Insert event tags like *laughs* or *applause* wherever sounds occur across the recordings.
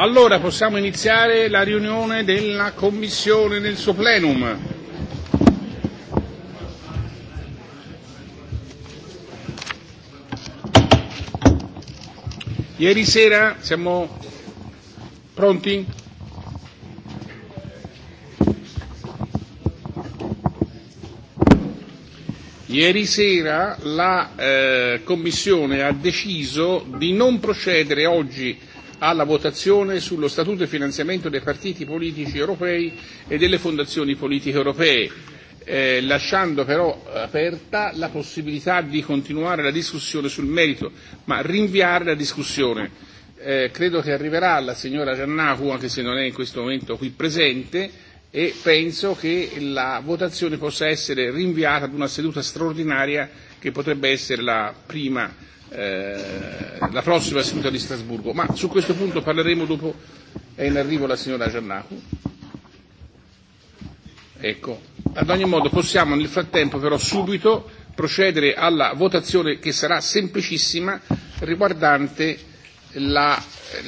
Allora possiamo iniziare la riunione della Commissione nel suo plenum. Ieri sera siamo pronti? Ieri sera la eh, Commissione ha deciso di non procedere oggi alla votazione sullo Statuto e finanziamento dei partiti politici europei e delle fondazioni politiche europee, eh, lasciando però aperta la possibilità di continuare la discussione sul merito, ma rinviare la discussione. Eh, credo che arriverà la signora Giannacu, anche se non è in questo momento qui presente, e penso che la votazione possa essere rinviata ad una seduta straordinaria che potrebbe essere la prima Eh, la prossima seduta di Strasburgo, ma su questo punto parleremo dopo, è in arrivo la signora Giannacu. Ecco, ad ogni modo possiamo nel frattempo però subito procedere alla votazione che sarà semplicissima riguardante la,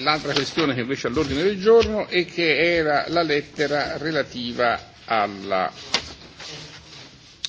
l'altra questione che invece è all'ordine del giorno e che era la lettera relativa alla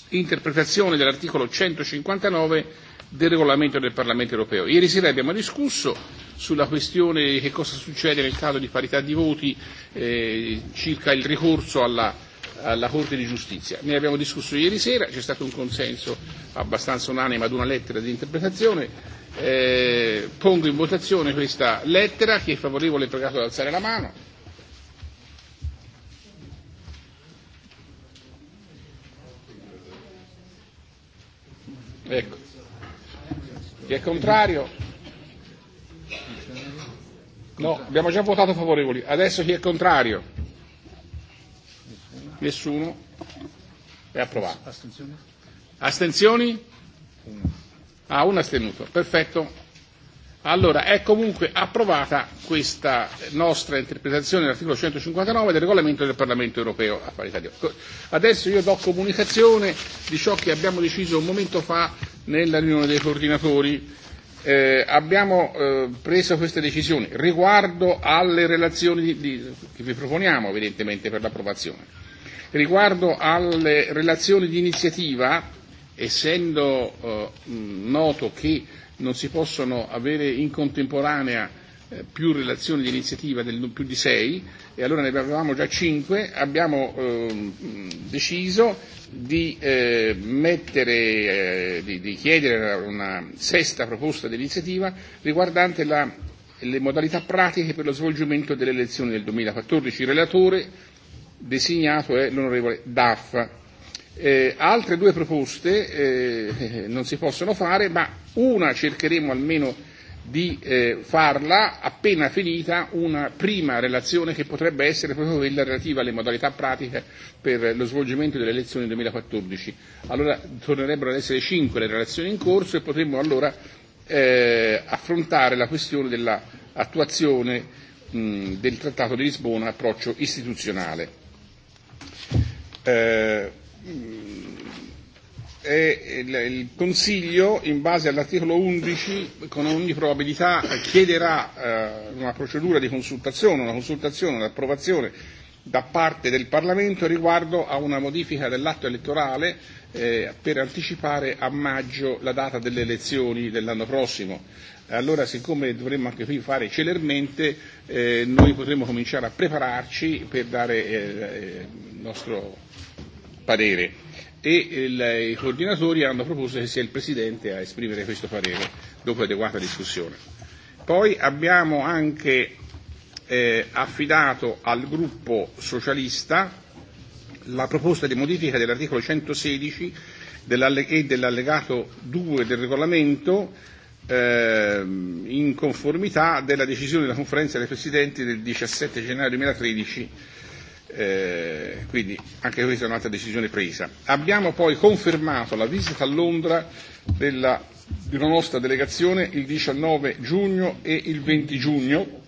interpretazione dell'articolo 159 del regolamento del Parlamento europeo. Ieri sera abbiamo discusso sulla questione che cosa succede nel caso di parità di voti eh, circa il ricorso alla, alla Corte di giustizia. Ne abbiamo discusso ieri sera, c'è stato un consenso abbastanza unanime ad una lettera di interpretazione. Eh, pongo in votazione questa lettera, chi è favorevole è pregato ad alzare la mano. Ecco, Chi è contrario? No, abbiamo già votato favorevoli. Adesso chi è contrario? Nessuno. È approvato. Astenzioni? Ah, un astenuto. Perfetto. Allora, è comunque approvata questa nostra interpretazione dell'articolo 159 del regolamento del Parlamento europeo a parità di Adesso io do comunicazione di ciò che abbiamo deciso un momento fa nella riunione dei coordinatori. Eh, abbiamo eh, preso queste decisioni riguardo alle relazioni di, di, che vi proponiamo evidentemente per l'approvazione, riguardo alle relazioni di iniziativa, essendo eh, noto che non si possono avere in contemporanea eh, più relazioni di iniziativa del, più di sei e allora ne avevamo già cinque, abbiamo eh, deciso di eh, mettere, eh, di, di chiedere una sesta proposta di iniziativa riguardante la, le modalità pratiche per lo svolgimento delle elezioni del 2014. Il relatore designato è l'onorevole Daffa. Eh, altre due proposte eh, non si possono fare, ma una cercheremo almeno di eh, farla appena finita una prima relazione che potrebbe essere proprio quella relativa alle modalità pratiche per lo svolgimento delle elezioni 2014. Allora tornerebbero ad essere cinque le relazioni in corso e potremmo allora eh, affrontare la questione dell'attuazione mh, del Trattato di Lisbona, approccio istituzionale. Eh, e, e il, Consiglio, in base all'articolo 11, con ogni probabilità chiederà eh, una procedura di consultazione, una consultazione, un'approvazione da parte del Parlamento riguardo a una modifica dell'atto elettorale eh, per anticipare a maggio la data delle elezioni dell'anno prossimo. Allora, siccome dovremmo anche qui fare celermente, eh, noi potremmo cominciare a prepararci per dare eh, eh il nostro parere e il, eh, i coordinatori hanno proposto che sia il Presidente a esprimere questo parere dopo adeguata discussione. Poi abbiamo anche eh, affidato al gruppo socialista la proposta di modifica dell'articolo 116 dell'alle- e dell'allegato 2 del regolamento eh, in conformità della decisione della conferenza dei Presidenti del 17 gennaio 2013 Eh, quindi anche questa è un'altra decisione presa. Abbiamo poi confermato la visita a Londra della, della nostra delegazione il 19 giugno e il 20 giugno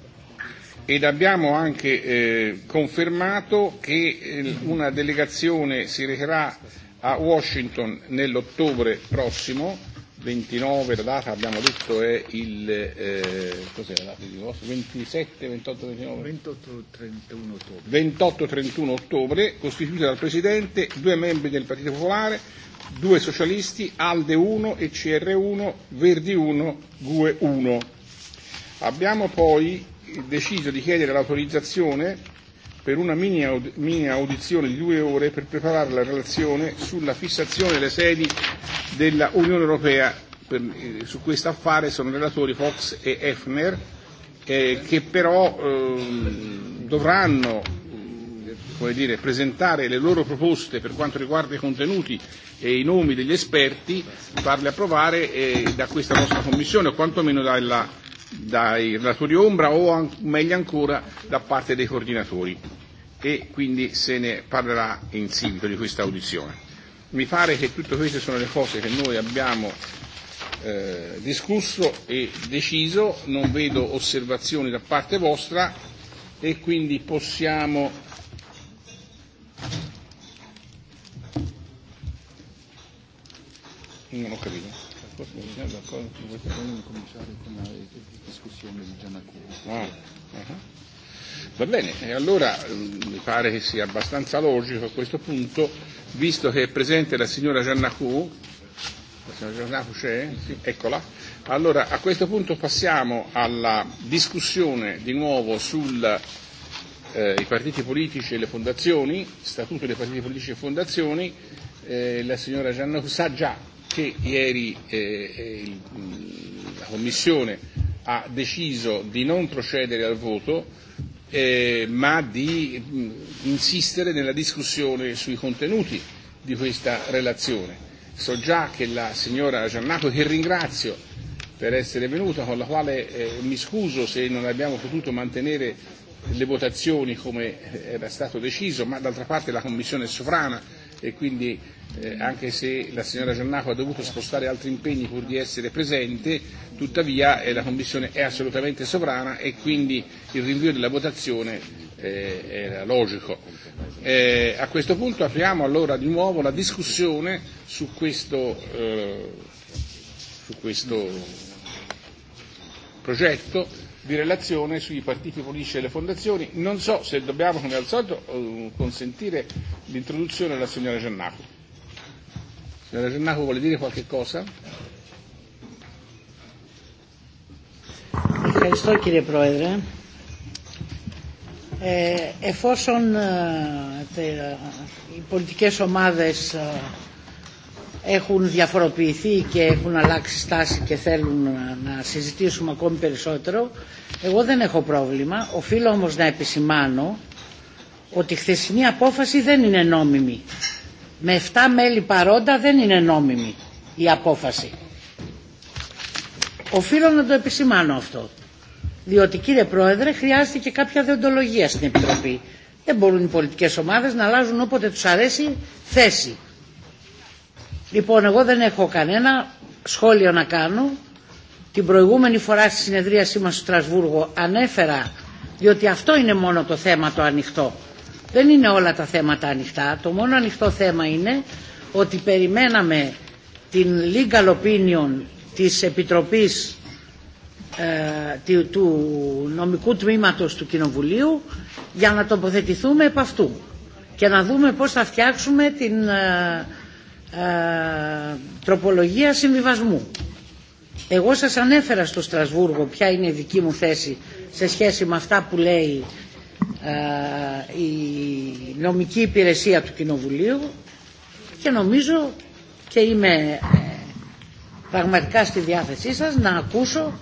ed abbiamo anche eh, confermato che eh, una delegazione si recherà a Washington nell'ottobre prossimo 29, la data abbiamo detto è il eh, cos'è la data di vostro? 27, 28, 29? 28, 31 ottobre. 28, 31 ottobre, costituita dal Presidente, due membri del Partito Popolare, due socialisti, ALDE 1 e CR 1, Verdi 1, GUE 1. Abbiamo poi deciso di chiedere l'autorizzazione per una mini, aud- mini audizione di due ore per preparare la relazione sulla fissazione delle sedi dell'Unione Europea. Per, eh, su questo affare sono relatori Fox e Efner, eh, che però ehm, eh, dovranno come dire, presentare le loro proposte per quanto riguarda i contenuti e i nomi degli esperti, farle approvare eh, da questa nostra commissione o quantomeno dalla Commissione dai relatori ombra o an- meglio ancora da parte dei coordinatori e quindi se ne parlerà in seguito di questa audizione. Mi pare che tutte queste sono le cose che noi abbiamo eh, discusso e deciso, non vedo osservazioni da parte vostra e quindi possiamo non ho capito Ah, ah. Va bene, e allora mm, mi pare che sia abbastanza logico a questo punto, visto che è presente la signora Giannacu, la signora Giannacu c'è? Sì, eccola. Allora a questo punto passiamo alla discussione di nuovo sui eh, partiti politici e le fondazioni, statuto dei partiti politici e fondazioni, eh, la signora Giannacu sa già che ieri eh, eh il, mm, la Commissione ha deciso di non procedere al voto, eh, ma di mh, mm, insistere nella discussione sui contenuti di questa relazione. So già che la signora Giannaco, che ringrazio per essere venuta, con la quale eh, mi scuso se non abbiamo potuto mantenere le votazioni come era stato deciso, ma d'altra parte la Commissione è sovrana e quindi eh, anche se la signora Giannaco ha dovuto spostare altri impegni pur di essere presente, tuttavia eh, la Commissione è assolutamente sovrana e quindi il rinvio della votazione eh, era logico. Eh, a questo punto apriamo allora di nuovo la discussione su questo, eh, su questo progetto di relazione sui partiti politici e le fondazioni. Non so se dobbiamo, come al solito, eh, consentire l'introduzione alla signora Giannaco. Signora Giannaco vuole dire qualche cosa? Ευχαριστώ κύριε Πρόεδρε. Ε, εφόσον οι πολιτικές ομάδες ε, έχουν διαφοροποιηθεί και έχουν αλλάξει στάση και θέλουν να συζητήσουμε ακόμη περισσότερο. Εγώ δεν έχω πρόβλημα. Οφείλω όμως να επισημάνω ότι η χθεσινή απόφαση δεν είναι νόμιμη. Με 7 μέλη παρόντα δεν είναι νόμιμη η απόφαση. Οφείλω να το επισημάνω αυτό. Διότι κύριε Πρόεδρε χρειάζεται και κάποια δεοντολογία στην Επιτροπή. Δεν μπορούν οι πολιτικές ομάδες να αλλάζουν όποτε τους αρέσει θέση. Λοιπόν, εγώ δεν έχω κανένα σχόλιο να κάνω. Την προηγούμενη φορά στη συνεδρίασή μας στο Στρασβούργο ανέφερα, διότι αυτό είναι μόνο το θέμα το ανοιχτό. Δεν είναι όλα τα θέματα ανοιχτά. Το μόνο ανοιχτό θέμα είναι ότι περιμέναμε την legal opinion της Επιτροπής ε, του, νομικού τμήματος του Κοινοβουλίου για να τοποθετηθούμε επ' αυτού και να δούμε πώς θα φτιάξουμε την ε, τροπολογία συμβιβασμού. Εγώ σας ανέφερα στο Στρασβούργο ποια είναι η δική μου θέση σε σχέση με αυτά που λέει α, η νομική υπηρεσία του Κοινοβουλίου και νομίζω και είμαι πραγματικά στη διάθεσή σας να ακούσω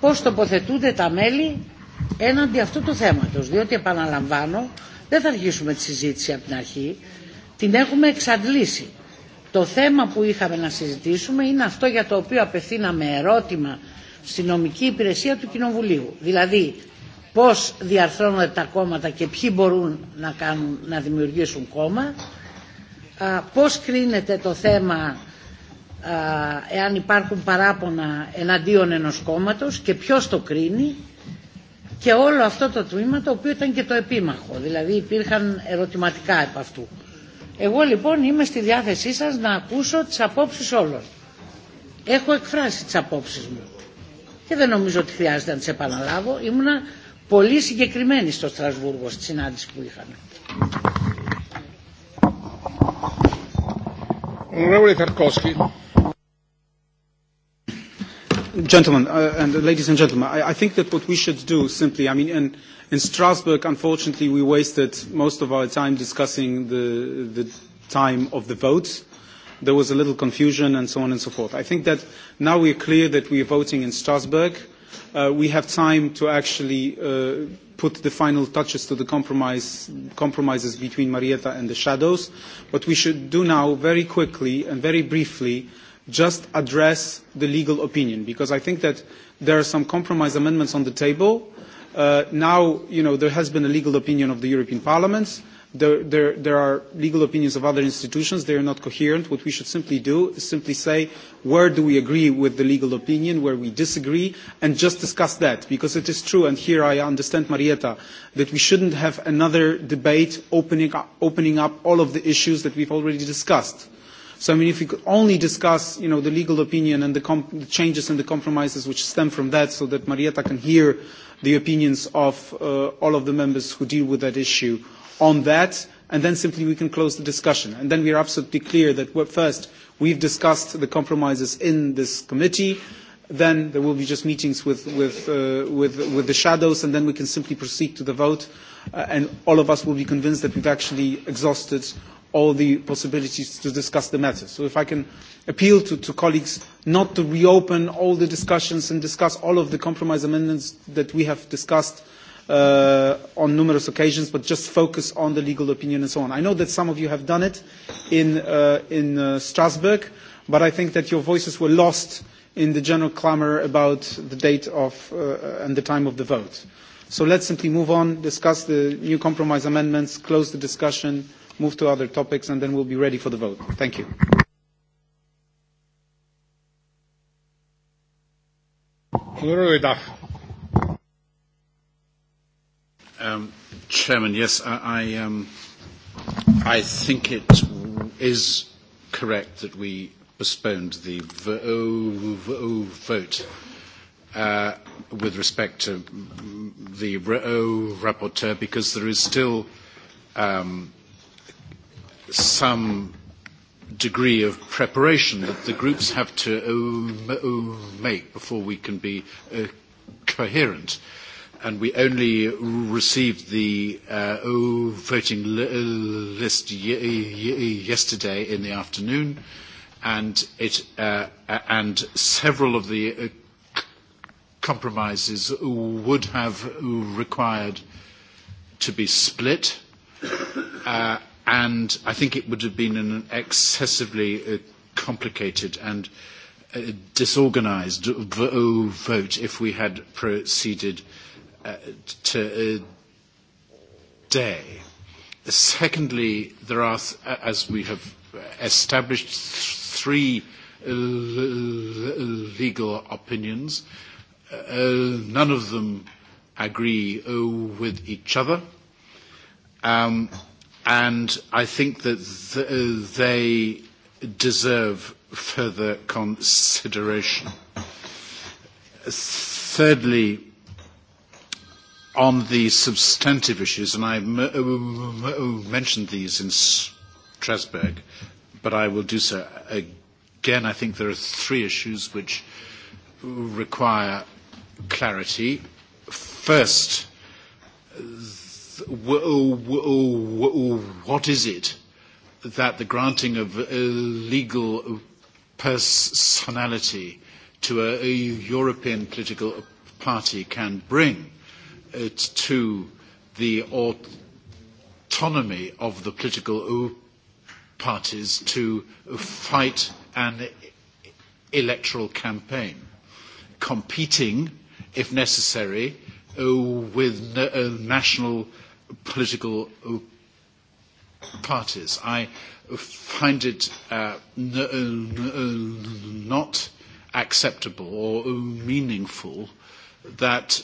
πώς τοποθετούνται τα μέλη έναντι αυτού του θέματος. Διότι επαναλαμβάνω, δεν θα αρχίσουμε τη συζήτηση από την αρχή, την έχουμε εξαντλήσει. Το θέμα που είχαμε να συζητήσουμε είναι αυτό για το οποίο απευθύναμε ερώτημα στη νομική υπηρεσία του Κοινοβουλίου. Δηλαδή, πώς διαρθρώνονται τα κόμματα και ποιοι μπορούν να, κάνουν, να δημιουργήσουν κόμμα, α, πώς κρίνεται το θέμα α, εάν υπάρχουν παράπονα εναντίον ενός κόμματος και ποιος το κρίνει και όλο αυτό το τμήμα το οποίο ήταν και το επίμαχο, δηλαδή υπήρχαν ερωτηματικά επ' αυτού. Εγώ λοιπόν είμαι στη διάθεσή σας να ακούσω τις απόψεις όλων. Έχω εκφράσει τις απόψεις μου και δεν νομίζω ότι χρειάζεται να τις επαναλάβω. Ήμουνα πολύ συγκεκριμένη στο Στρασβούργο στη συνάντηση που είχαμε. Gentlemen uh, and ladies and gentlemen, I, I think that what we should do simply, I mean, and In Strasbourg, unfortunately, we wasted most of our time discussing the, the time of the vote. There was a little confusion and so on and so forth. I think that now we're clear that we are voting in Strasbourg. Uh, we have time to actually uh, put the final touches to the compromise, compromises between Marietta and the shadows. What we should do now, very quickly and very briefly, just address the legal opinion, because I think that there are some compromise amendments on the table Uh, now, you know, there has been a legal opinion of the European Parliament. There, there, there, are legal opinions of other institutions. They are not coherent. What we should simply do is simply say where do we agree with the legal opinion, where we disagree, and just discuss that. Because it is true, and here I understand Marietta, that we shouldn't have another debate opening up, opening up all of the issues that we've already discussed. So, I mean, if we could only discuss, you know, the legal opinion and the, the changes and the compromises which stem from that so that Marietta can hear the opinions of uh, all of the members who deal with that issue on that, and then simply we can close the discussion. And then we are absolutely clear that what first we've discussed the compromises in this committee. Then there will be just meetings with, with, uh, with, with the shadows, and then we can simply proceed to the vote, uh, and all of us will be convinced that we've actually exhausted all the possibilities to discuss the matter. So if I can appeal to, to colleagues not to reopen all the discussions and discuss all of the compromise amendments that we have discussed uh, on numerous occasions, but just focus on the legal opinion and so on. I know that some of you have done it in, uh, in uh, Strasbourg, but I think that your voices were lost in the general clamour about the date of, uh, and the time of the vote. So let's simply move on, discuss the new compromise amendments, close the discussion, move to other topics, and then we'll be ready for the vote. Thank you. Honorable Duff. Um, Chairman, yes, I, I, um, I think it is correct that we postponed the oh, oh, vote uh, with respect to the oh, rapporteur because there is still um, some degree of preparation that the groups have to make before we can be uh, coherent. And we only received the uh, voting uh, list yesterday in the afternoon, and, it, uh, and several of the uh, compromises would have required to be split. Uh, and I think it would have been an excessively uh, complicated and uh, disorganized uh, vote if we had proceeded uh, to uh, day. Secondly, there are, uh, as we have established, three uh, legal opinions. Uh, none of them agree uh, with each other. Um, and I think that th they deserve further consideration. Thirdly, on the substantive issues, and I mentioned these in Strasbourg, but I will do so again. I think there are three issues which require clarity. First, what is it that the granting of legal personality to a European political party can bring uh, to the autonomy of the political parties to fight an electoral campaign, competing, if necessary, uh, with uh, national political uh, parties. I find it uh, uh not acceptable or meaningful that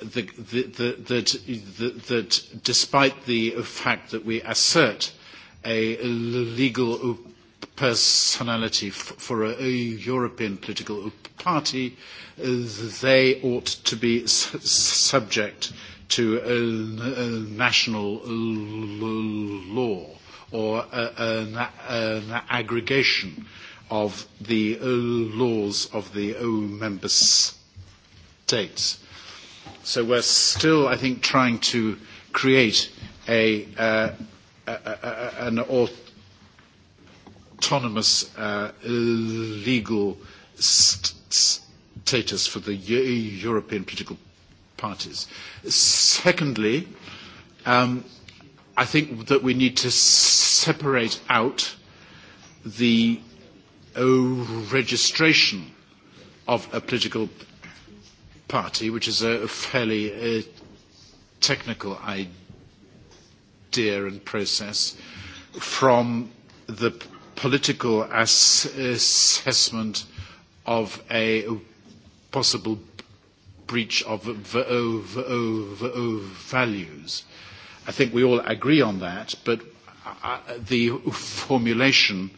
the, the, the, that despite the fact that we assert a legal personality for a European political party, they ought to be subject to uh, national law or an, an aggregation of the laws of the member states. So we're still, I think, trying to create a, uh, a, a, an autonomous uh, legal st status for the European political parties. Secondly, um, I think that we need to separate out the registration of a political party, which is a fairly uh, technical idea and process, from the political ass assessment of a possible breach of values. I think we all agree on that, but uh, uh, the formulation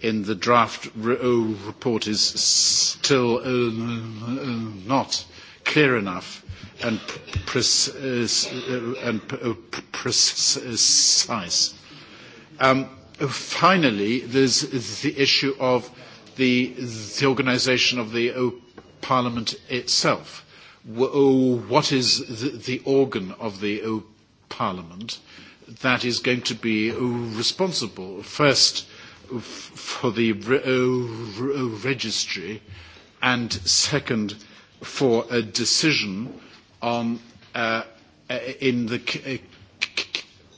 in the draft report is still uh, not clear enough and precise. Um, finally, there's the issue of the, the organisation of the Parliament itself. Oh, what is the organ of the oh, Parliament that is going to be oh, responsible first for the registry and second for a decision on uh, in the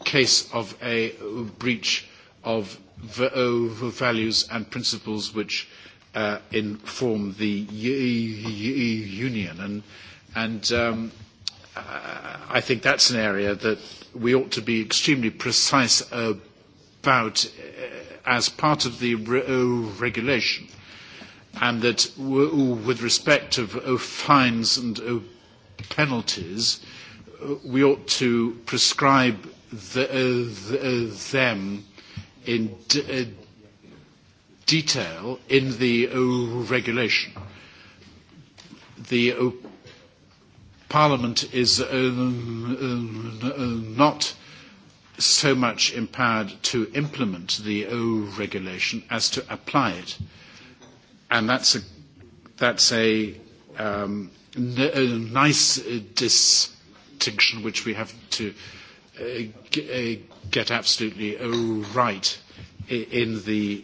case of a breach of values and principles which uh, inform the union and And um, uh, I think that's an area that we ought to be extremely precise about uh, as part of the re uh, regulation. And that with respect of, fines and penalties, we ought to prescribe the, the, them in detail in the regulation. The Parliament is uh, not so much empowered to implement the o regulation as to apply it. And that's a, that's a, um, a nice distinction which we have to uh, uh get absolutely uh, right in the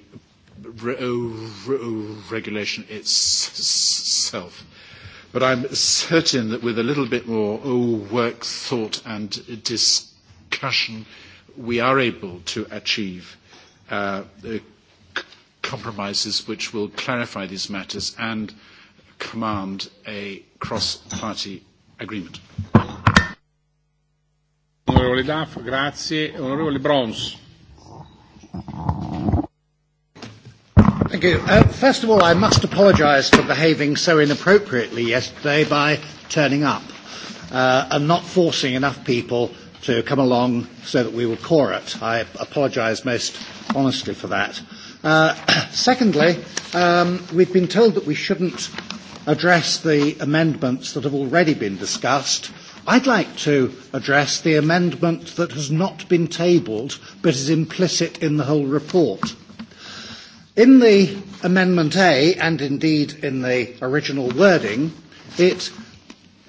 regulation itself. But I'm certain that with a little bit more oh, work, thought, and discussion, we are able to achieve uh, compromises which will clarify these matters and command a cross-party agreement. Onorevole Duff, grazie. Onorevole Brons. Thank you. Uh, first of all, I must apologise for behaving so inappropriately yesterday by turning up uh, and not forcing enough people to come along so that we will core it. I apologise most honestly for that. Uh, *coughs* secondly, um, we've been told that we shouldn't address the amendments that have already been discussed. I'd like to address the amendment that has not been tabled but is implicit in the whole report. In the Amendment A, and indeed in the original wording, it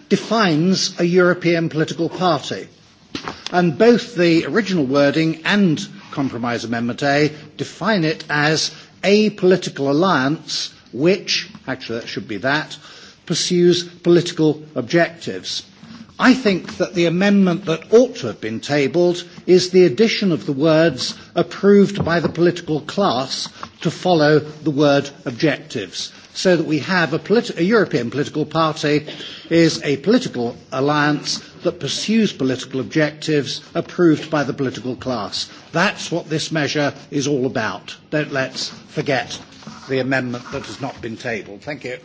defines a European political party. And both the original wording and Compromise Amendment A define it as a political alliance which, actually that should be that, pursues political objectives. I think that the amendment that ought to have been tabled is the addition of the words approved by the political class to follow the word objectives, so that we have a, politi- a European political party is a political alliance that pursues political objectives approved by the political class. That's what this measure is all about. Don't let's forget the amendment that has not been tabled. Thank you.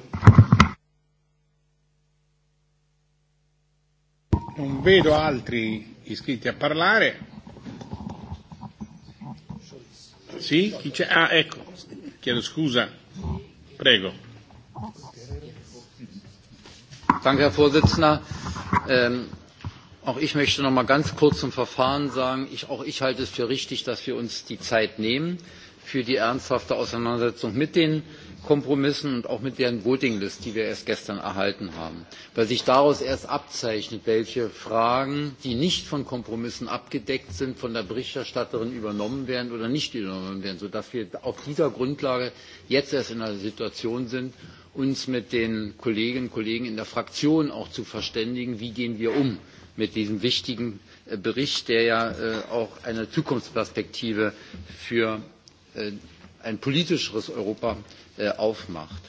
Non vedo altri iscritti a parlare. Sì? Chi c'è? Ah, ecco. Chiedo scusa. Prego. Danke, Herr Vorsitzender. Ähm, auch ich möchte noch mal ganz kurz zum Verfahren sagen, ich, auch ich halte es für richtig, dass wir uns die Zeit nehmen für die ernsthafte Auseinandersetzung mit den kompromissen und auch mit deren voting list die wir erst gestern erhalten haben weil sich daraus erst abzeichnet welche fragen die nicht von kompromissen abgedeckt sind von der berichterstatterin übernommen werden oder nicht übernommen werden sodass wir auf dieser grundlage jetzt erst in der situation sind uns mit den kolleginnen und kollegen in der fraktion auch zu verständigen wie gehen wir um mit diesem wichtigen äh, bericht der ja äh, auch eine zukunftsperspektive für äh, ein politischeres europa Äh, aufmacht.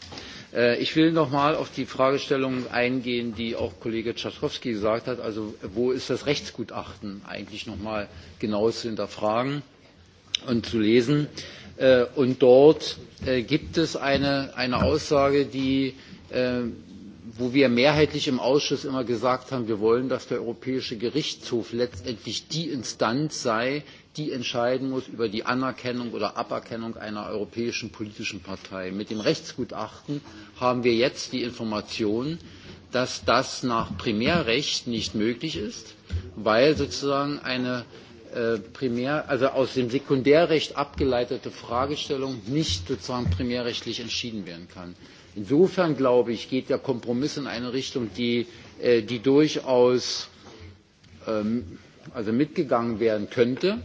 Äh, ich will noch mal auf die Fragestellung eingehen, die auch Kollege Tschatkowski gesagt hat. Also wo ist das Rechtsgutachten eigentlich noch mal genau zu hinterfragen und zu lesen? Äh, und dort gibt es eine, eine Aussage, die wo wir mehrheitlich im ausschuss immer gesagt haben wir wollen dass der europäische gerichtshof letztendlich die instanz sei die entscheiden muss über die anerkennung oder aberkennung einer europäischen politischen partei. mit dem rechtsgutachten haben wir jetzt die information dass das nach primärrecht nicht möglich ist weil sozusagen eine äh, primär, also aus dem sekundärrecht abgeleitete fragestellung nicht sozusagen primärrechtlich entschieden werden kann. Insofern, glaube ich, geht der Kompromiss in eine Richtung, die, äh, durchaus ähm, mitgegangen werden könnte.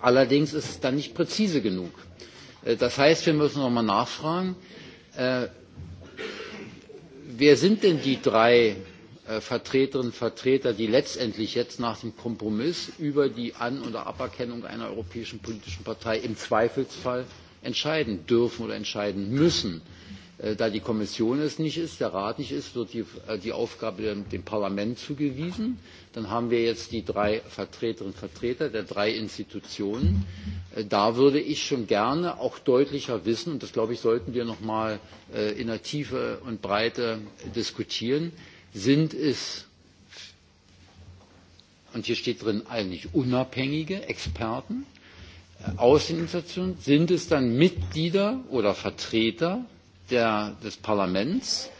Allerdings ist es dann nicht präzise genug. Äh, das heißt, wir müssen noch nochmal nachfragen, äh, wer sind denn die drei Vertreterinnen und Vertreter, die letztendlich jetzt nach dem Kompromiss über die An- oder Aberkennung einer europäischen politischen Partei im Zweifelsfall entscheiden dürfen oder entscheiden müssen? Äh, da die Kommission es nicht ist, der Rat nicht ist, wird die, äh, die Aufgabe dem, dem Parlament zugewiesen. Dann haben wir jetzt die drei Vertreterinnen und Vertreter der drei Institutionen. Äh, da würde ich schon gerne auch deutlicher wissen, und das glaube ich, sollten wir noch mal in der Tiefe und Breite diskutieren, sind es und hier steht drin eigentlich unabhängige Experten aus den Institutionen, sind es dann Mitglieder oder Vertreter der, des Parlaments,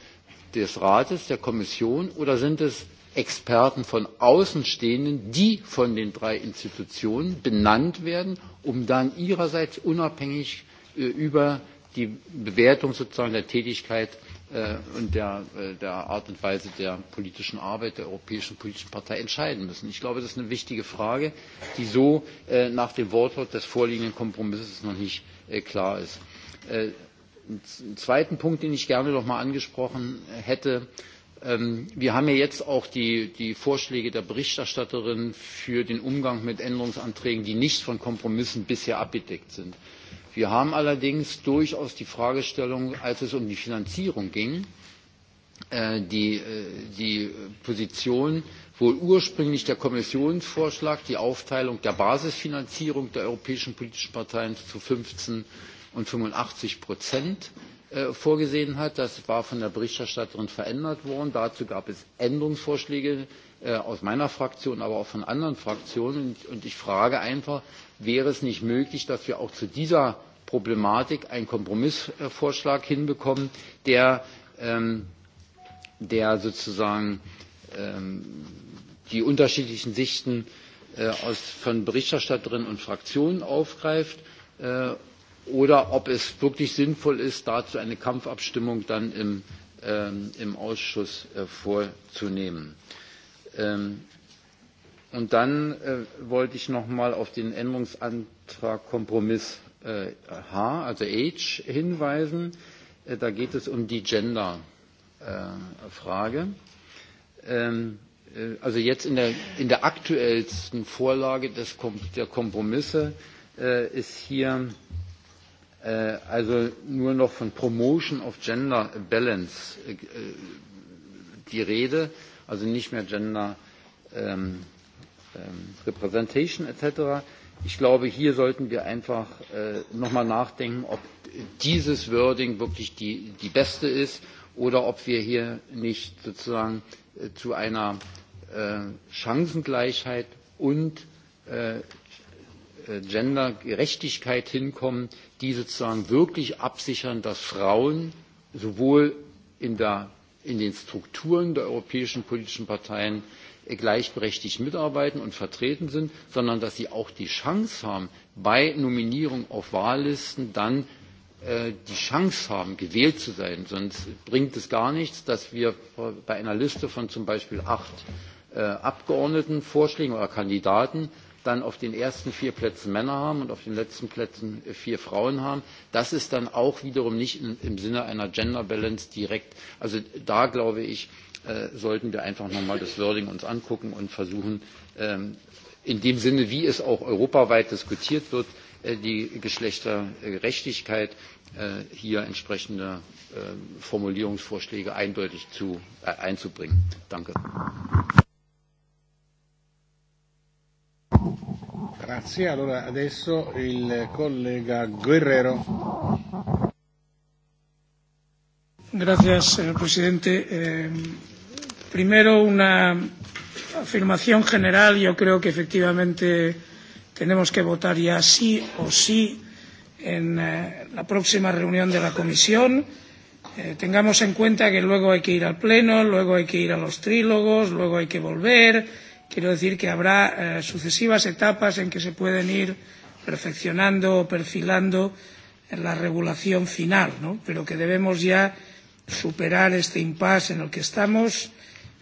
des Rates, der Kommission oder sind es Experten von Außenstehenden, die von den drei Institutionen benannt werden, um dann ihrerseits unabhängig äh, über die Bewertung sozusagen der Tätigkeit äh, und der, äh, der Art und Weise der politischen Arbeit der Europäischen Politischen Partei entscheiden müssen. Ich glaube, das ist eine wichtige Frage, die so äh, nach dem Wortlaut des vorliegenden Kompromisses noch nicht äh, klar ist. Äh, Einen zweiten Punkt, den ich gerne noch mal angesprochen hätte. Ähm, wir haben ja jetzt auch die, die Vorschläge der Berichterstatterin für den Umgang mit Änderungsanträgen, die nicht von Kompromissen bisher abgedeckt sind. Wir haben allerdings durchaus die Fragestellung, als es um die Finanzierung ging, äh, die, äh, die Position, wohl ursprünglich der Kommissionsvorschlag, die Aufteilung der Basisfinanzierung der europäischen politischen Parteien zu 15 und 85 äh, vorgesehen hat. Das war von der Berichterstatterin verändert worden. Dazu gab es Änderungsvorschläge äh, aus meiner Fraktion, aber auch von anderen Fraktionen. Und ich frage einfach, wäre es nicht möglich, dass wir auch zu dieser Problematik einen Kompromissvorschlag hinbekommen, der, ähm, der sozusagen ähm, die unterschiedlichen Sichten äh, aus, von Berichterstatterin und Fraktionen aufgreift oder ob es wirklich sinnvoll ist, dazu eine Kampfabstimmung dann im, ähm, im Ausschuss äh, vorzunehmen. Ähm, und dann äh, wollte ich noch mal auf den Änderungsantrag Kompromiss äh, H, also H, hinweisen. Äh, da geht es um die Gender-Frage. Äh, ähm, äh, also jetzt in der, in der aktuellsten Vorlage des, der Kompromisse äh, ist hier Äh, also nur noch von Promotion of Gender Balance äh, die Rede, also nicht mehr Gender ähm, ähm, Representation etc. Ich glaube, hier sollten wir einfach äh, nochmal nachdenken, ob dieses Wording wirklich die, die beste ist oder ob wir hier nicht sozusagen äh, zu einer äh, Chancengleichheit und äh, Äh, Gendergerechtigkeit hinkommen, die sozusagen wirklich absichern, dass Frauen sowohl in, der, in den Strukturen der europäischen politischen Parteien äh, gleichberechtigt mitarbeiten und vertreten sind, sondern dass sie auch die Chance haben, bei Nominierung auf Wahllisten dann äh, die Chance haben, gewählt zu sein. Sonst bringt es gar nichts, dass wir bei einer Liste von zum Beispiel acht äh, Abgeordneten, Vorschlägen oder Kandidaten dann auf den ersten vier plätzen männer haben und auf den letzten plätzen vier frauen haben das ist dann auch wiederum nicht im sinne einer gender balance direkt also da glaube ich äh, sollten wir einfach nochmal das wording uns angucken und versuchen ähm, in dem sinne wie es auch europaweit diskutiert wird äh, die geschlechtergerechtigkeit äh, hier entsprechende ähm, formulierungsvorschläge eindeutig einzubringen. danke! Grazie, allora adesso il collega Guerrero. Gracias, señor presidente. Eh, primero, una afirmación general. Yo creo que efectivamente tenemos que votar ya sí o sí en eh, la próxima reunión de la comisión. Eh, tengamos en cuenta que luego hay que ir al pleno, luego hay que ir a los trílogos, luego hay que volver quiero decir que habrá eh, sucesivas etapas en que se pueden ir perfeccionando o perfilando la regulación final, ¿no? pero que debemos ya superar este impasse en el que estamos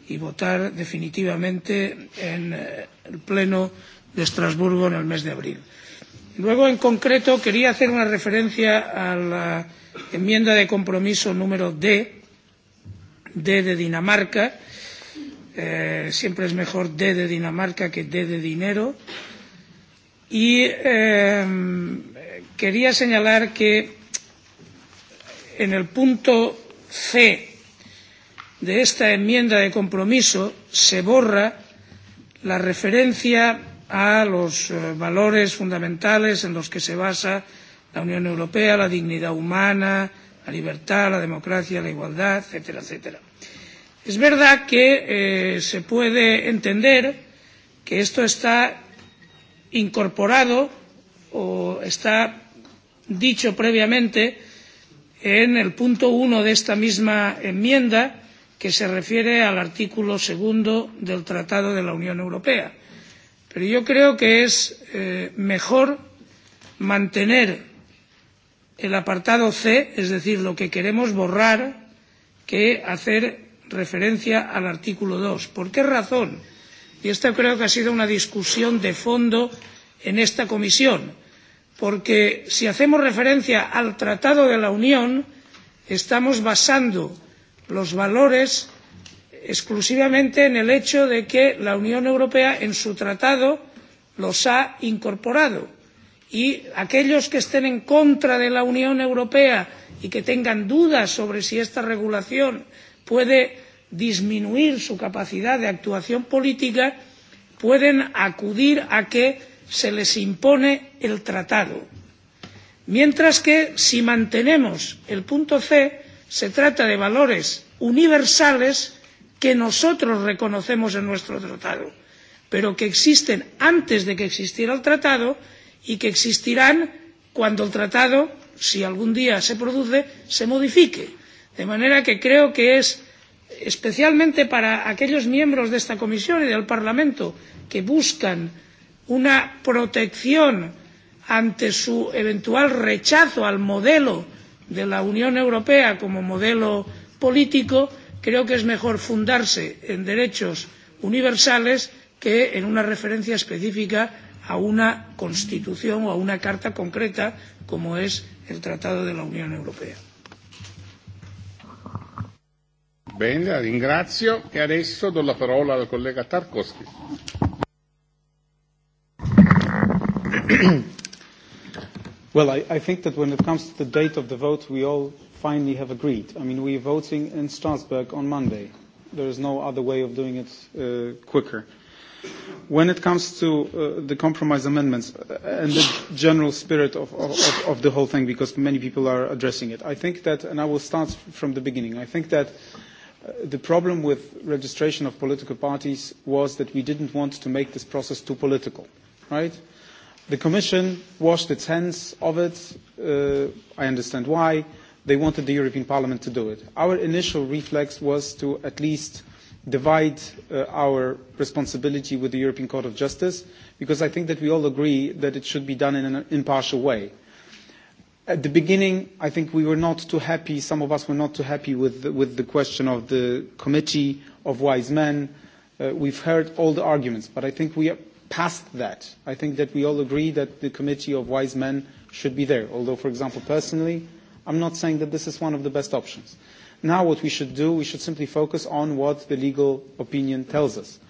y votar definitivamente en eh, el Pleno de Estrasburgo en el mes de abril. Luego, en concreto, quería hacer una referencia a la enmienda de compromiso número D, D de Dinamarca, eh, eh, siempre es mejor D de Dinamarca que D de dinero. Y eh, quería señalar que en el punto C de esta enmienda de compromiso se borra la referencia a los eh, valores fundamentales en los que se basa la Unión Europea, la dignidad humana, la libertad, la democracia, la igualdad, etcétera, etcétera Es verdad que eh, se puede entender que esto está incorporado o está dicho previamente en el punto uno de esta misma enmienda que se refiere al artículo segundo del Tratado de la Unión Europea. Pero yo creo que es eh, mejor mantener el apartado C, es decir, lo que queremos borrar, que hacer referencia al artículo dos por qué razón? y esta creo que ha sido una discusión de fondo en esta comisión porque si hacemos referencia al tratado de la unión estamos basando los valores exclusivamente en el hecho de que la unión europea en su tratado los ha incorporado y aquellos que estén en contra de la unión europea y que tengan dudas sobre si esta regulación puede disminuir su capacidad de actuación política pueden acudir a que se les impone el tratado mientras que si mantenemos el punto c se trata de valores universales que nosotros reconocemos en nuestro tratado pero que existen antes de que existiera el tratado y que existirán cuando el tratado si algún día se produce se modifique de manera que creo que es especialmente para aquellos miembros de esta comisión y del parlamento que buscan una protección ante su eventual rechazo al modelo de la unión europea como modelo político creo que es mejor fundarse en derechos universales que en una referencia específica a una constitución o a una carta concreta como es el tratado de la unión europea. Bene, la ringrazio e adesso do la parola al collega Tarkovsky. *clears throat* well, I, I think that when it comes to the date of the vote, we all finally have agreed. I mean, we are voting in Strasbourg on Monday. There is no other way of doing it uh, quicker. When it comes to uh, the compromise amendments uh, and the general spirit of, of, of the whole thing, because many people are addressing it, I think that, and I will start from the beginning, I think that the problem with registration of political parties was that we didn't want to make this process too political, right? The Commission washed its hands of it. Uh, I understand why. They wanted the European Parliament to do it. Our initial reflex was to at least divide uh, our responsibility with the European Court of Justice, because I think that we all agree that it should be done in an impartial way. At the beginning, I think we were not too happy, some of us were not too happy with the, with the question of the committee of wise men. Uh, we've heard all the arguments, but I think we are past that. I think that we all agree that the committee of wise men should be there. Although, for example, personally, I'm not saying that this is one of the best options. Now what we should do, we should simply focus on what the legal opinion tells us.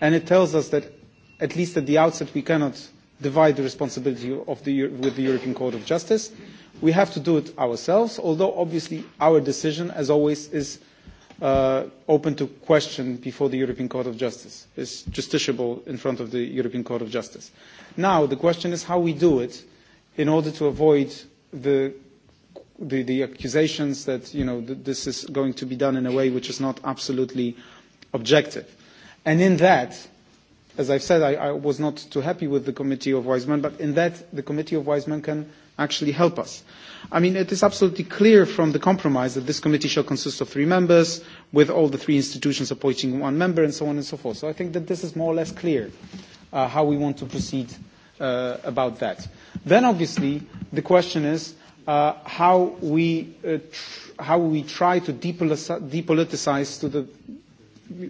And it tells us that, at least at the outset, we cannot divide the responsibility of the, with the European Court of Justice We have to do it ourselves, although obviously our decision, as always, is uh, open to question before the European Court of Justice. It's justiciable in front of the European Court of Justice. Now, the question is how we do it in order to avoid the the, the accusations that you know th- this is going to be done in a way which is not absolutely objective. And in that, as I've said, I, I was not too happy with the committee of wise men, but in that the committee of wise men can actually help us. I mean, it is absolutely clear from the compromise that this committee shall consist of three members, with all the three institutions appointing one member, and so on and so forth. So I think that this is more or less clear uh, how we want to proceed uh, about that. Then, obviously, the question is uh, how, we, uh, tr- how we try to depoliticize, to the,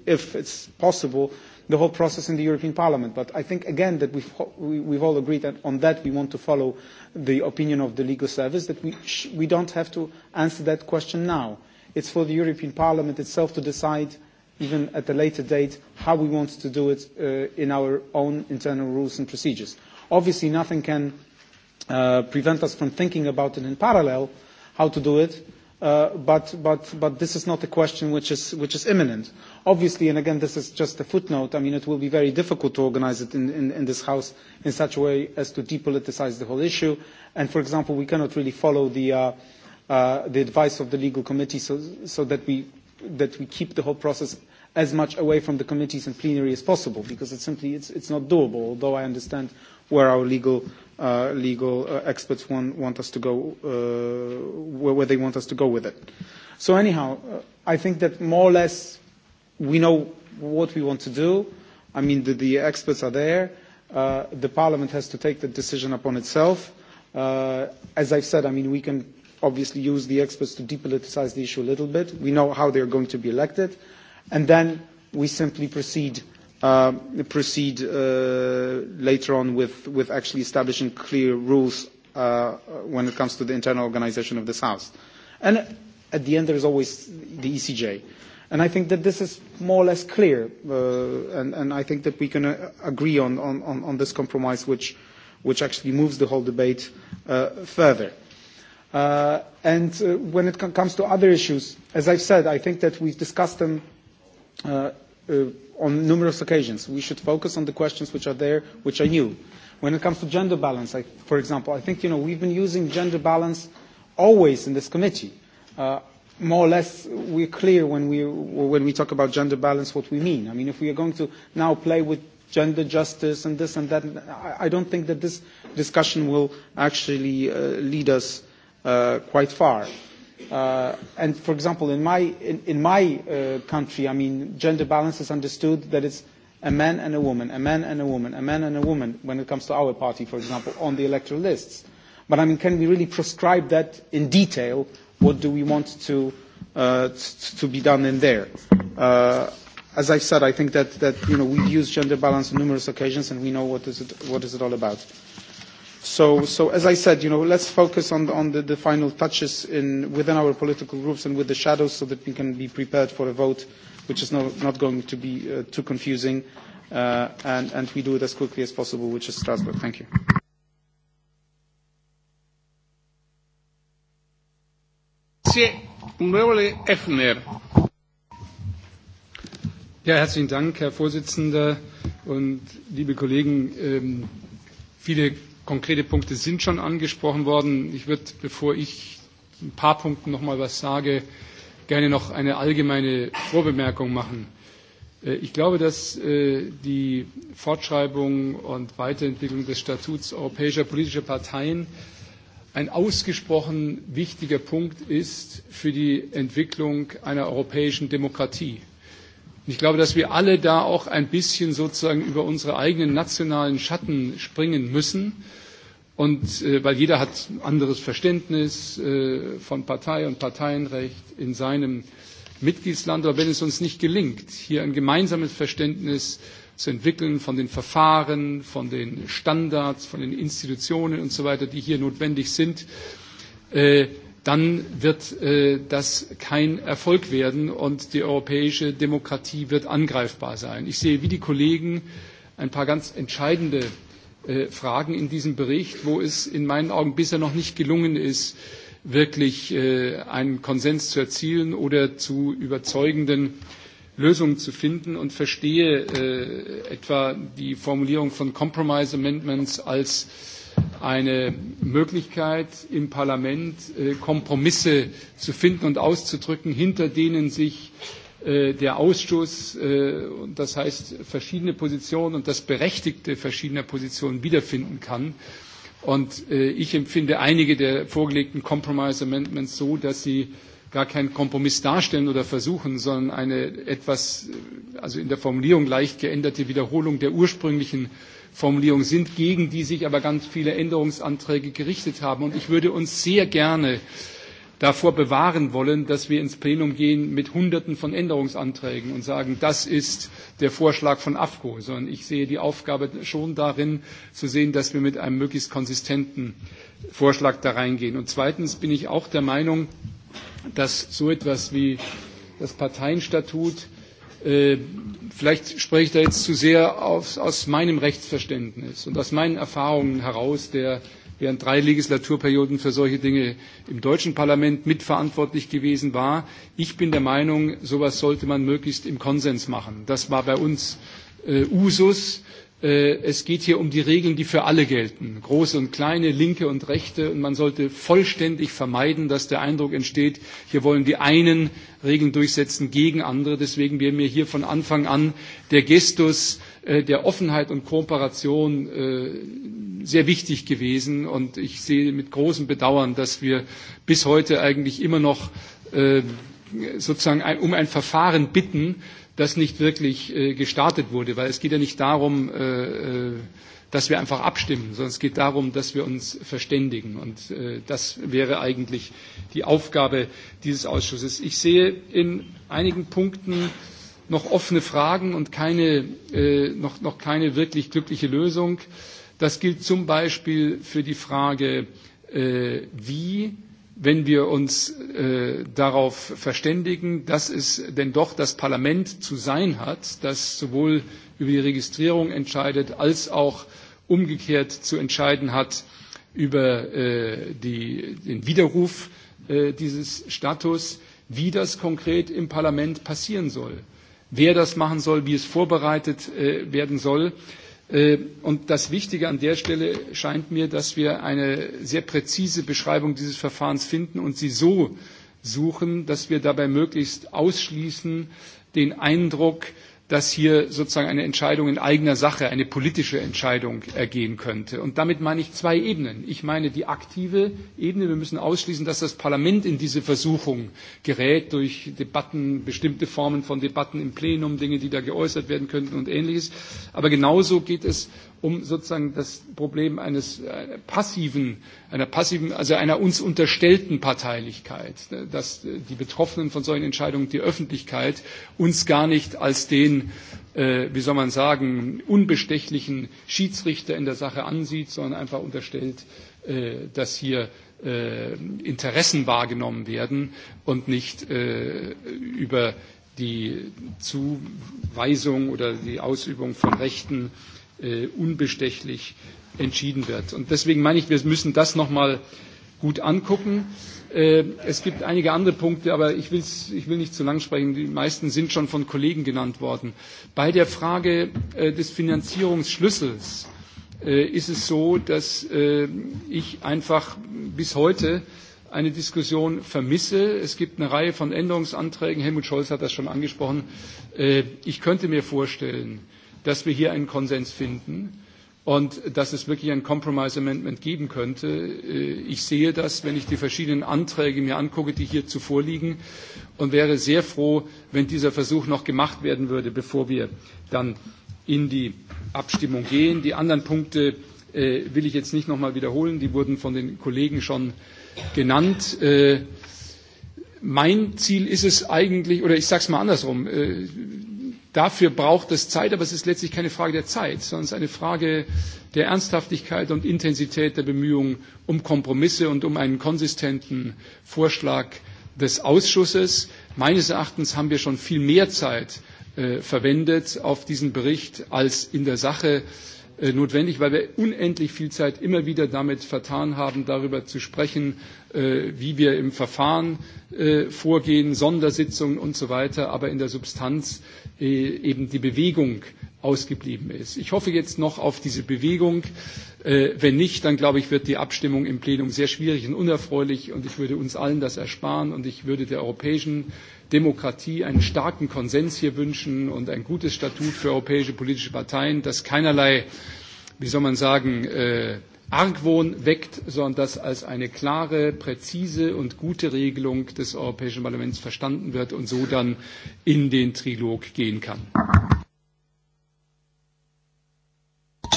if it's possible, uh, the whole process in the European Parliament. But I think, again, that we've, we've all agreed that on that we want to follow the opinion of the legal service, that we, sh- we don't have to answer that question now. It's for the European Parliament itself to decide, even at a later date, how we want to do it uh, in our own internal rules and procedures. Obviously, nothing can uh, prevent us from thinking about it in parallel, how to do it, Uh, but, but, but this is not a question which is, which is imminent. Obviously, and again, this is just a footnote, I mean, it will be very difficult to organize it in, in, in this House in such a way as to depoliticize the whole issue. And for example, we cannot really follow the, uh, uh, the advice of the legal committee so, so that, we, that we keep the whole process as much away from the committees and plenary as possible because it's simply it's, it's not doable although i understand where our legal Uh, legal uh, experts want, want us to go uh, where, where they want us to go with it. So anyhow, uh, I think that more or less we know what we want to do. I mean, the, the experts are there. Uh, the Parliament has to take the decision upon itself. Uh, as I've said, I mean, we can obviously use the experts to depoliticize the issue a little bit. We know how they're going to be elected. And then we simply proceed uh, Um, proceed uh, later on with, with actually establishing clear rules uh, when it comes to the internal organization of this House. And at the end, there is always the ECJ. And I think that this is more or less clear, uh, and, and I think that we can uh, agree on, on, on this compromise, which, which actually moves the whole debate uh, further. Uh, and uh, when it comes to other issues, as I've said, I think that we've discussed them uh, uh, on numerous occasions. We should focus on the questions which are there, which are new. When it comes to gender balance, I, for example, I think you know we've been using gender balance always in this committee. Uh, more or less, we're clear when we when we talk about gender balance what we mean. I mean, if we are going to now play with gender justice and this and that, I, don't think that this discussion will actually uh, lead us uh, quite far. Uh, and for example, in my, in, in my uh, country, I mean, gender balance is understood that it's a man and a woman, a man and a woman, a man and a woman when it comes to our party, for example, on the electoral lists. But I mean, can we really prescribe that in detail? What do we want to, uh, to be done in there? Uh, as I said, I think that, that you know, we've used gender balance on numerous occasions and we know what is it, what is it all about. So, as I said, you know, let's focus on, the, final touches within our political groups and with the shadows so that we can be prepared for a vote which is not going to be uh, too confusing, uh, and, we do it as quickly as possible, which is Strasbourg. Thank you. Grazie. herzlichen Dank, Herr Vorsitzender und liebe Kollegen. Ähm, viele Konkrete Punkte sind schon angesprochen worden. Ich würde, bevor ich ein paar Punkten noch mal was sage, gerne noch eine allgemeine Vorbemerkung machen. Äh, ich glaube, dass äh, die Fortschreibung und Weiterentwicklung des Statuts europäischer politischer Parteien ein ausgesprochen wichtiger Punkt ist für die Entwicklung einer europäischen Demokratie. Und ich glaube, dass wir alle da auch ein bisschen sozusagen über unsere eigenen nationalen Schatten springen müssen. Und äh, weil jeder hat ein anderes Verständnis äh, von Partei und Parteienrecht in seinem Mitgliedsland. Aber wenn es uns nicht gelingt, hier ein gemeinsames Verständnis zu entwickeln von den Verfahren, von den Standards, von den Institutionen und so weiter, die hier notwendig sind, äh, dann wird äh, das kein Erfolg werden und die europäische Demokratie wird angreifbar sein. Ich sehe wie die Kollegen ein paar ganz entscheidende äh, Fragen in diesem Bericht, wo es in meinen Augen bisher noch nicht gelungen ist, wirklich äh, einen Konsens zu erzielen oder zu überzeugenden Lösungen zu finden und verstehe äh, etwa die Formulierung von Compromise Amendments als eine Möglichkeit, im Parlament äh, Kompromisse zu finden und auszudrücken, hinter denen sich äh, der Ausschuss, äh, das heißt verschiedene Positionen und das Berechtigte verschiedener Positionen wiederfinden kann. Und ich empfinde einige der vorgelegten Compromise Amendments so, dass sie gar keinen Kompromiss darstellen oder versuchen, sondern eine etwas, also in der Formulierung leicht geänderte Wiederholung der ursprünglichen Formulierungen sind, gegen die sich aber ganz viele Änderungsanträge gerichtet haben. Und ich würde uns sehr gerne davor bewahren wollen, dass wir ins Plenum gehen mit Hunderten von Änderungsanträgen und sagen, das ist der Vorschlag von AFCO, sondern ich sehe die Aufgabe schon darin, zu sehen, dass wir mit einem möglichst konsistenten Vorschlag da reingehen. Und zweitens bin ich auch der Meinung, dass so etwas wie das Parteienstatut Äh, vielleicht spreche ich da jetzt zu sehr aus, aus meinem Rechtsverständnis und aus meinen Erfahrungen heraus, der während drei Legislaturperioden für solche Dinge im deutschen Parlament mitverantwortlich gewesen war. Ich bin der Meinung, sowas sollte man möglichst im Konsens machen. Das war bei uns äh, Usus. Äh, es geht hier um die Regeln, die für alle gelten, große und kleine, linke und rechte. Und man sollte vollständig vermeiden, dass der Eindruck entsteht, hier wollen die einen Regeln durchsetzen gegen andere. Deswegen wäre mir hier von Anfang an der Gestus äh, der Offenheit und Kooperation äh, sehr wichtig gewesen. Und ich sehe mit großem Bedauern, dass wir bis heute eigentlich immer noch äh, sozusagen um ein Verfahren bitten, das nicht wirklich gestartet wurde. Weil es geht ja nicht darum, dass wir einfach abstimmen, sondern es geht darum, dass wir uns verständigen. Und äh, das wäre eigentlich die Aufgabe dieses Ausschusses. Ich sehe in einigen Punkten noch offene Fragen und keine, äh, noch, noch keine wirklich glückliche Lösung. Das gilt zum Beispiel für die Frage, äh, wie wenn wir uns äh, darauf verständigen, dass es denn doch das Parlament zu sein hat, das sowohl über die Registrierung entscheidet als auch umgekehrt zu entscheiden hat über äh, die, den Widerruf äh, dieses Status, wie das konkret im Parlament passieren soll, wer das machen soll, wie es vorbereitet äh, werden soll. Äh, und das Wichtige an der Stelle scheint mir, dass wir eine sehr präzise Beschreibung dieses Verfahrens finden und sie so suchen, dass wir dabei möglichst ausschließen, den Eindruck, dass hier sozusagen eine Entscheidung in eigener Sache, eine politische Entscheidung ergehen könnte. Und damit meine ich zwei Ebenen. Ich meine die aktive Ebene. Wir müssen ausschließen, dass das Parlament in diese Versuchung gerät durch Debatten, bestimmte Formen von Debatten im Plenum, Dinge, die da geäußert werden könnten und ähnliches. Aber genauso geht es um sozusagen das Problem eines äh, passiven, einer passiven, also einer uns unterstellten Parteilichkeit, dass äh, die Betroffenen von solchen Entscheidungen, die Öffentlichkeit uns gar nicht als den, äh, wie soll man sagen, unbestechlichen Schiedsrichter in der Sache ansieht, sondern einfach unterstellt, dass hier Interessen wahrgenommen werden und nicht über die Zuweisung oder die Ausübung von Rechten äh, unbestechlich entschieden wird. Und deswegen meine ich, wir müssen das nochmal gut angucken. Äh, es gibt einige andere Punkte, aber ich, will's, ich will nicht zu lang sprechen. Die meisten sind schon von Kollegen genannt worden. Bei der Frage äh, des Finanzierungsschlüssels äh, ist es so, dass äh, ich einfach bis heute eine Diskussion vermisse. Es gibt eine Reihe von Änderungsanträgen. Helmut Scholz hat das schon angesprochen. Äh, ich könnte mir vorstellen, äh, dass wir hier einen Konsens finden und dass es wirklich ein Compromise Amendment geben könnte. Äh, ich sehe das, wenn ich die verschiedenen Anträge mir angucke, die hier zuvor liegen und wäre sehr froh, wenn dieser Versuch noch gemacht werden würde, bevor wir dann in die Abstimmung gehen. Die anderen Punkte äh, will ich jetzt nicht nochmal wiederholen, die wurden von den Kollegen schon genannt. Äh, mein Ziel ist es eigentlich, oder ich sage es mal andersrum, äh, Dafür braucht es Zeit, aber es ist letztlich keine Frage der Zeit, sondern es ist eine Frage der Ernsthaftigkeit und Intensität der Bemühungen um Kompromisse und um einen konsistenten Vorschlag des Ausschusses. Meines Erachtens haben wir schon viel mehr Zeit äh, verwendet auf diesen Bericht als in der Sache äh, Äh, notwendig, weil wir unendlich viel Zeit immer wieder damit vertan haben, darüber zu sprechen, äh, wie wir im Verfahren äh, vorgehen, Sondersitzungen und so weiter, aber in der Substanz eben die Bewegung ausgeblieben ist. Ich hoffe jetzt noch auf diese Bewegung. Wenn nicht, dann glaube ich, wird die Abstimmung im Plenum sehr schwierig und unerfreulich und ich würde uns allen das ersparen und ich würde der Europäischen Demokratie einen starken Konsens hier wünschen und ein gutes Statut für europäische politische Parteien, das keinerlei, wie soll man sagen, äh, Argwohn weckt, sondern das als eine klare, präzise und gute Regelung des Europäischen Parlaments verstanden wird und so dann in den Trilog gehen kann.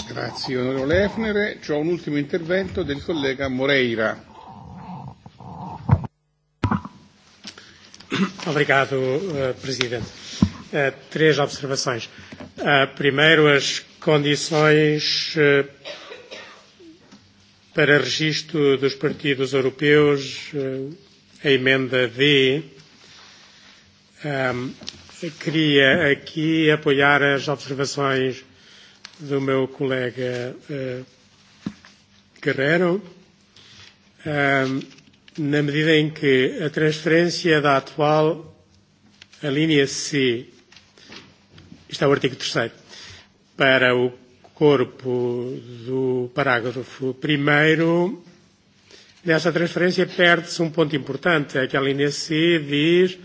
Grazie onorevole Efner. C'è un ultimo intervento del collega Moreira. Obrigado, eh, Presidente. Eh, três observações. Eh, primeiro, as condições para registro dos partidos europeus, a emenda D. queria aqui apoiar as observações do meu colega Guerreiro. Um, na medida em que a transferência da atual a linha C, está é o artigo 3 para o corpo do parágrafo 1 nessa transferência perde-se um ponto importante, é que a linha C diz,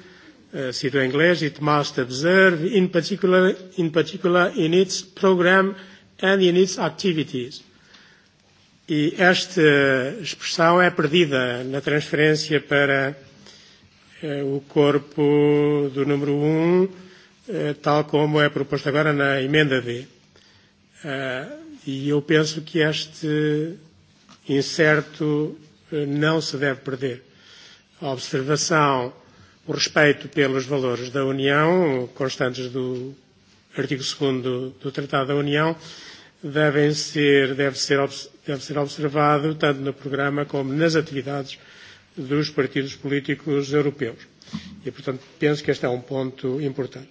eh, cito em inglês, it must observe in particular, in particular in its program and in its activities E esta eh, expressão é perdida na transferência para eh, o corpo do número 1, um, eh, tal como é proposto agora na emenda B. e eu penso que este incerto não se deve perder. A observação, o respeito pelos valores da União, constantes do artigo 2 do, do Tratado da União, devem ser, deve ser observado deve ser observado tanto no programa como nas atividades dos partidos políticos europeus. E, portanto, penso que este é um ponto importante.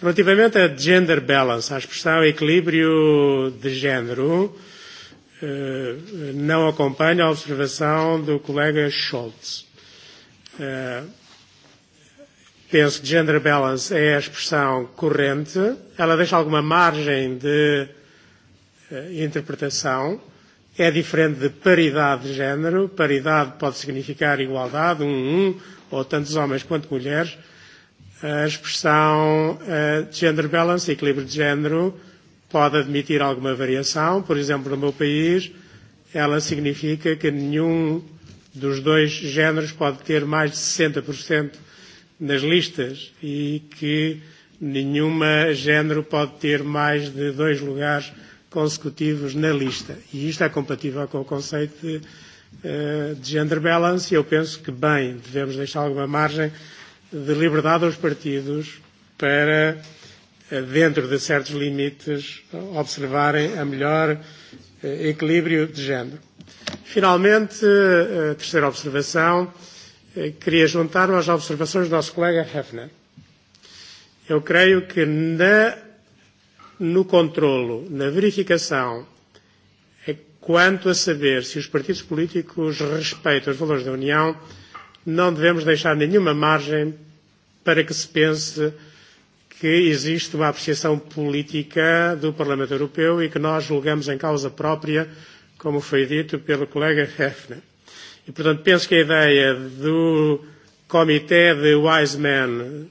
Relativamente à gender balance, à expressão equilíbrio de género, eh, não acompanho a observação do colega Schultz. Eh, penso que gender balance é a expressão corrente. Ela deixa alguma margem de eh, interpretação é diferente de paridade de género. Paridade pode significar igualdade, um, um, ou tantos homens quanto mulheres. A expressão uh, gender balance, equilíbrio de género, pode admitir alguma variação. Por exemplo, no meu país, ela significa que nenhum dos dois géneros pode ter mais de 60% nas listas e que nenhuma género pode ter mais de dois lugares consecutivos na lista. E isto é compatível com o conceito de, eh, de gender balance e eu penso que, bem, devemos deixar alguma margem de liberdade aos partidos para, eh, dentro de certos limites, observarem a melhor eh, equilíbrio de género. Finalmente, a terceira observação, queria juntar-me às observações do nosso colega Hefner. Eu creio que na no controlo, na verificação, quanto a saber se os partidos políticos respeitam os valores da União, não devemos deixar nenhuma margem para que se pense que existe uma apreciação política do Parlamento Europeu e que nós julgamos em causa própria, como foi dito pelo colega Hefner. E, portanto, penso que a ideia do comitê de wise men,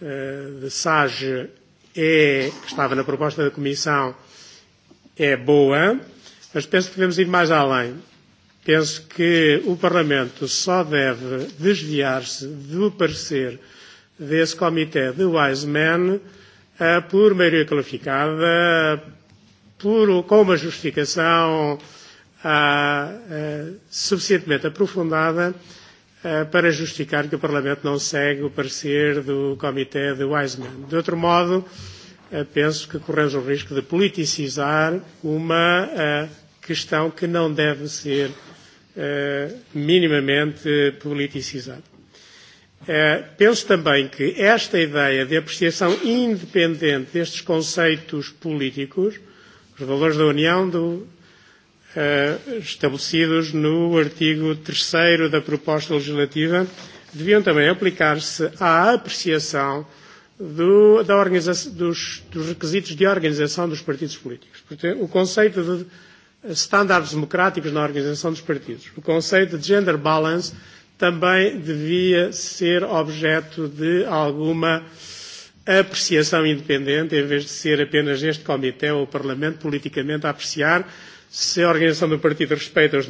eh, de sage é, que estava na proposta da Comissão é boa, mas penso que devemos ir mais além. Penso que o Parlamento só deve desviar-se do parecer desse comitê de wise men eh, por maioria qualificada, por, com uma justificação uh, uh, suficientemente aprofundada Eh, para justificar que o Parlamento não segue o parecer do Comitê de Wiseman. De outro modo, eh, penso que corremos o risco de politicizar uma eh, questão que não deve ser minimamente politicizada. Penso também que esta ideia de apreciação independente destes conceitos políticos, os valores da União, do uh, estabelecidos no artigo 3 da proposta legislativa deviam também aplicar-se à apreciação do, da dos, dos requisitos de organização dos partidos políticos. Portanto, o conceito de estándares democráticos na organização dos partidos, o conceito de gender balance também devia ser objeto de alguma apreciação independente, em vez de ser apenas este Comitê ou o Parlamento politicamente a apreciar se a organização do partido respeita os,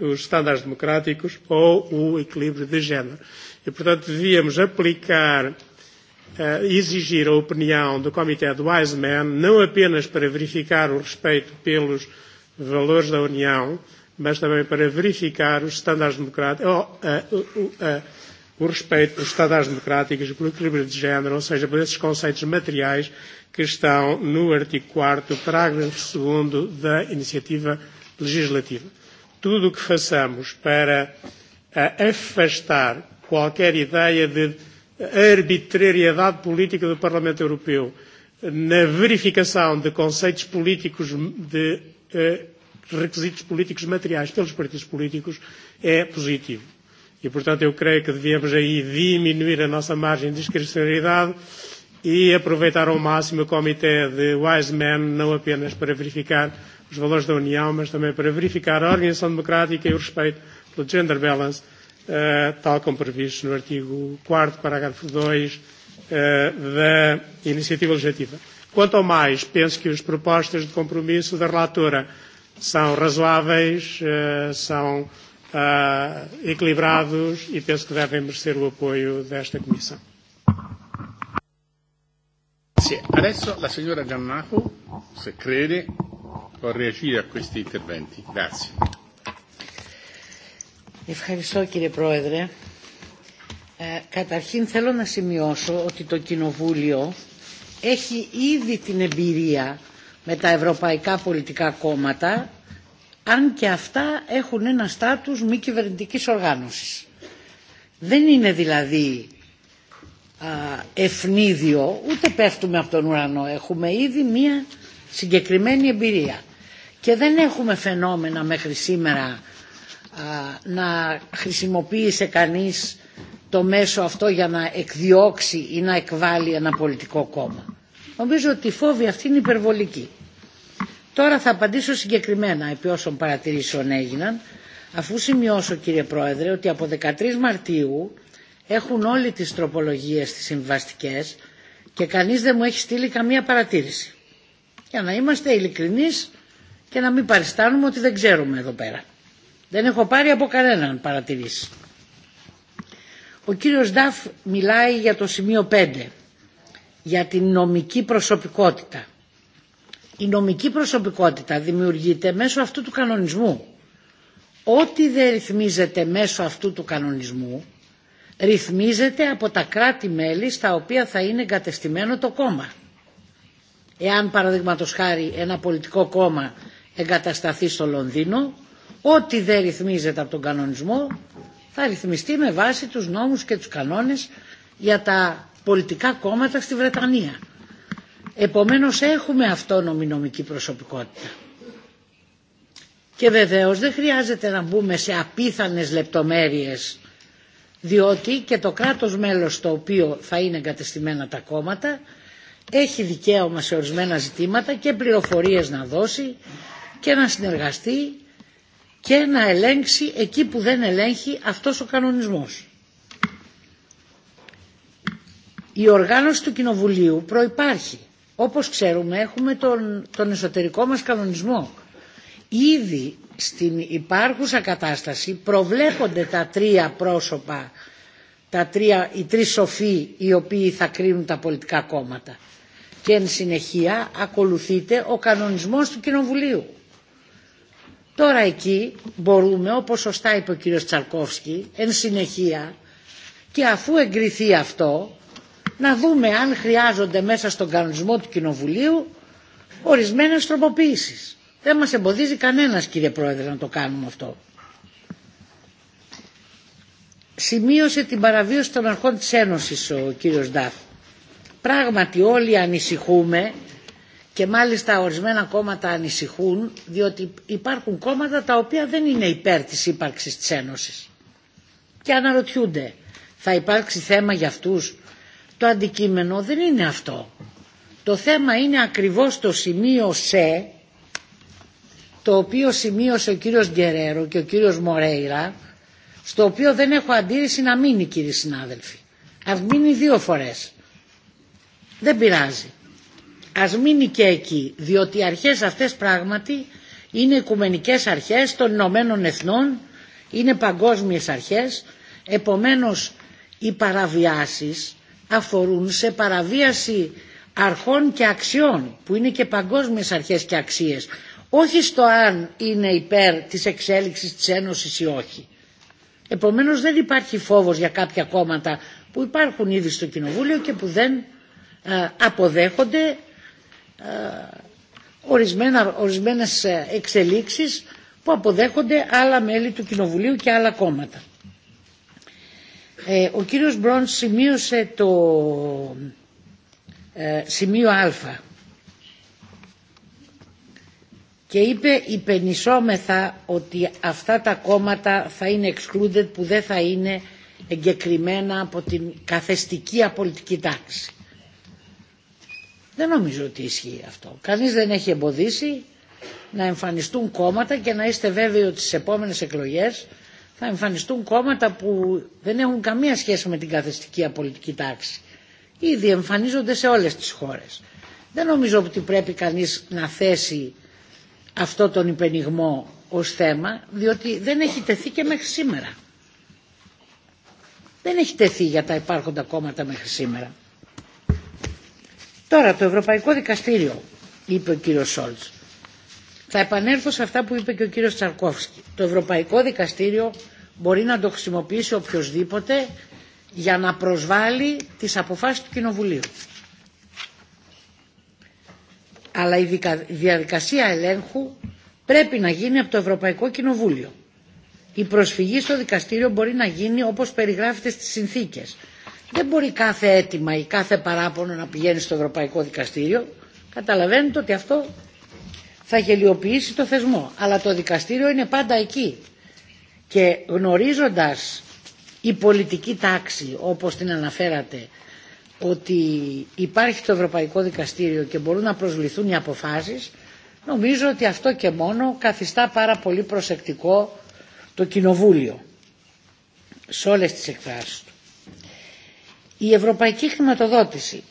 os estándares democráticos ou o equilíbrio de género. E, portanto, devíamos aplicar, uh, exigir a opinião do Comitê do Wiseman, não apenas para verificar o respeito pelos valores da União, mas também para verificar os estándares democráticos, ou, uh, uh, uh, o respeito pelos estándares democráticos, e pelo equilíbrio de género, ou seja, por esses conceitos materiais que estão no artigo 4 parágrafo 2 da iniciativa legislativa. Tudo o que façamos para eh, afastar qualquer ideia de arbitrariedade política do Parlamento Europeu na verificação de conceitos políticos de eh, requisitos políticos materiais pelos partidos políticos é positivo. E, portanto, eu creio que devíamos aí diminuir a nossa margem de discrecionalidade e aproveitar ao máximo o comitê de Wise Men, não apenas para verificar os valores da União, mas também para verificar a organização democrática e o respeito pelo gender balance, uh, tal como previsto no artigo 4 º parágrafo 2 uh, eh, da iniciativa legislativa. Quanto ao mais, penso que as propostas de compromisso da relatora são razoáveis, uh, são uh, equilibrados e penso que devem merecer o apoio desta Comissão. Sim. Adesso a senhora Giannaco, se crede, pode reagir a questi interventi. Grazie. Ευχαριστώ κύριε Πρόεδρε. Ε, καταρχήν θέλω να σημειώσω ότι το Κοινοβούλιο έχει ήδη την εμπειρία με τα ευρωπαϊκά πολιτικά κόμματα αν και αυτά έχουν ένα στάτους μη κυβερνητική οργάνωση. Δεν είναι δηλαδή α, ευνίδιο, ούτε πέφτουμε από τον ουρανό. Έχουμε ήδη μία συγκεκριμένη εμπειρία. Και δεν έχουμε φαινόμενα μέχρι σήμερα α, να χρησιμοποίησε κανείς το μέσο αυτό για να εκδιώξει ή να εκβάλει ένα πολιτικό κόμμα. Νομίζω ότι η φόβη αυτή είναι υπερβολική. Τώρα θα απαντήσω συγκεκριμένα επί όσων παρατηρήσεων έγιναν, αφού σημειώσω κύριε Πρόεδρε ότι από 13 Μαρτίου έχουν όλοι τις τροπολογίες τις συμβαστικές και κανείς δεν μου έχει στείλει καμία παρατήρηση. Για να είμαστε ειλικρινείς και να μην παριστάνουμε ότι δεν ξέρουμε εδώ πέρα. Δεν έχω πάρει από κανέναν παρατηρήσει. Ο κύριος Νταφ μιλάει για το σημείο 5, για την νομική προσωπικότητα η νομική προσωπικότητα δημιουργείται μέσω αυτού του κανονισμού. Ό,τι δεν ρυθμίζεται μέσω αυτού του κανονισμού, ρυθμίζεται από τα κράτη-μέλη στα οποία θα είναι εγκατεστημένο το κόμμα. Εάν παραδείγματο χάρη ένα πολιτικό κόμμα εγκατασταθεί στο Λονδίνο, ό,τι δεν ρυθμίζεται από τον κανονισμό θα ρυθμιστεί με βάση τους νόμους και τους κανόνες για τα πολιτικά κόμματα στη Βρετανία. Επομένως έχουμε αυτόνομη νομική προσωπικότητα. Και βεβαίως δεν χρειάζεται να μπούμε σε απίθανες λεπτομέρειες διότι και το κράτος μέλος στο οποίο θα είναι εγκατεστημένα τα κόμματα έχει δικαίωμα σε ορισμένα ζητήματα και πληροφορίες να δώσει και να συνεργαστεί και να ελέγξει εκεί που δεν ελέγχει αυτός ο κανονισμός. Η οργάνωση του Κοινοβουλίου προϋπάρχει Όπως ξέρουμε έχουμε τον, τον εσωτερικό μας κανονισμό. Ήδη στην υπάρχουσα κατάσταση προβλέπονται τα τρία πρόσωπα, τα τρία, οι τρεις σοφοί οι οποίοι θα κρίνουν τα πολιτικά κόμματα. Και εν συνεχεία ακολουθείται ο κανονισμός του Κοινοβουλίου. Τώρα εκεί μπορούμε, όπως σωστά είπε ο κύριος Τσαρκόφσκι, εν συνεχεία και αφού εγκριθεί αυτό, να δούμε αν χρειάζονται μέσα στον κανονισμό του Κοινοβουλίου ορισμένες τροποποίησεις. Δεν μας εμποδίζει κανένας κύριε Πρόεδρε να το κάνουμε αυτό. Σημείωσε την παραβίωση των αρχών της Ένωσης ο κύριος Ντάφ. Πράγματι όλοι ανησυχούμε και μάλιστα ορισμένα κόμματα ανησυχούν διότι υπάρχουν κόμματα τα οποία δεν είναι υπέρ της ύπαρξης της Ένωσης. Και αναρωτιούνται θα υπάρξει θέμα για αυτούς το αντικείμενο δεν είναι αυτό. Το θέμα είναι ακριβώς το σημείο σε, το οποίο σημείωσε ο κύριος Γκερέρο και ο κύριος Μορέιρα, στο οποίο δεν έχω αντίρρηση να μείνει κύριοι συνάδελφοι. Ας μείνει δύο φορές. Δεν πειράζει. Ας μείνει και εκεί, διότι οι αρχές αυτές πράγματι είναι οικουμενικές αρχές των Ηνωμένων Εθνών, είναι παγκόσμιες αρχές, επομένως οι παραβιάσεις αφορούν σε παραβίαση αρχών και αξιών, που είναι και παγκόσμιες αρχές και αξίες, όχι στο αν είναι υπέρ της εξέλιξης της Ένωσης ή όχι. Επομένως δεν υπάρχει φόβος για κάποια κόμματα που υπάρχουν ήδη στο Κοινοβούλιο και που δεν α, αποδέχονται α, ορισμένα, ορισμένες εξελίξεις που αποδέχονται άλλα μέλη του Κοινοβουλίου και άλλα κόμματα. Ε, ο κύριος Μπρόν σημείωσε το ε, σημείο Α και είπε υπενισόμεθα ότι αυτά τα κόμματα θα είναι excluded που δεν θα είναι εγκεκριμένα από την καθεστική απολυτική τάξη. Δεν νομίζω ότι ισχύει αυτό. Κανείς δεν έχει εμποδίσει να εμφανιστούν κόμματα και να είστε βέβαιοι ότι στις επόμενες εκλογές θα εμφανιστούν κόμματα που δεν έχουν καμία σχέση με την καθεστική απολυτική τάξη. Ήδη εμφανίζονται σε όλες τις χώρες. Δεν νομίζω ότι πρέπει κανείς να θέσει αυτό τον υπενιγμό ως θέμα, διότι δεν έχει τεθεί και μέχρι σήμερα. Δεν έχει τεθεί για τα υπάρχοντα κόμματα μέχρι σήμερα. Τώρα, το Ευρωπαϊκό Δικαστήριο, είπε ο κύριος Σόλτς. Θα επανέλθω σε αυτά που είπε και ο κύριος Τσαρκόφσκι. Το Ευρωπαϊκό Δικαστήριο μπορεί να το χρησιμοποιήσει οποιοδήποτε για να προσβάλλει τις αποφάσεις του Κοινοβουλίου. Αλλά η διαδικασία ελέγχου πρέπει να γίνει από το Ευρωπαϊκό Κοινοβούλιο. Η προσφυγή στο δικαστήριο μπορεί να γίνει όπως περιγράφεται στις συνθήκες. Δεν μπορεί κάθε αίτημα ή κάθε παράπονο να πηγαίνει στο Ευρωπαϊκό Δικαστήριο. Καταλαβαίνετε ότι αυτό θα γελιοποιήσει το θεσμό. Αλλά το δικαστήριο είναι πάντα εκεί. Και γνωρίζοντας η πολιτική τάξη, όπως την αναφέρατε, ότι υπάρχει το Ευρωπαϊκό Δικαστήριο και μπορούν να προσληθούν οι αποφάσεις, νομίζω ότι αυτό και μόνο καθιστά πάρα πολύ προσεκτικό το Κοινοβούλιο σε όλες τις εκφράσεις του. Η ευρωπαϊκή χρηματοδότηση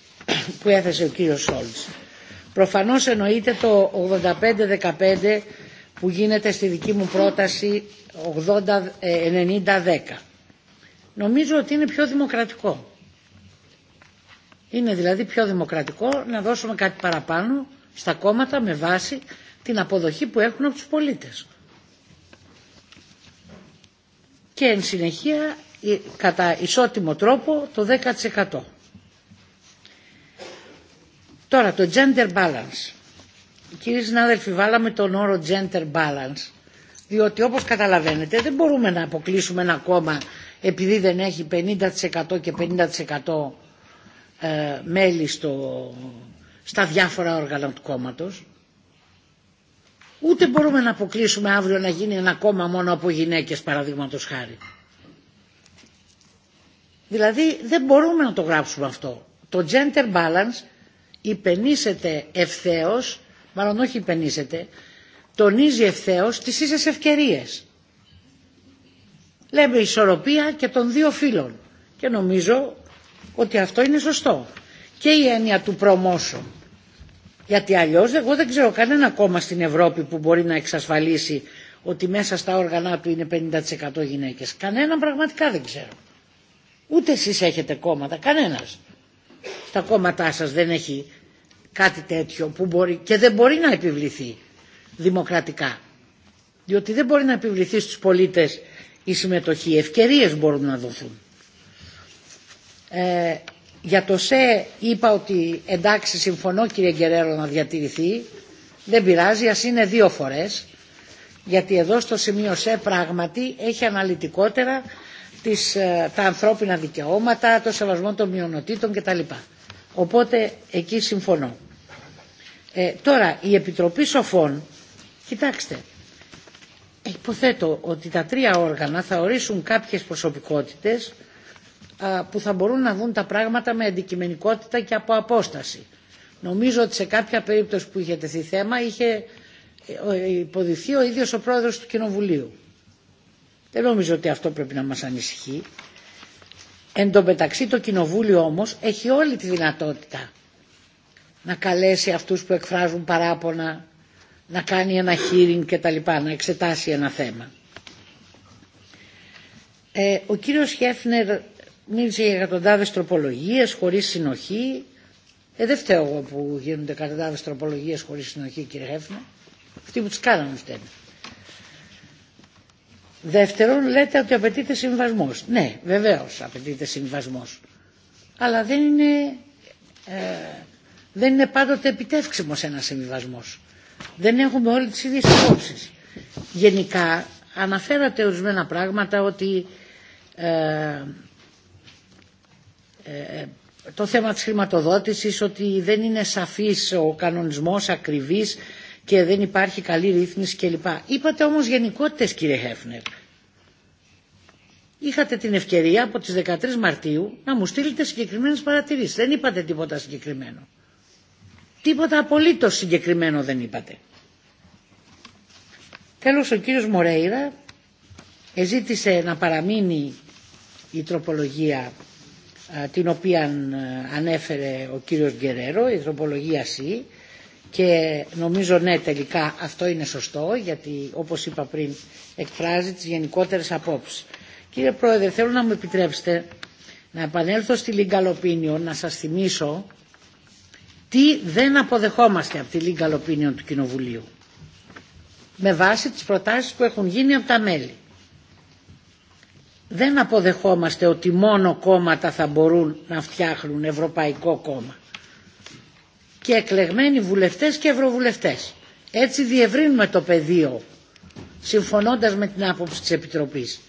που έθεσε ο κύριος Σόλτς Προφανώς εννοείται το 85-15 που γίνεται στη δική μου πρόταση 90-10. Νομίζω ότι είναι πιο δημοκρατικό. Είναι δηλαδή πιο δημοκρατικό να δώσουμε κάτι παραπάνω στα κόμματα με βάση την αποδοχή που έχουν από τους πολίτες. Και εν συνεχεία κατά ισότιμο τρόπο το 10%. Τώρα το gender balance. Κύριε συνάδελφοι, βάλαμε τον όρο gender balance, διότι όπως καταλαβαίνετε δεν μπορούμε να αποκλείσουμε ένα κόμμα επειδή δεν έχει 50% και 50% ε, μέλη στο, στα διάφορα όργανα του κόμματος. Ούτε μπορούμε να αποκλείσουμε αύριο να γίνει ένα κόμμα μόνο από γυναίκες παραδείγματος χάρη. Δηλαδή δεν μπορούμε να το γράψουμε αυτό. Το gender balance υπενήσεται ευθέως, μάλλον όχι υπενήσεται, τονίζει ευθέως τις ίσες ευκαιρίες. Λέμε ισορροπία και των δύο φύλων. Και νομίζω ότι αυτό είναι σωστό. Και η έννοια του προμόσου. Γιατί αλλιώς εγώ δεν ξέρω κανένα κόμμα στην Ευρώπη που μπορεί να εξασφαλίσει ότι μέσα στα όργανα του είναι 50% γυναίκες. Κανέναν πραγματικά δεν ξέρω. Ούτε εσείς έχετε κόμματα, κανένας στα κόμματά σας δεν έχει κάτι τέτοιο που μπορεί και δεν μπορεί να επιβληθεί δημοκρατικά. Διότι δεν μπορεί να επιβληθεί στους πολίτες η συμμετοχή. Ευκαιρίες μπορούν να δοθούν. Ε, για το ΣΕ είπα ότι εντάξει συμφωνώ κύριε Γκερέρο να διατηρηθεί. Δεν πειράζει ας είναι δύο φορές. Γιατί εδώ στο σημείο ΣΕ πράγματι έχει αναλυτικότερα τις, τα ανθρώπινα δικαιώματα, το σεβασμό των μειονοτήτων κτλ. Οπότε εκεί συμφωνώ. Ε, τώρα, η Επιτροπή Σοφών, κοιτάξτε, υποθέτω ότι τα τρία όργανα θα ορίσουν κάποιες προσωπικότητες α, που θα μπορούν να δουν τα πράγματα με αντικειμενικότητα και από απόσταση. Νομίζω ότι σε κάποια περίπτωση που είχε τεθεί θέμα είχε υποδηθεί ο ίδιος ο πρόεδρος του Κοινοβουλίου. Δεν νομίζω ότι αυτό πρέπει να μας ανησυχεί. Εν τω μεταξύ το Κοινοβούλιο όμως έχει όλη τη δυνατότητα να καλέσει αυτούς που εκφράζουν παράπονα, να κάνει ένα hearing και τα λοιπά, να εξετάσει ένα θέμα. Ε, ο κύριος Χέφνερ μίλησε για εκατοντάδες τροπολογίες χωρίς συνοχή. Ε, δεν φταίω εγώ που γίνονται εκατοντάδες τροπολογίες χωρίς συνοχή κύριε Χέφνερ. Αυτοί που τις κάνανε φταίνουν. Δεύτερον, λέτε ότι απαιτείται συμβασμό. Ναι, βεβαίω απαιτείται συμβασμό. Αλλά δεν είναι, ε, δεν είναι πάντοτε επιτεύξιμο ένα συμβασμό. Δεν έχουμε όλοι τι ίδιε απόψει. Γενικά, αναφέρατε ορισμένα πράγματα ότι ε, ε, το θέμα της χρηματοδότησης, ότι δεν είναι σαφής ο κανονισμός, ακριβής, και δεν υπάρχει καλή ρύθμιση κλπ. Είπατε όμως γενικότητες κύριε Χέφνερ. Είχατε την ευκαιρία από τις 13 Μαρτίου να μου στείλετε συγκεκριμένες παρατηρήσεις. Δεν είπατε τίποτα συγκεκριμένο. Τίποτα απολύτως συγκεκριμένο δεν είπατε. Τέλος ο κύριος Μορέιρα εζήτησε να παραμείνει η τροπολογία την οποία ανέφερε ο κύριος Γκερέρο, η τροπολογία C, Και νομίζω ναι τελικά αυτό είναι σωστό γιατί όπως είπα πριν εκφράζει τις γενικότερες απόψεις. Κύριε Πρόεδρε θέλω να μου επιτρέψετε να επανέλθω στη Λίγκα Λοπίνιο να σας θυμίσω τι δεν αποδεχόμαστε από τη Λίγκα Λοπίνιο του Κοινοβουλίου με βάση τις προτάσεις που έχουν γίνει από τα μέλη. Δεν αποδεχόμαστε ότι μόνο κόμματα θα μπορούν να φτιάχνουν ευρωπαϊκό κόμμα και εκλεγμένοι βουλευτές και ευρωβουλευτές. Έτσι διευρύνουμε το πεδίο, συμφωνώντας με την άποψη της Επιτροπής.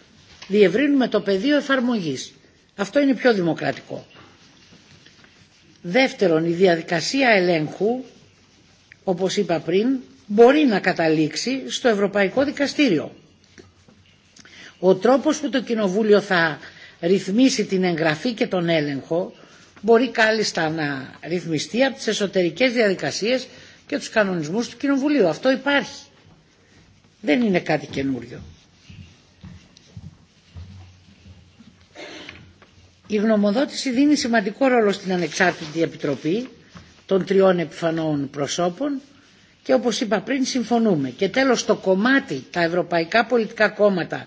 Διευρύνουμε το πεδίο εφαρμογής. Αυτό είναι πιο δημοκρατικό. Δεύτερον, η διαδικασία ελέγχου, όπως είπα πριν, μπορεί να καταλήξει στο Ευρωπαϊκό Δικαστήριο. Ο τρόπος που το Κοινοβούλιο θα ρυθμίσει την εγγραφή και τον έλεγχο μπορεί κάλλιστα να ρυθμιστεί από τις εσωτερικές διαδικασίες και τους κανονισμούς του Κοινοβουλίου. Αυτό υπάρχει. Δεν είναι κάτι καινούριο. Η γνωμοδότηση δίνει σημαντικό ρόλο στην ανεξάρτητη επιτροπή των τριών επιφανών προσώπων και όπως είπα πριν συμφωνούμε. Και τέλος το κομμάτι, τα ευρωπαϊκά πολιτικά κόμματα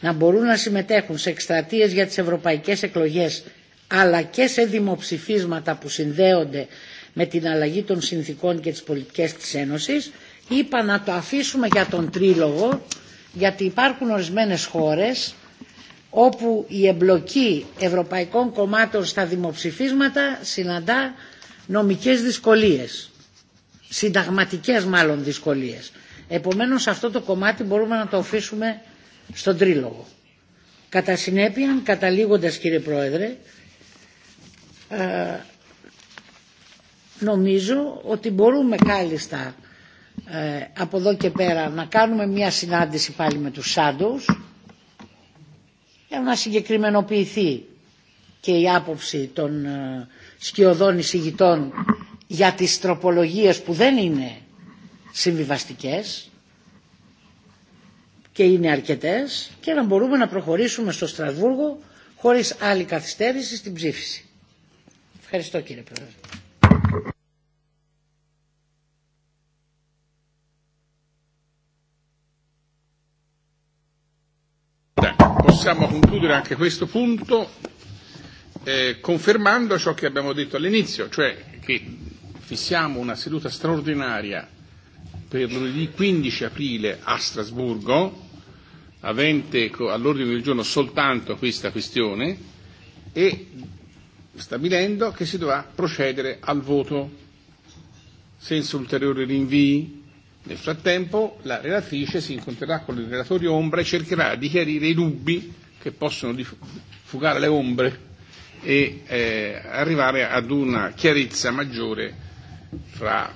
να μπορούν να συμμετέχουν σε εκστρατείες για τις ευρωπαϊκές εκλογές αλλά και σε δημοψηφίσματα που συνδέονται με την αλλαγή των συνθήκων και τις πολιτικές της Ένωσης, είπα να το αφήσουμε για τον τρίλογο, γιατί υπάρχουν ορισμένες χώρες όπου η εμπλοκή ευρωπαϊκών κομμάτων στα δημοψηφίσματα συναντά νομικές δυσκολίες, συνταγματικές μάλλον δυσκολίες. Επομένως αυτό το κομμάτι μπορούμε να το αφήσουμε στον τρίλογο. Κατά συνέπεια, καταλήγοντας κύριε Πρόεδρε, νομίζω ότι μπορούμε κάλλιστα ε, από εδώ και πέρα να κάνουμε μια συνάντηση πάλι με τους Σάντους για να συγκεκριμενοποιηθεί και η άποψη των ε, σκιωδών εισηγητών για τις τροπολογίες που δεν είναι συμβιβαστικές και είναι αρκετές και να μπορούμε να προχωρήσουμε στο Στρασβούργο χωρίς άλλη καθυστέρηση στην ψήφιση. Ευχαριστώ κύριε Πρόεδρε. Possiamo concludere anche questo punto eh, confermando ciò che abbiamo detto all'inizio, cioè che fissiamo una seduta straordinaria per lunedì 15 aprile a Strasburgo, avente all'ordine del giorno soltanto questa questione, e stabilendo che si dovrà procedere al voto senza ulteriori rinvii. Nel frattempo la relatrice si incontrerà con il relatore ombra e cercherà di chiarire i dubbi che possono fugare le ombre e eh, arrivare ad una chiarezza maggiore fra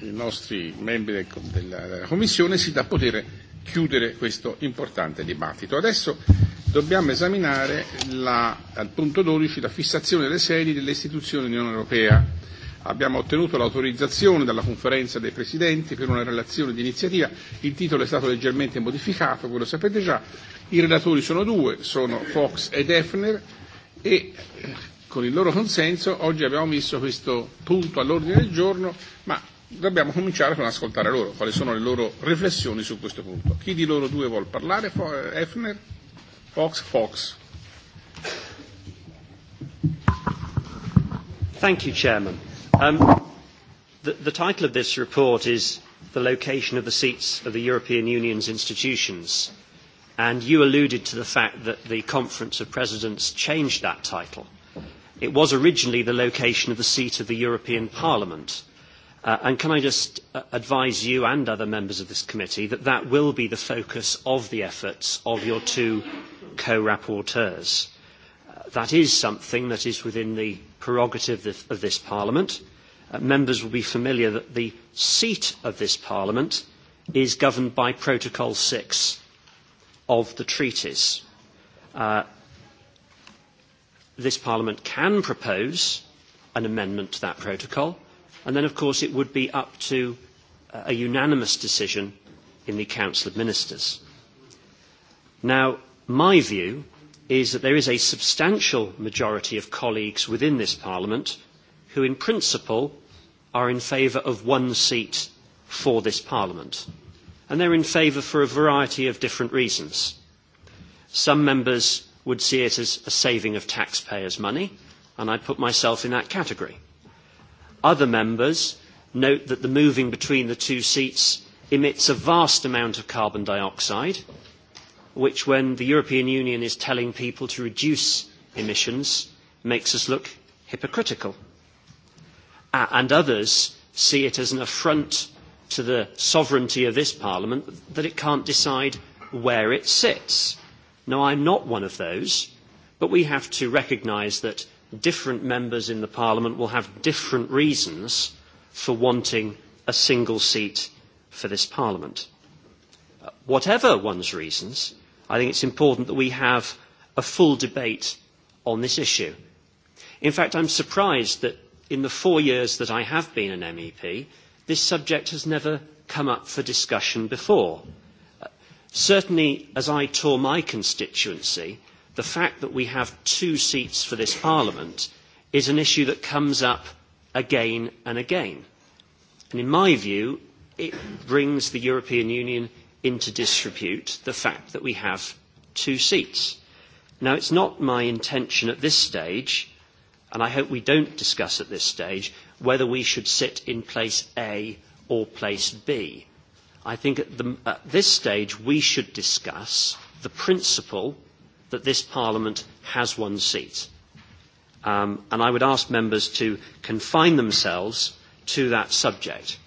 i nostri membri del, della, della Commissione, sì da poter chiudere questo importante dibattito. Adesso dobbiamo esaminare la, al punto 12 la fissazione delle sedi delle istituzioni dell'Unione Europea. Abbiamo ottenuto l'autorizzazione dalla conferenza dei presidenti per una relazione di iniziativa, il titolo è stato leggermente modificato, voi lo sapete già, i relatori sono due, sono Fox ed Effner e con il loro consenso oggi abbiamo messo questo punto all'ordine del giorno, ma dobbiamo cominciare con ascoltare loro, quali sono le loro riflessioni su questo punto. Chi di loro due vuole parlare? Effner? Fox Fox. Thank you, Chairman. Um, the, the title of this report is The Location of the Seats of the European Union's Institutions. And you alluded to the fact that the Conference of Presidents changed that title. It was originally the location of the seat of the European Parliament Uh, and can I just uh, advise you and other members of this committee that that will be the focus of the efforts of your two co-rapporteurs. Uh, that is something that is within the prerogative of, of this Parliament. Uh, members will be familiar that the seat of this Parliament is governed by Protocol 6 of the treaties. Uh, this Parliament can propose an amendment to that protocol And then, of course, it would be up to uh, a unanimous decision in the Council of Ministers. Now, my view is that there is a substantial majority of colleagues within this Parliament who, in principle, are in favour of one seat for this Parliament. And they're in favour for a variety of different reasons. Some members would see it as a saving of taxpayers' money, and I put myself in that category. Other members note that the moving between the two seats emits a vast amount of carbon dioxide, which when the European Union is telling people to reduce emissions makes us look hypocritical. Uh, and others see it as an affront to the sovereignty of this Parliament that it can't decide where it sits. Now, I'm not one of those, but we have to recognise that different members in the Parliament will have different reasons for wanting a single seat for this Parliament. Uh, whatever one's reasons, I think it's important that we have a full debate on this issue. In fact, I'm surprised that in the four years that I have been an MEP, this subject has never come up for discussion before. Uh, certainly, as I tour my constituency, the fact that we have two seats for this Parliament is an issue that comes up again and again. And in my view, it brings the European Union into disrepute the fact that we have two seats. Now, it's not my intention at this stage, and I hope we don't discuss at this stage, whether we should sit in place A or place B. I think at, the, at this stage we should discuss the principle that this Parliament has one seat. Um, and I would ask members to confine themselves to that subject.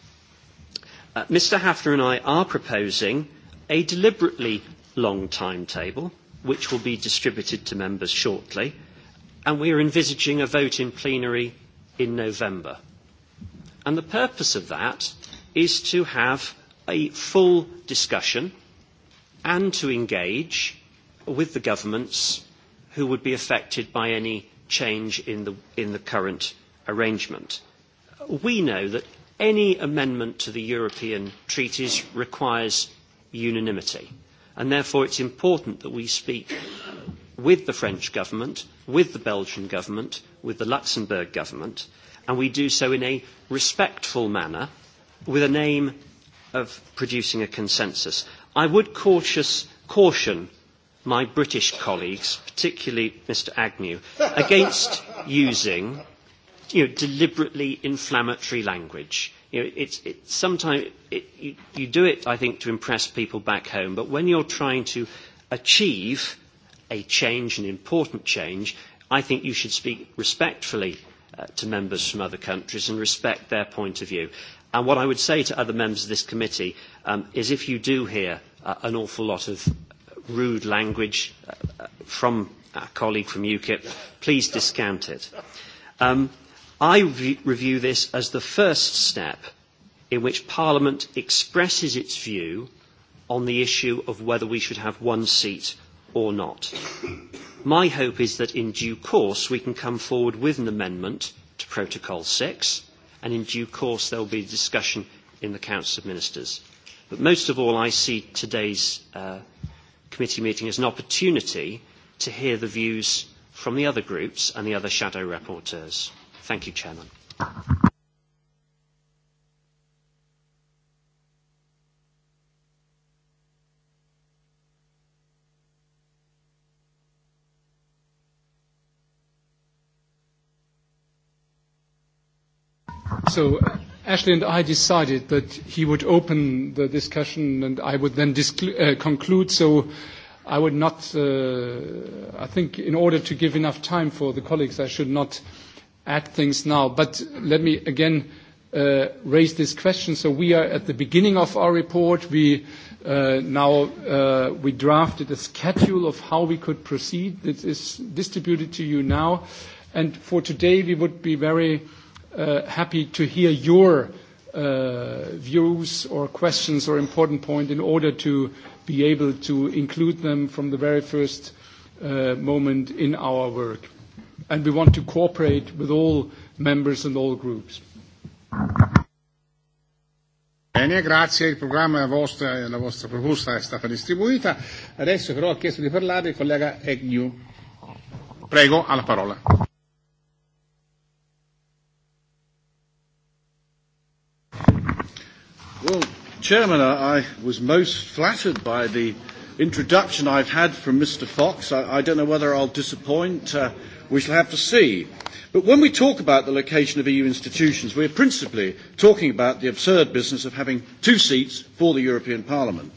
Uh, Mr Hafner and I are proposing a deliberately long timetable, which will be distributed to members shortly, and we are envisaging a vote in plenary in November. And the purpose of that is to have a full discussion and to engage with the governments who would be affected by any change in the, in the current arrangement. We know that any amendment to the European treaties requires unanimity, and therefore it's important that we speak with the French government, with the Belgian government, with the Luxembourg government, and we do so in a respectful manner with an aim of producing a consensus. I would cautious, caution my British colleagues, particularly Mr Agnew, against *laughs* using you know, deliberately inflammatory language. You know, it's, it's sometimes it, you, you do it, I think, to impress people back home, but when you're trying to achieve a change, an important change, I think you should speak respectfully uh, to members from other countries and respect their point of view. And what I would say to other members of this committee um, is if you do hear uh, an awful lot of rude language uh, from a colleague from UKIP, please discount it. Um, I re review this as the first step in which Parliament expresses its view on the issue of whether we should have one seat or not. My hope is that in due course we can come forward with an amendment to Protocol 6, and in due course there will be a discussion in the Council of Ministers. But most of all, I see today's uh, committee meeting as an opportunity to hear the views from the other groups and the other shadow rapporteurs. Thank you, Chairman. So Ashley and I decided that he would open the discussion and I would then uh, conclude. So I would not, uh, I think in order to give enough time for the colleagues, I should not add things now. But let me again uh, raise this question. So we are at the beginning of our report. We uh, now uh, we drafted a schedule of how we could proceed. It is distributed to you now. And for today, we would be very Uh, happy to hear your uh, views or questions or important point in order to be able to include them from the very first uh, moment in our work. And we want to cooperate with all members and all groups. Bene, grazie. Il programma vostro, la vostra proposta è stata distribuita. Adesso però ha chiesto di parlare il collega Egnew. Prego, alla parola. Well, Chairman, I was most flattered by the introduction I've had from Mr. Fox. I, I don't know whether I'll disappoint. Uh, we shall have to see. But when we talk about the location of EU institutions, we're principally talking about the absurd business of having two seats for the European Parliament.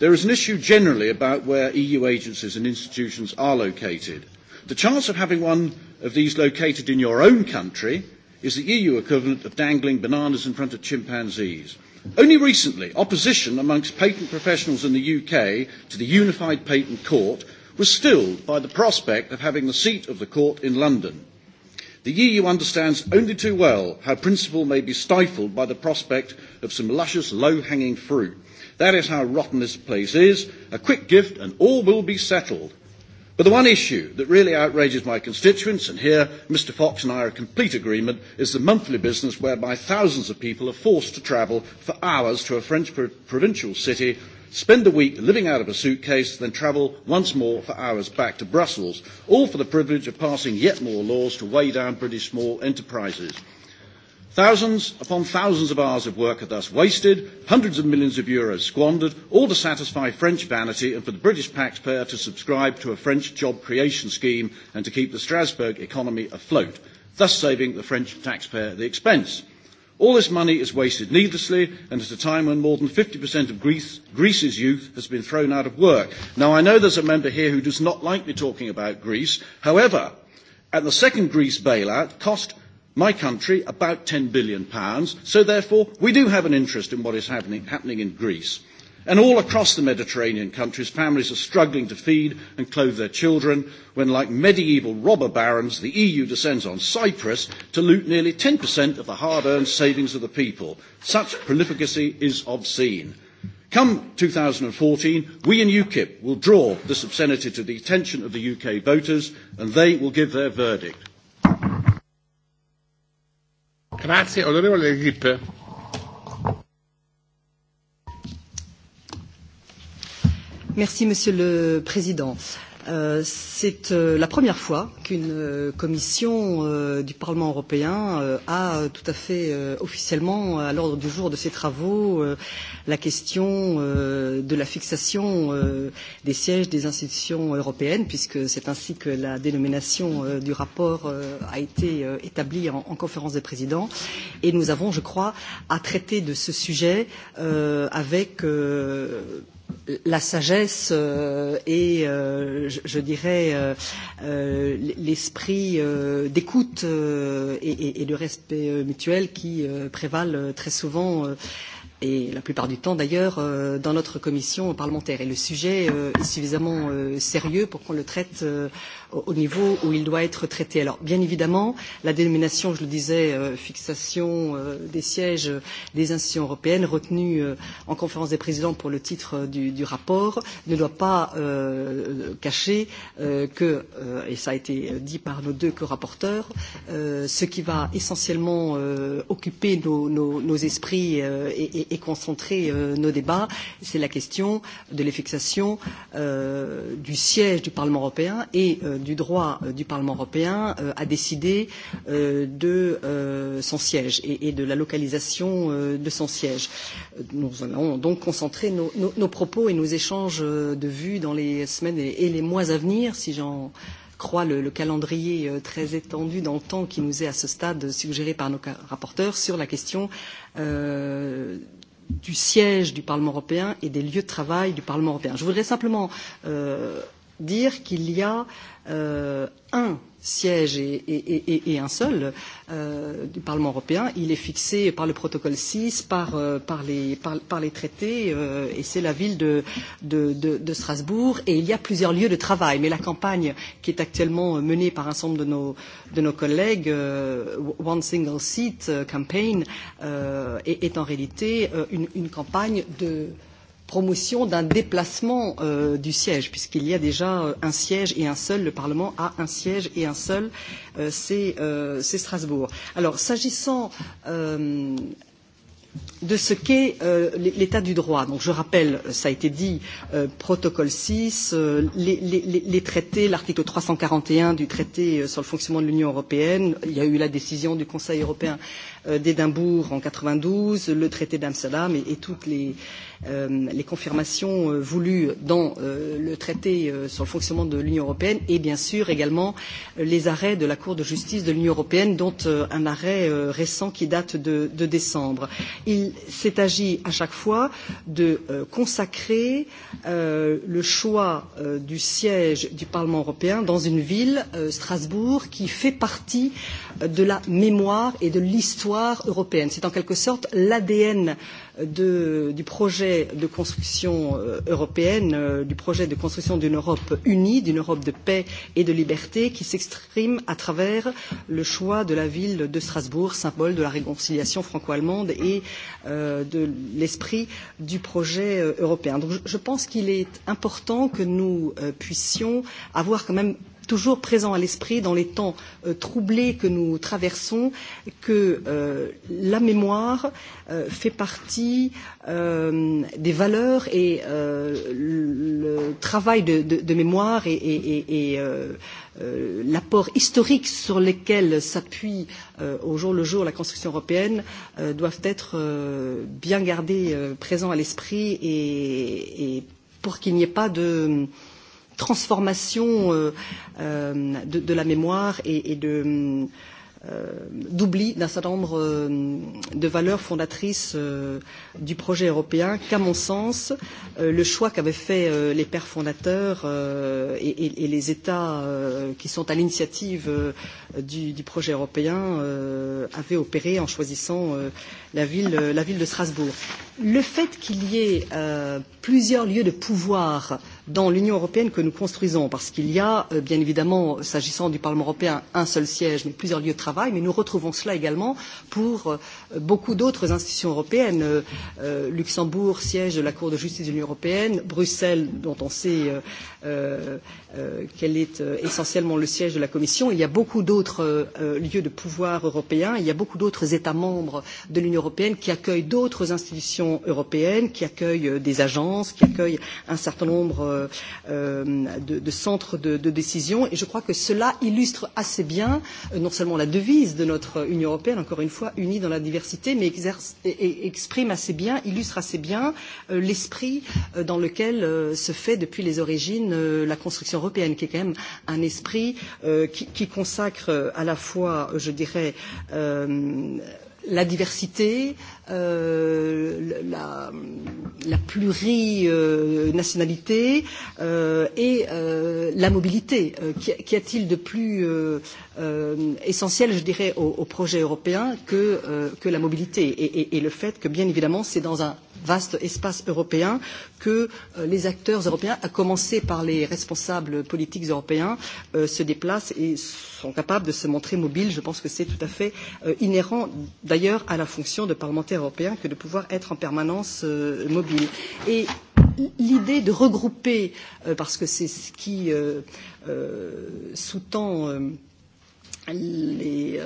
There is an issue generally about where EU agencies and institutions are located. The chance of having one of these located in your own country is the EU equivalent of dangling bananas in front of chimpanzees. Only recently, opposition amongst patent professionals in the UK to the Unified Patent Court was stilled by the prospect of having the seat of the court in London. The EU understands only too well how principle may be stifled by the prospect of some luscious, low-hanging fruit. That is how rotten this place is. A quick gift and all will be settled. But the one issue that really outrages my constituents, and here Mr Fox and I are in complete agreement, is the monthly business whereby thousands of people are forced to travel for hours to a French pro- provincial city, spend a week living out of a suitcase, then travel once more for hours back to Brussels, all for the privilege of passing yet more laws to weigh down British small enterprises. Thousands upon thousands of hours of work are thus wasted, hundreds of millions of euros squandered, all to satisfy French vanity and for the British taxpayer to subscribe to a French job creation scheme and to keep the Strasbourg economy afloat, thus saving the French taxpayer the expense. All this money is wasted needlessly and at a time when more than 50% of Greece, Greece's youth has been thrown out of work. Now, I know there's a member here who does not like me talking about Greece. However, at the second Greece bailout, cost my country about 10 billion pounds, so therefore we do have an interest in what is happening, happening in Greece. And all across the Mediterranean countries, families are struggling to feed and clothe their children when, like medieval robber barons, the EU descends on Cyprus to loot nearly 10% of the hard earned savings of the people. Such prolificacy is obscene. Come 2014, we in UKIP will draw this obscenity to the attention of the UK voters, and they will give their verdict. Grazie, onorevole Grip. Merci, Monsieur le Président. Euh, Euh, c'est euh, la première fois qu'une euh, commission euh, du Parlement européen euh, a euh, tout à fait euh, officiellement à l'ordre du jour de ses travaux euh, la question euh, de la fixation euh, des sièges des institutions européennes, puisque c'est ainsi que la dénomination euh, du rapport euh, a été euh, établie en, en conférence des présidents. Et nous avons, je crois, à traiter de ce sujet euh, avec. Euh, la sagesse euh, et, euh, je, je dirais, euh, euh, l'esprit euh, d'écoute euh, et, et, et de respect euh, mutuel qui euh, prévalent très souvent, euh, et la plupart du temps d'ailleurs, euh, dans notre commission parlementaire. Et le sujet euh, est suffisamment euh, sérieux pour qu'on le traite euh, au niveau où il doit être traité. Alors, bien évidemment, la dénomination, je le disais, euh, fixation euh, des sièges des institutions européennes retenue euh, en conférence des présidents pour le titre du, du rapport ne doit pas euh, cacher euh, que, euh, et ça a été dit par nos deux co-rapporteurs, euh, ce qui va essentiellement euh, occuper nos, nos, nos esprits euh, et, et, et concentrer euh, nos débats, c'est la question de la fixation euh, du siège du Parlement européen et euh, du droit euh, du Parlement européen euh, a décidé euh, de son siège et, de la localisation de son siège. Nous allons donc concentrer nos, nos, nos propos et nos échanges de vues dans les semaines et, les mois à venir, si j'en crois le, le calendrier très étendu dans le temps qui nous est à ce stade suggéré par nos rapporteurs sur la question euh, du siège du Parlement européen et des lieux de travail du Parlement européen. Je voudrais simplement euh, dire qu'il y a euh, un siège et, et, et, et un seul euh, du Parlement européen. Il est fixé par le protocole 6, par, euh, par, les, par, par les traités, euh, et c'est la ville de, de, de, de Strasbourg. Et il y a plusieurs lieux de travail, mais la campagne qui est actuellement euh, menée par un certain de nos, de nos collègues, euh, One Single Seat euh, Campaign, euh, est, est en réalité euh, une, une campagne de euh, promotion d'un déplacement euh, du siège, puisqu'il y a déjà euh, un siège et un seul, le Parlement a un siège et un seul, euh, c'est euh, Strasbourg. Alors, s'agissant euh, de ce qu'est euh, l'état du droit. Donc je rappelle, ça a été dit, euh, protocole 6, euh, les, les, les traités, l'article 341 du traité euh, sur le fonctionnement de l'Union européenne, il y a eu la décision du Conseil européen euh, d'Édimbourg en 92, le traité d'Amsterdam et, et toutes les, euh, Euh, les confirmations euh, voulues dans euh, le traité euh, sur le fonctionnement de l'Union européenne et bien sûr également euh, les arrêts de la Cour de justice de l'Union européenne, dont euh, un arrêt euh, récent qui date de, de décembre. Il s'est agi à chaque fois de euh, consacrer euh, le choix euh, du siège du Parlement européen dans une ville, euh, Strasbourg, qui fait partie euh, de la mémoire et de l'histoire européenne. C'est en quelque sorte l'ADN euh, de, du projet de construction euh, européenne, euh, du projet de construction d'une Europe unie, d'une Europe de paix et de liberté qui s'exprime à travers le choix de la ville de Strasbourg, symbole de la réconciliation franco-allemande et euh, de l'esprit du projet européen. Donc je, pense qu'il est important que nous puissions avoir quand même toujours présent à l'esprit dans les temps euh, troublés que nous traversons que euh, la mémoire euh, fait partie euh, des valeurs et euh, le travail de, de, de mémoire et, et, et, et euh, euh, l'apport historique sur lequel s'appuie euh, au jour le jour la construction européenne euh, doivent être euh, bien gardés euh, présents à l'esprit et, et pour qu'il n'y ait pas de euh, transformation euh, euh, de, de la mémoire et, et de euh, d'oubli d'un certain nombre euh, de valeurs fondatrices euh, du projet européen qu'à mon sens, euh, le choix qu'avaient fait euh, les pères fondateurs euh, et, et, et les États euh, qui sont à l'initiative euh, du, du projet européen euh, avaient opéré en choisissant euh, la, ville, euh, la ville de Strasbourg. Le fait qu'il y ait euh, plusieurs lieux de pouvoir euh, dans l'Union européenne que nous construisons, parce qu'il y a, euh, bien évidemment, s'agissant du Parlement européen, un seul siège, mais plusieurs lieux de travail, mais nous retrouvons cela également pour euh, beaucoup d'autres institutions européennes. Euh, euh, Luxembourg, siège de la Cour de justice de l'Union européenne, Bruxelles, dont on sait euh, euh, euh qu'elle est euh, essentiellement le siège de la Commission. Il y a beaucoup d'autres euh, lieux de pouvoir européens, il y a beaucoup d'autres États membres de l'Union européenne qui accueillent d'autres institutions européennes, qui accueillent des agences, qui accueillent un certain nombre euh, de, de centres de, de décision. Et je crois que cela illustre assez bien euh, non seulement la devise de notre Union européenne, encore une fois, unie dans la diversité biodiversité, mais exerce, exprime assez bien, illustre assez bien euh, l'esprit euh, dans lequel euh, se fait depuis les origines euh, la construction européenne, qui est quand même un esprit euh, qui, qui consacre euh, à la fois, je dirais, euh, la diversité, euh, la, la plurinationalité euh, et euh, la mobilité. Euh, Qu'y a-t-il de plus euh, euh, essentiel, je dirais, au, au projet européen que, euh, que la mobilité et, et, et le fait que, bien évidemment, c'est dans un vaste espace européen que euh, les acteurs européens, à commencer par les responsables politiques européens, euh, se déplacent et sont capables de se montrer mobiles. Je pense que c'est tout à fait euh, inhérent d'ailleurs à la fonction de parlementaire européen que de pouvoir être en permanence mobile. Et l'idée de regrouper, parce que c'est ce qui sous-tend les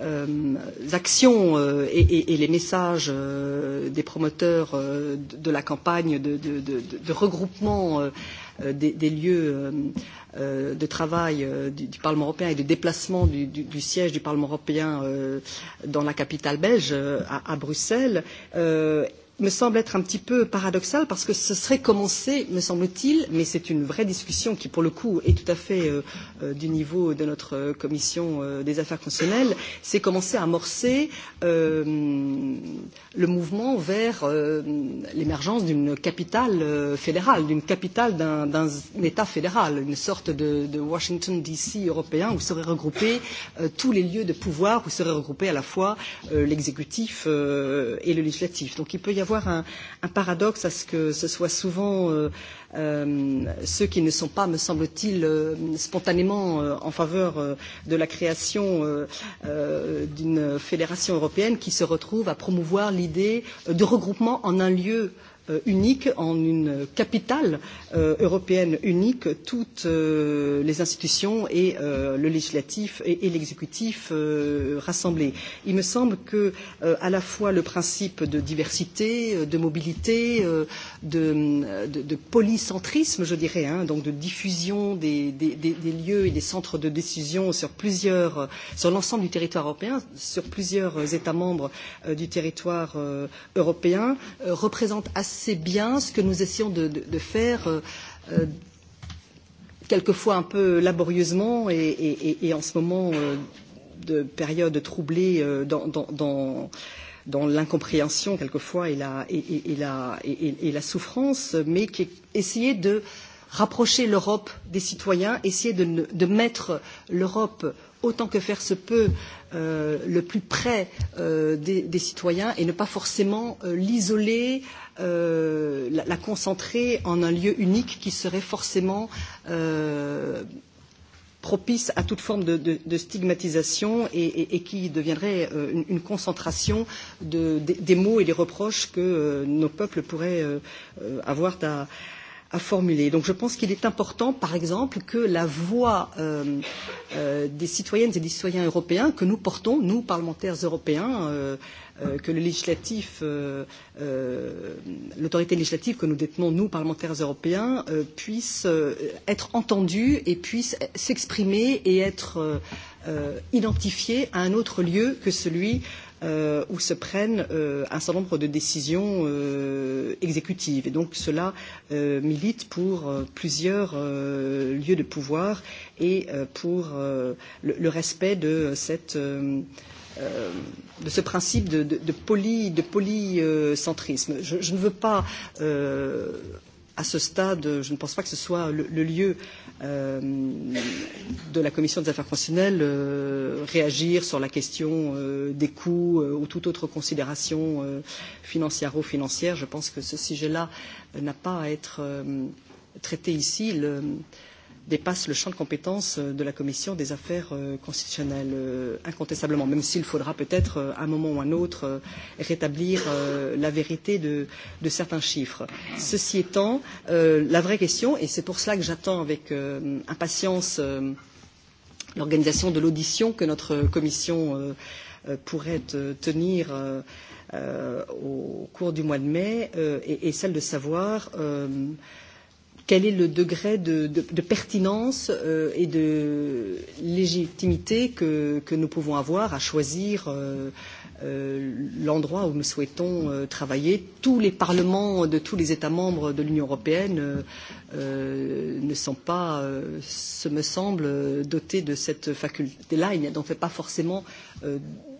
euh, actions euh, et, et, et les messages euh, des promoteurs euh, de, de la campagne de, de, de, de regroupement euh, euh des, des lieux euh, euh, de travail euh, du, du Parlement européen et de déplacement du, du, du siège du Parlement européen euh, dans la capitale belge, euh, à, à Bruxelles, euh, me semble être un petit peu paradoxal parce que ce serait commencer, me semble-t-il, mais c'est une vraie discussion qui, pour le coup, est tout à fait euh, euh, du niveau de notre euh, commission euh, des affaires constitutionnelles, c'est commencer à amorcer euh, le mouvement vers euh, l'émergence d'une capitale euh, fédérale, d'une capitale d'un, d'un État fédéral, une sorte de, de Washington DC européen où seraient regroupés euh, tous les lieux de pouvoir, où seraient regroupés à la fois euh, l'exécutif euh, et le législatif. Donc il peut y avoir un, un paradoxe à ce que ce soit souvent euh, euh, ceux qui ne sont pas, me semble-t-il, euh, spontanément euh, en faveur euh, de la création euh, euh, d'une fédération européenne qui se retrouvent à promouvoir l'idée de regroupement en un lieu euh, Euh, unique, en une capitale euh, européenne unique, toutes euh, les institutions et euh, le législatif et, et l'exécutif euh, rassemblés. Il me semble que euh, à la fois le principe de diversité, euh, de mobilité, euh, de, de, de polycentrisme, je dirais, hein, donc de diffusion des, des, des, des lieux et des centres de décision sur plusieurs, euh, sur l'ensemble du territoire européen, sur plusieurs États membres euh, du territoire euh, européen, euh, représente assez c'est bien ce que nous essayons de, de, de faire, euh, euh quelquefois un peu laborieusement et, et, et en ce moment euh, de période troublée euh, dans, dans, dans, dans l'incompréhension quelquefois et la, et, et, et, la, et, et la souffrance, mais qui, essayer de rapprocher l'Europe des citoyens, essayer de, de mettre l'Europe autant que faire se peut, euh, le plus près euh, des, des citoyens et ne pas forcément euh, l'isoler, euh, la, la concentrer en un lieu unique qui serait forcément euh, propice à toute forme de, de, de stigmatisation et, et, et qui deviendrait euh, une, une concentration de, de, des mots et des reproches que euh, nos peuples pourraient euh, euh avoir à, à formuler. Donc je pense qu'il est important, par exemple, que la voix euh, euh, des citoyennes et des citoyens européens que nous portons, nous, parlementaires européens, euh, euh, que le législatif, euh, euh, l'autorité législative que nous détenons, nous, parlementaires européens, euh, puisse euh, être entendue et puisse s'exprimer et être euh, euh, identifiée à un autre lieu que celui euh, euh, où se prennent euh, un certain nombre de décisions euh, exécutives. Et donc cela euh, milite pour euh, plusieurs euh, lieux de pouvoir et euh, pour euh, le, le respect de cette. Euh, euh de ce principe de, de, de, poly, de polycentrisme. Je, je ne veux pas euh, à ce stade, je ne pense pas que ce soit le, le lieu euh, de la commission des affaires constitutionnelles euh, réagir sur la question euh, des coûts euh, ou toute autre considération euh, ou financière Je pense que ce sujet-là n'a pas à être euh, traité ici. Le, euh, dépasse le champ de compétence euh, de la commission des affaires euh, constitutionnelles, euh, incontestablement, même s'il faudra peut-être, à un moment ou à un autre, rétablir la vérité de, de certains chiffres. Ceci étant, la vraie question, et c'est pour cela que j'attends avec impatience l'organisation de l'audition que notre commission pourrait tenir au cours du mois de mai, est celle de savoir quel est le degré de, de, de pertinence euh, et de légitimité que, que nous pouvons avoir à choisir euh, euh, l'endroit où nous souhaitons euh, travailler. Tous les parlements de tous les États membres de l'Union européenne euh, euh ne sont pas, euh, ce me semble, dotés de cette faculté-là. Il n'y a donc pas forcément euh,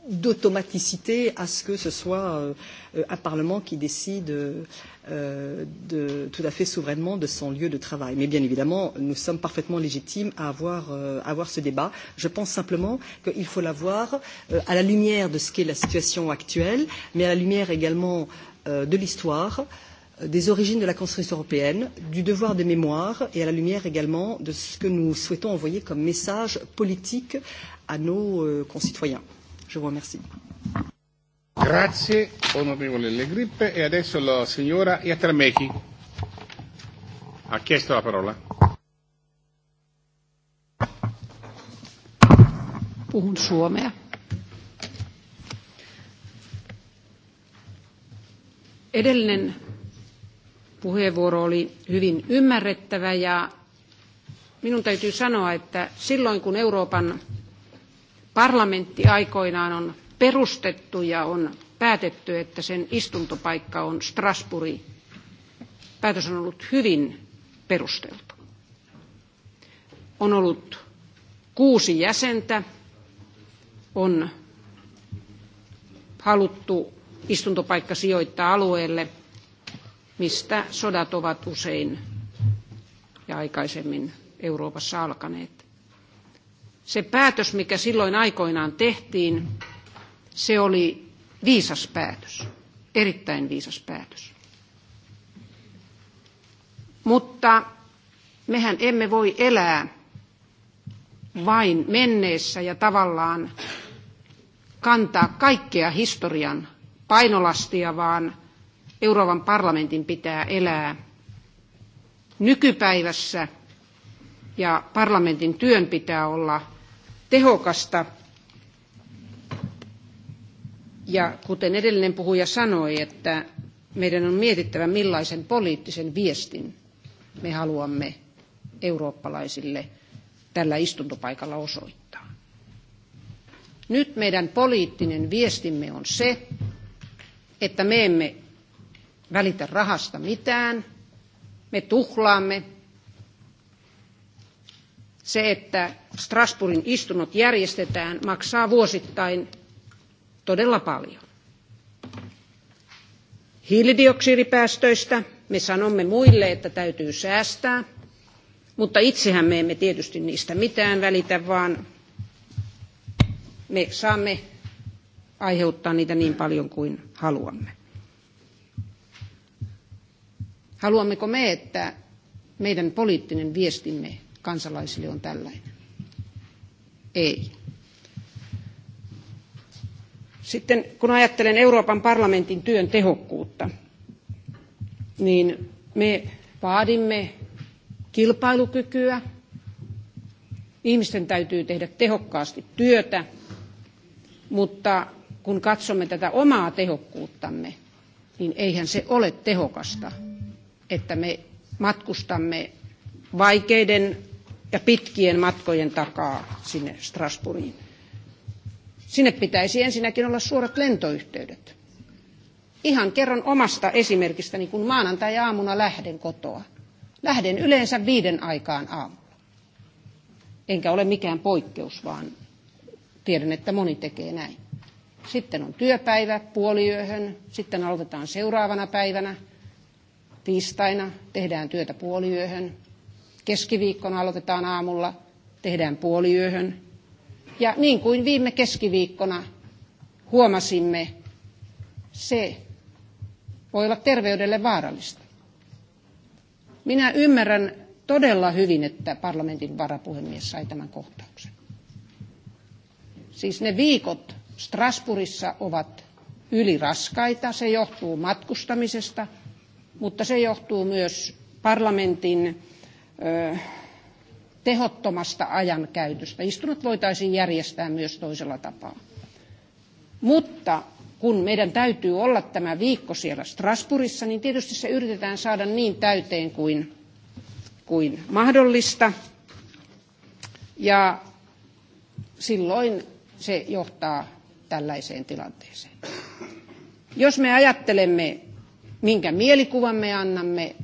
d'automaticité à ce que ce soit euh, euh, un Parlement qui décide euh, de, tout à fait souverainement de son lieu de travail. Mais bien évidemment, nous sommes parfaitement légitimes à avoir, euh, à avoir ce débat. Je pense simplement qu'il faut l'avoir euh, à la lumière de ce qu'est la situation actuelle, mais à la lumière également euh, de l'histoire euh, des origines de la construction européenne, du devoir de mémoire et à la lumière également de ce que nous souhaitons envoyer comme message politique à nos euh, concitoyens. Je vous remercie. Grazie onorevole Le Grippe e adesso la signora Iatramechi ha chiesto la parola. Puhun suomea. Edellinen puheenvuoro oli hyvin ymmärrettävä ja minun täytyy sanoa, että silloin kun Euroopan Parlamentti aikoinaan on perustettu ja on päätetty, että sen istuntopaikka on Strasbourg. Päätös on ollut hyvin perusteltu. On ollut kuusi jäsentä, on haluttu istuntopaikka sijoittaa alueelle, mistä sodat ovat usein ja aikaisemmin Euroopassa alkaneet se päätös, mikä silloin aikoinaan tehtiin, se oli viisas päätös, erittäin viisas päätös. Mutta mehän emme voi elää vain menneessä ja tavallaan kantaa kaikkea historian painolastia, vaan Euroopan parlamentin pitää elää nykypäivässä ja parlamentin työn pitää olla tehokasta. Ja kuten edellinen puhuja sanoi, että meidän on mietittävä millaisen poliittisen viestin me haluamme eurooppalaisille tällä istuntopaikalla osoittaa. Nyt meidän poliittinen viestimme on se, että me emme välitä rahasta mitään, me tuhlaamme, se, että Strasbourgin istunnot järjestetään, maksaa vuosittain todella paljon. Hiilidioksidipäästöistä me sanomme muille, että täytyy säästää, mutta itsehän me emme tietysti niistä mitään välitä, vaan me saamme aiheuttaa niitä niin paljon kuin haluamme. Haluammeko me, että meidän poliittinen viestimme kansalaisille on tällainen? Ei. Sitten kun ajattelen Euroopan parlamentin työn tehokkuutta, niin me vaadimme kilpailukykyä. Ihmisten täytyy tehdä tehokkaasti työtä, mutta kun katsomme tätä omaa tehokkuuttamme, niin eihän se ole tehokasta, että me matkustamme vaikeiden ja pitkien matkojen takaa sinne Strasbourgiin. Sinne pitäisi ensinnäkin olla suorat lentoyhteydet. Ihan kerron omasta esimerkistäni, kun maanantai-aamuna lähden kotoa. Lähden yleensä viiden aikaan aamulla. Enkä ole mikään poikkeus, vaan tiedän, että moni tekee näin. Sitten on työpäivä puoliyöhön, sitten aloitetaan seuraavana päivänä, tiistaina, tehdään työtä puoliyöhön, Keskiviikkona aloitetaan aamulla, tehdään puoliyöhön. Ja niin kuin viime keskiviikkona huomasimme, se voi olla terveydelle vaarallista. Minä ymmärrän todella hyvin, että parlamentin varapuhemies sai tämän kohtauksen. Siis ne viikot Strasbourgissa ovat yliraskaita, se johtuu matkustamisesta, mutta se johtuu myös parlamentin tehottomasta ajankäytöstä. Istunut voitaisiin järjestää myös toisella tapaa. Mutta kun meidän täytyy olla tämä viikko siellä Strasbourgissa, niin tietysti se yritetään saada niin täyteen kuin, kuin mahdollista. Ja silloin se johtaa tällaiseen tilanteeseen. Jos me ajattelemme, minkä mielikuvan me annamme,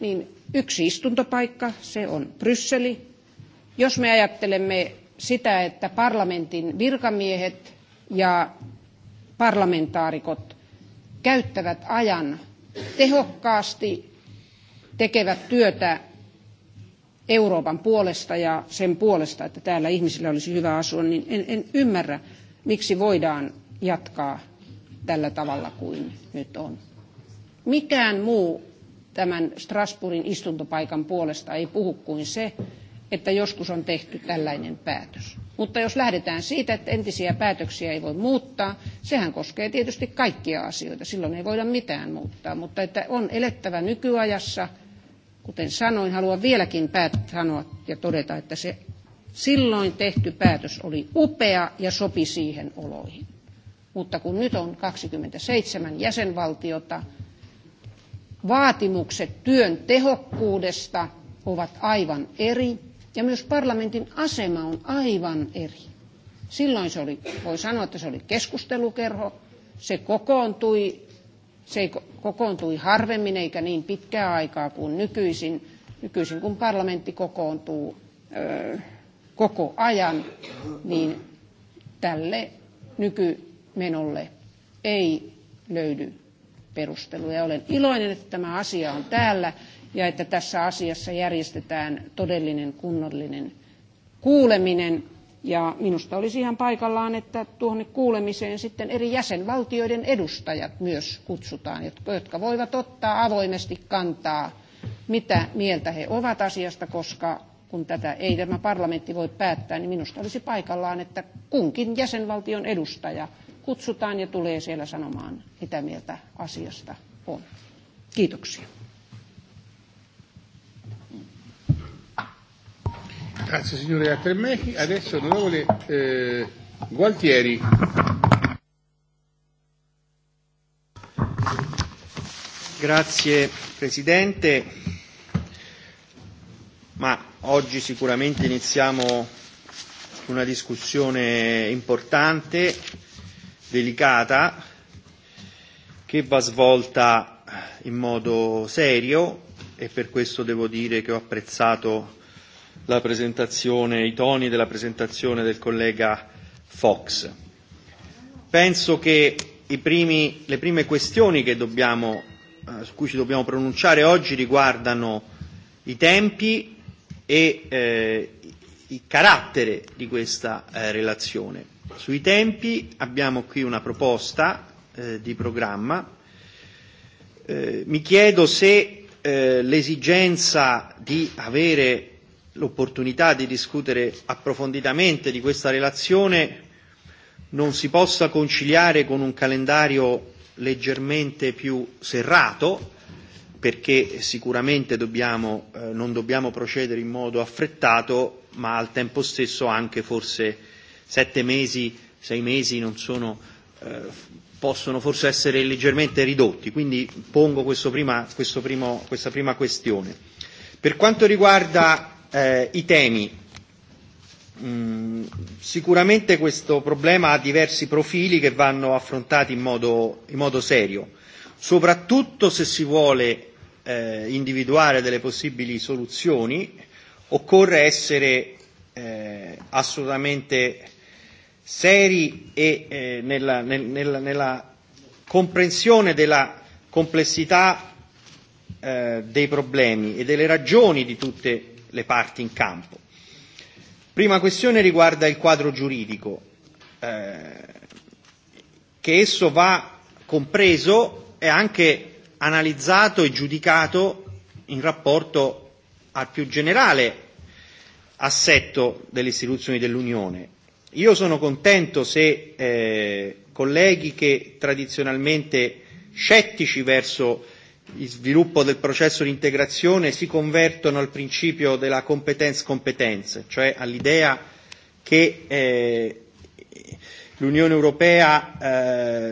niin yksi istuntopaikka, se on Brysseli. Jos me ajattelemme sitä, että parlamentin virkamiehet ja parlamentaarikot käyttävät ajan tehokkaasti, tekevät työtä Euroopan puolesta ja sen puolesta, että täällä ihmisillä olisi hyvä asua, niin en, en ymmärrä, miksi voidaan jatkaa tällä tavalla kuin nyt on. Mikään muu tämän Strasbourgin istuntopaikan puolesta ei puhu kuin se, että joskus on tehty tällainen päätös. Mutta jos lähdetään siitä, että entisiä päätöksiä ei voi muuttaa, sehän koskee tietysti kaikkia asioita. Silloin ei voida mitään muuttaa, mutta että on elettävä nykyajassa. Kuten sanoin, haluan vieläkin päät- sanoa ja todeta, että se silloin tehty päätös oli upea ja sopi siihen oloihin. Mutta kun nyt on 27 jäsenvaltiota, vaatimukset työn tehokkuudesta ovat aivan eri ja myös parlamentin asema on aivan eri. Silloin se oli, voi sanoa, että se oli keskustelukerho, se kokoontui, se kokoontui harvemmin eikä niin pitkää aikaa kuin nykyisin, nykyisin kun parlamentti kokoontuu ö, koko ajan, niin tälle nykymenolle ei löydy perusteluja. Olen iloinen, että tämä asia on täällä ja että tässä asiassa järjestetään todellinen kunnollinen kuuleminen. Ja minusta olisi ihan paikallaan, että tuonne kuulemiseen sitten eri jäsenvaltioiden edustajat myös kutsutaan, jotka voivat ottaa avoimesti kantaa, mitä mieltä he ovat asiasta, koska kun tätä ei tämä parlamentti voi päättää, niin minusta olisi paikallaan, että kunkin jäsenvaltion edustaja kutsutaan ja tulee siellä sanomaan, mitä mieltä asiasta on. Kiitoksia. Grazie signore Atremechi. Adesso onorevole eh, Gualtieri. Grazie Presidente. Ma oggi sicuramente iniziamo una discussione importante delicata che va svolta in modo serio e per questo devo dire che ho apprezzato la presentazione, i toni della presentazione del collega Fox. Penso che i primi, le prime questioni che dobbiamo, eh, su cui ci dobbiamo pronunciare oggi riguardano i tempi e eh, il carattere di questa eh, relazione. Sui tempi abbiamo qui una proposta eh, di programma. Eh, mi chiedo se eh, l'esigenza di avere l'opportunità di discutere approfonditamente di questa relazione non si possa conciliare con un calendario leggermente più serrato, perché sicuramente dobbiamo, eh, non dobbiamo procedere in modo affrettato, ma al tempo stesso anche forse eh, sette mesi, sei mesi non sono, eh, possono forse essere leggermente ridotti, quindi pongo questo prima, questo primo, questa prima questione. Per quanto riguarda eh, i temi, mh, mm, sicuramente questo problema ha diversi profili che vanno affrontati in modo, in modo serio, soprattutto se si vuole eh, individuare delle possibili soluzioni, occorre essere eh, assolutamente seri e eh, nella, nel, nella, nella comprensione della complessità eh, dei problemi e delle ragioni di tutte le parti in campo. Prima questione riguarda il quadro giuridico, eh, che esso va compreso e anche analizzato e giudicato in rapporto al più generale assetto delle istituzioni dell'Unione Io sono contento se eh, colleghi che tradizionalmente scettici verso il sviluppo del processo di integrazione si convertono al principio della competence competence, cioè all'idea che eh, l'Unione Europea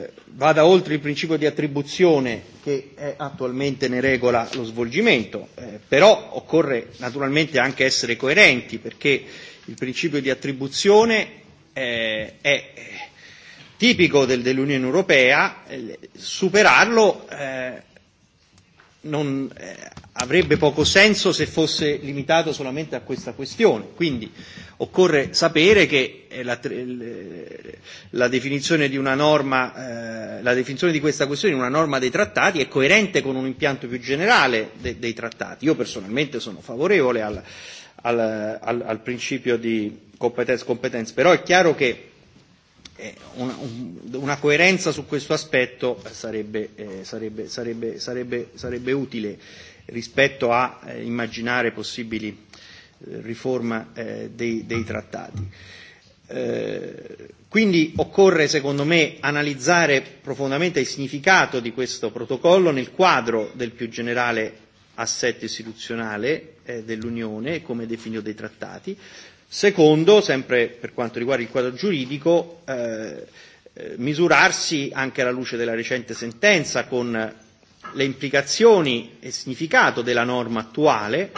eh, vada oltre il principio di attribuzione che è attualmente ne regola lo svolgimento, eh, però occorre naturalmente anche essere coerenti perché il principio di attribuzione eh, è tipico del, dell'Unione Europea, eh, superarlo eh, non, eh, avrebbe poco senso se fosse limitato solamente a questa questione. Quindi occorre sapere che eh, la, eh, la definizione di una norma, eh, la definizione di questa questione in una norma dei trattati è coerente con un impianto più generale de, dei trattati. Io personalmente sono favorevole alla, eh, al, al, al principio di competenza, competenza. Però è chiaro che eh, una, una coerenza su questo aspetto sarebbe, eh, sarebbe, sarebbe, sarebbe, sarebbe utile rispetto a eh, immaginare possibili eh, riforma eh, dei, dei trattati. Eh, quindi occorre, secondo me, analizzare profondamente il significato di questo protocollo nel quadro del più generale assetto istituzionale eh, dell'Unione, come definito dai trattati. Secondo, sempre per quanto riguarda il quadro giuridico, eh, eh, misurarsi anche alla luce della recente sentenza con le implicazioni e significato della norma attuale,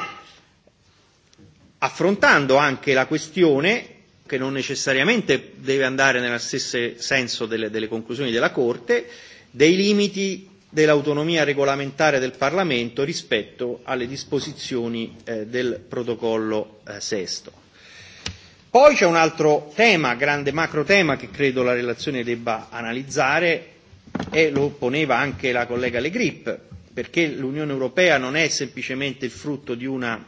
affrontando anche la questione che non necessariamente deve andare nello stesso senso delle, delle conclusioni della Corte, dei limiti dell'autonomia regolamentare del Parlamento rispetto alle disposizioni eh, del protocollo eh, sesto. Poi c'è un altro tema, grande macro tema, che credo la relazione debba analizzare e lo poneva anche la collega Le Grip, perché l'Unione Europea non è semplicemente il frutto di un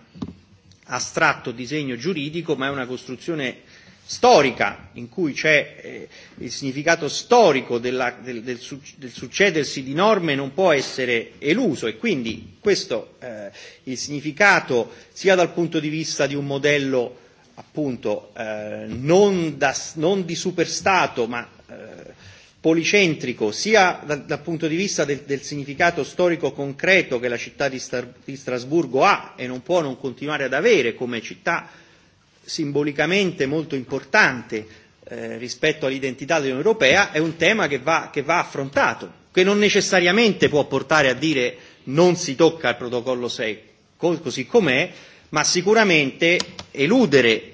astratto disegno giuridico, ma è una costruzione storica, in cui c'è eh, il significato storico della, del, del, del succedersi di norme non può essere eluso e quindi questo eh, il significato sia dal punto di vista di un modello appunto eh, non, da, non di superstato ma eh, policentrico sia dal, dal punto di vista del, del significato storico concreto che la città di, Star, di Strasburgo ha e non può non continuare ad avere come città eh, simbolicamente molto importante eh, rispetto all'identità dell'Unione Europea, è un tema che va, che va affrontato, che non necessariamente può portare a dire non si tocca il protocollo 6 così com'è, ma sicuramente eludere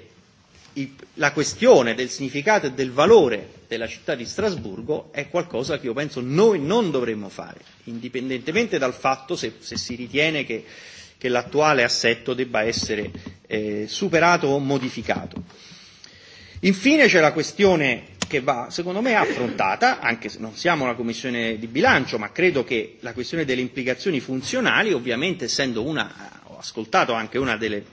la questione del significato e del valore della città di Strasburgo è qualcosa che io penso noi non dovremmo fare, indipendentemente dal fatto se, se si ritiene che eh, che l'attuale assetto debba essere eh, superato o modificato. Infine c'è la questione che va, secondo me, affrontata, anche se non siamo una commissione di bilancio, ma credo che la questione delle implicazioni funzionali, ovviamente essendo una, ho ascoltato anche una delle,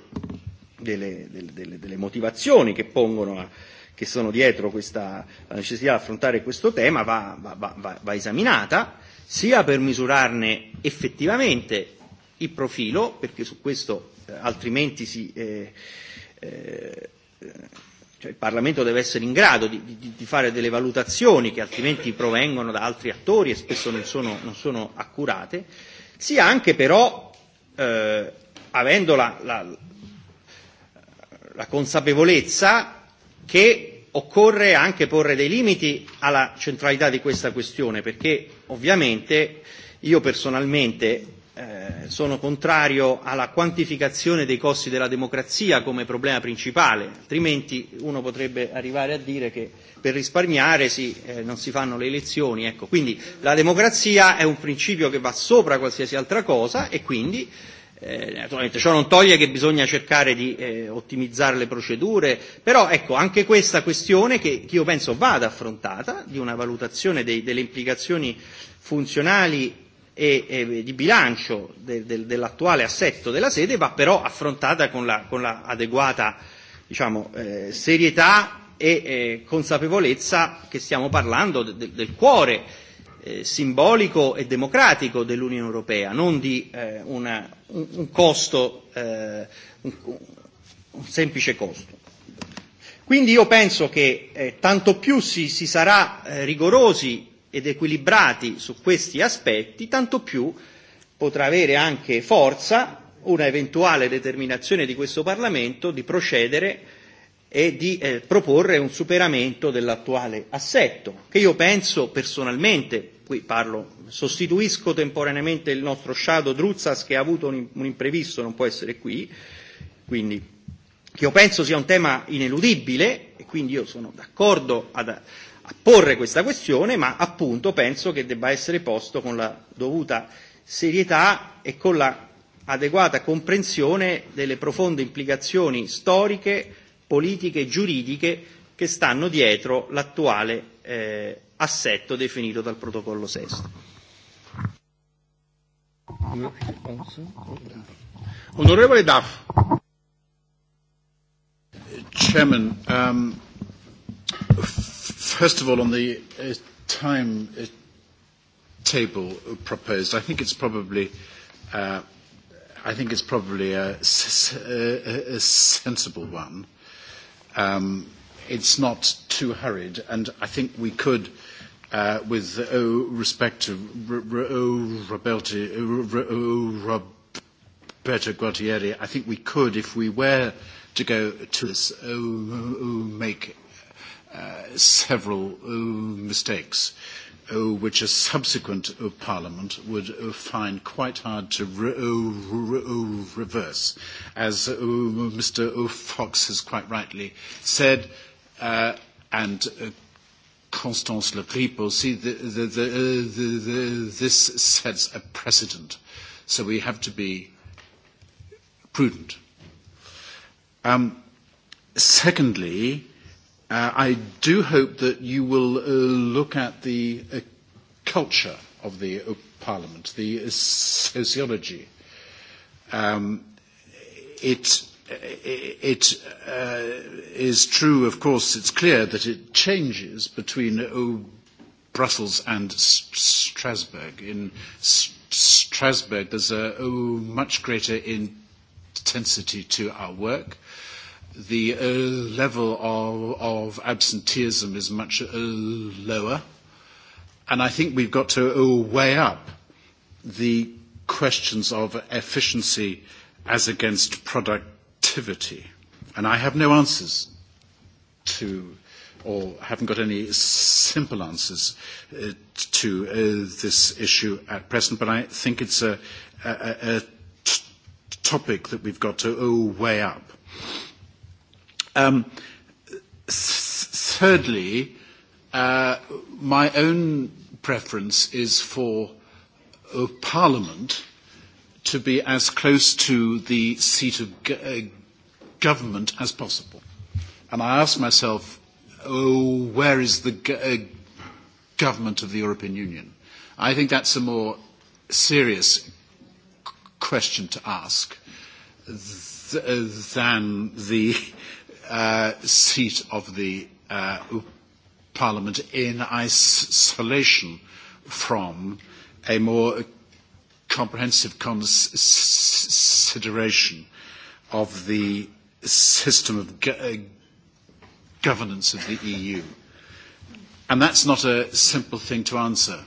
delle, delle, delle delle motivazioni che pongono a, che sono dietro questa, la necessità di affrontare questo tema va, va, va, va esaminata, sia per misurarne effettivamente il profilo, perché su questo eh, altrimenti si, eh, eh, cioè il Parlamento deve essere in grado di, di, di fare delle valutazioni che altrimenti provengono da altri attori e spesso non sono, non sono accurate, sia anche però eh, avendo la, la, la consapevolezza che occorre anche porre dei limiti alla centralità di questa questione, perché ovviamente io personalmente Eh, sono contrario alla quantificazione dei costi della democrazia come problema principale, altrimenti uno potrebbe arrivare a dire che per risparmiare si, eh, non si fanno le elezioni. Ecco. Quindi la democrazia è un principio che va sopra qualsiasi altra cosa e quindi eh, naturalmente ciò non toglie che bisogna cercare di eh, ottimizzare le procedure, però ecco anche questa questione che, che io penso vada affrontata, di una valutazione dei, delle implicazioni funzionali e, e di bilancio de, de, dell'attuale assetto della sede va però affrontata con la, con la adeguata diciamo, eh, serietà e eh, consapevolezza che stiamo parlando de, de, del cuore eh, simbolico e democratico dell'Unione Europea, non di eh, una, un, un costo, eh, un, un semplice costo. Quindi io penso che eh, tanto più si, si sarà eh, rigorosi ed equilibrati su questi aspetti, tanto più potrà avere anche forza una eventuale determinazione di questo Parlamento di procedere e di eh, proporre un superamento dell'attuale assetto, che io penso personalmente, qui parlo, sostituisco temporaneamente il nostro Shadow Druzzas che ha avuto un, un imprevisto, non può essere qui, quindi che io penso sia un tema ineludibile e quindi io sono d'accordo ad, porre questa questione, ma appunto penso che debba essere posto con la dovuta serietà e con la adeguata comprensione delle profonde implicazioni storiche, politiche e giuridiche che stanno dietro l'attuale eh, assetto definito dal protocollo sesto. Onorevole Duff. Chairman, um, First of all, on the uh, time uh, table proposed, I think it's probably, uh, I think it's probably a, a, uh, a sensible one. Um, it's not too hurried, and I think we could. Uh, with uh, respect to oh, oh, Roberto Gualtieri, I think we could, if we were to go to this, uh, make Uh, several uh, mistakes uh, which a subsequent uh, parliament would find quite hard to re re reverse. As Mr. Fox has quite rightly said, uh, and uh, Constance Le Grip aussi, the, the, the, this sets a precedent. So we have to be prudent. Um, secondly, Uh, I do hope that you will uh, look at the uh, culture of the uh, Parliament, the uh, sociology. Um, it uh, it uh, is true, of course, it's clear that it changes between uh, Brussels and Strasbourg. In Strasbourg, there's a, a much greater intensity to our work. Uh, the uh, level of, of absenteeism is much uh, lower. And I think we've got to uh, weigh up the questions of efficiency as against productivity. And I have no answers to, or haven't got any simple answers uh, to uh, this issue at present, but I think it's a, a, a t- topic that we've got to uh, weigh up. Um, thirdly, uh, my own preference is for uh, Parliament to be as close to the seat of go uh, government as possible. And I ask myself, oh, where is the go uh, government of the European Union? I think that's a more serious question to ask th uh, than the uh, seat of the uh, Parliament in isolation from a more comprehensive consideration of the system of go uh, governance of the EU. And that's not a simple thing to answer.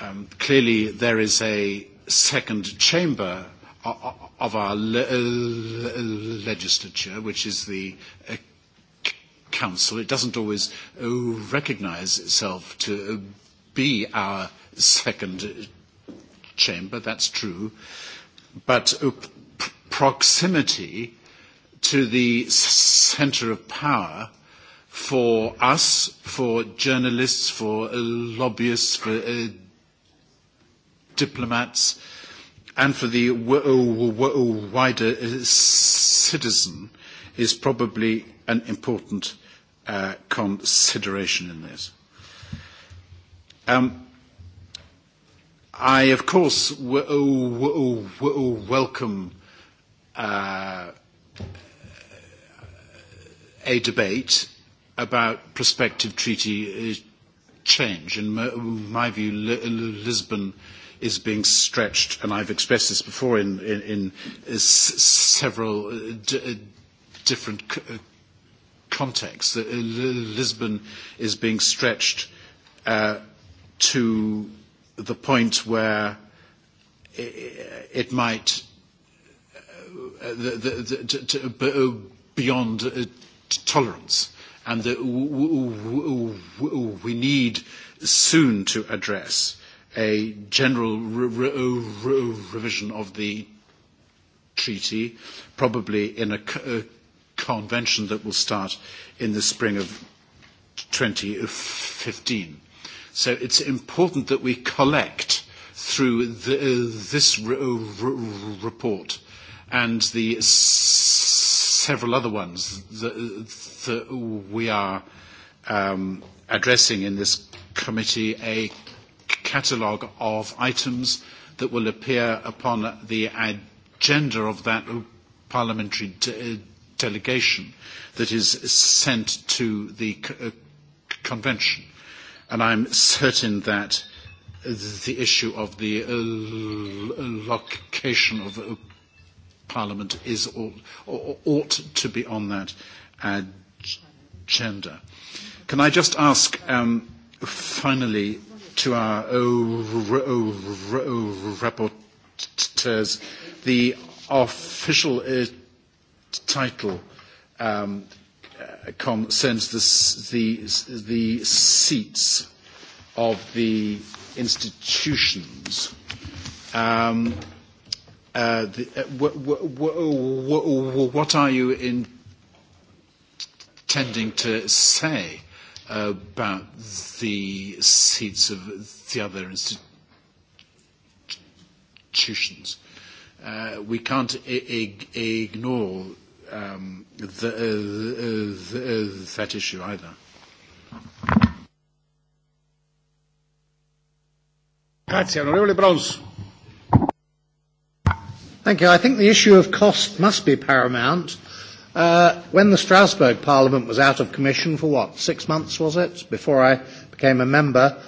Um, clearly, there is a second chamber uh, uh, of our le- uh, legislature, which is the uh, council. It doesn't always uh, recognise itself to uh, be our second chamber, that's true, but uh, proximity to the centre of power for us, for journalists, for uh, lobbyists, for uh, diplomats, and for the wider uh, citizen is probably an important uh, consideration in this. Um, I, of course, welcome uh, a debate about prospective treaty uh, change. In my view, Lisbon uh, is being stretched, and I've expressed this before in, in, in uh, several uh, uh, different contexts. Lisbon is being stretched uh, to the point where it might uh, the, the, the, to, to, beyond uh, tolerance and that we need soon to address a general re re revision of the treaty, probably in a, a convention that will start in the spring of 2015. So it's important that we collect through the, uh, this re- uh, re- report and the s- several other ones that, that we are um, addressing in this committee a catalogue of items that will appear upon the agenda of that parliamentary de uh, delegation that is sent to the uh, convention. And I'm certain that the issue of the uh, location of uh, Parliament is ought, ought to be on that agenda. Can I just ask um, finally to our rapporteurs the official uh, title um, uh, concerns the, the, the seats of the institutions. Um, uh, the, uh, what are you intending to say about the seats of the other institutions. Uh, we can't ignore um, the, uh, the, uh, that issue either. Thank you. I think the issue of cost must be paramount Uh, when the Strasbourg Parliament was out of commission for what, six months was it, before I became a member,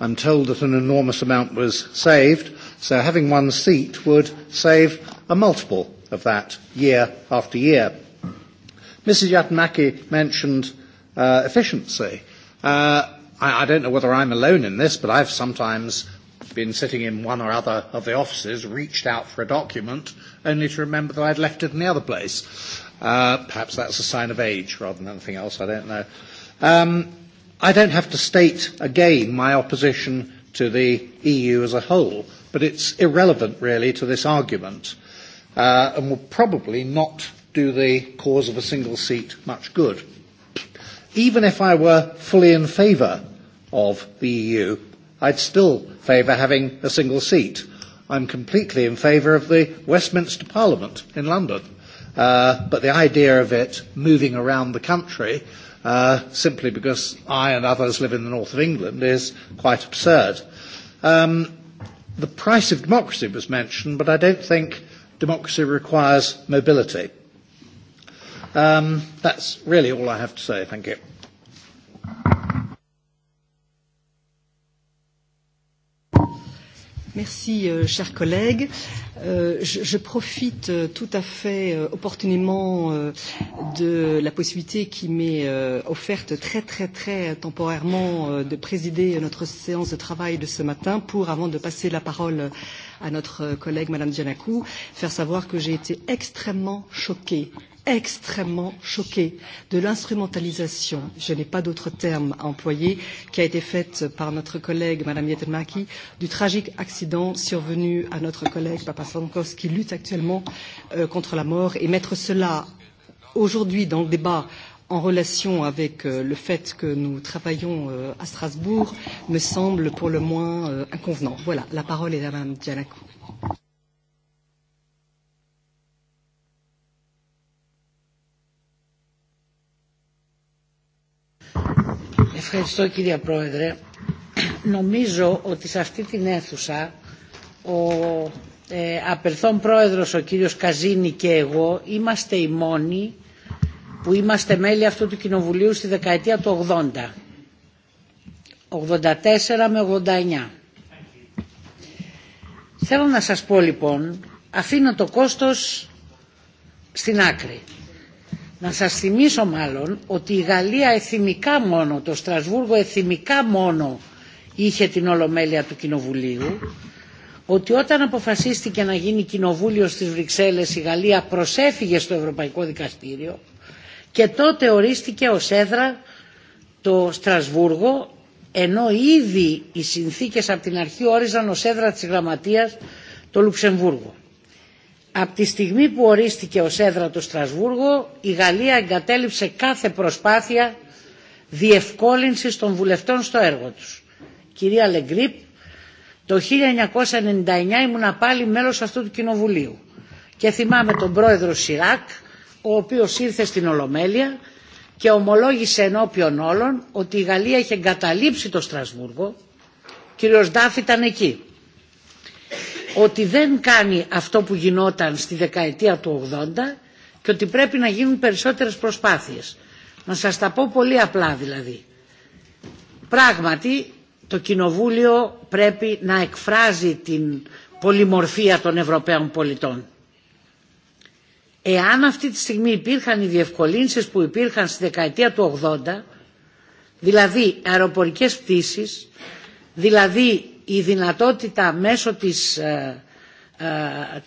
I'm told that an enormous amount was saved. So having one seat would save a multiple of that year after year. Mrs. Yatamaki mentioned uh, efficiency. Uh, I, I don't know whether I'm alone in this, but I've sometimes been sitting in one or other of the offices, reached out for a document, only to remember that I'd left it in the other place. Uh, perhaps that's a sign of age rather than anything else, I don't know. Um, I don't have to state again my opposition to the EU as a whole, but it's irrelevant really to this argument uh, and will probably not do the cause of a single seat much good. Even if I were fully in favour of the EU, I'd still favour having a single seat. I'm completely in favour of the Westminster Parliament in London. Uh, but the idea of it moving around the country, uh, simply because I and others live in the north of England, is quite absurd. Um, the price of democracy was mentioned, but I don't think democracy requires mobility. Um, that's really all I have to say. Thank you. Merci, euh, chers collègues. Euh, je, je profite euh, tout à fait euh, opportunément euh, de la possibilité qui m'est euh, offerte très très très temporairement euh, de présider notre séance de travail de ce matin pour, avant de passer la parole à notre euh, collègue Madame Giannakou, faire savoir que j'ai été extrêmement choquée extrêmement choquée de l'instrumentalisation, je n'ai pas d'autre terme à employer, qui a été faite par notre collègue Madame Yetemaki du tragique accident survenu à notre collègue Papa Sankos qui lutte actuellement euh, contre la mort et mettre cela aujourd'hui dans le débat en relation avec euh, le fait que nous travaillons euh, à Strasbourg me semble pour le moins euh, inconvenant. Voilà, la parole est à Madame Giannakou. Ευχαριστώ κυρία Πρόεδρε. Νομίζω ότι σε αυτή την αίθουσα ο ε, απερθών πρόεδρος ο κύριος Καζίνη και εγώ είμαστε οι μόνοι που είμαστε μέλη αυτού του κοινοβουλίου στη δεκαετία του 80. 84 με 89. Θέλω να σας πω λοιπόν, αφήνω το κόστος στην άκρη. Να σας θυμίσω μάλλον ότι η Γαλλία εθιμικά μόνο, το Στρασβούργο εθιμικά μόνο είχε την ολομέλεια του Κοινοβουλίου, ότι όταν αποφασίστηκε να γίνει κοινοβούλιο στις Βρυξέλλες η Γαλλία προσέφυγε στο Ευρωπαϊκό Δικαστήριο και τότε ορίστηκε ως έδρα το Στρασβούργο ενώ ήδη οι συνθήκες από την αρχή όριζαν ως έδρα της γραμματείας το Λουξεμβούργο. Από τη στιγμή που ορίστηκε ως έδρα του Στρασβούργου, η Γαλλία εγκατέλειψε κάθε προσπάθεια διευκόλυνσης των βουλευτών στο έργο τους. Κυρία Λεγκρίπ, το 1999 ήμουνα πάλι μέλος αυτού του κοινοβουλίου και θυμάμαι τον πρόεδρο Σιράκ, ο οποίος ήρθε στην Ολομέλεια και ομολόγησε ενώπιον όλων ότι η Γαλλία είχε εγκαταλείψει το Στρασβούργο. Κύριος Ντάφ ήταν εκεί ότι δεν κάνει αυτό που γινόταν στη δεκαετία του 80 και ότι πρέπει να γίνουν περισσότερες προσπάθειες. Να σας τα πω πολύ απλά δηλαδή. Πράγματι το Κοινοβούλιο πρέπει να εκφράζει την πολυμορφία των Ευρωπαίων πολιτών. Εάν αυτή τη στιγμή υπήρχαν οι διευκολύνσεις που υπήρχαν στη δεκαετία του 80, δηλαδή αεροπορικές πτήσεις, δηλαδή η δυνατότητα μέσω της, ε, ε,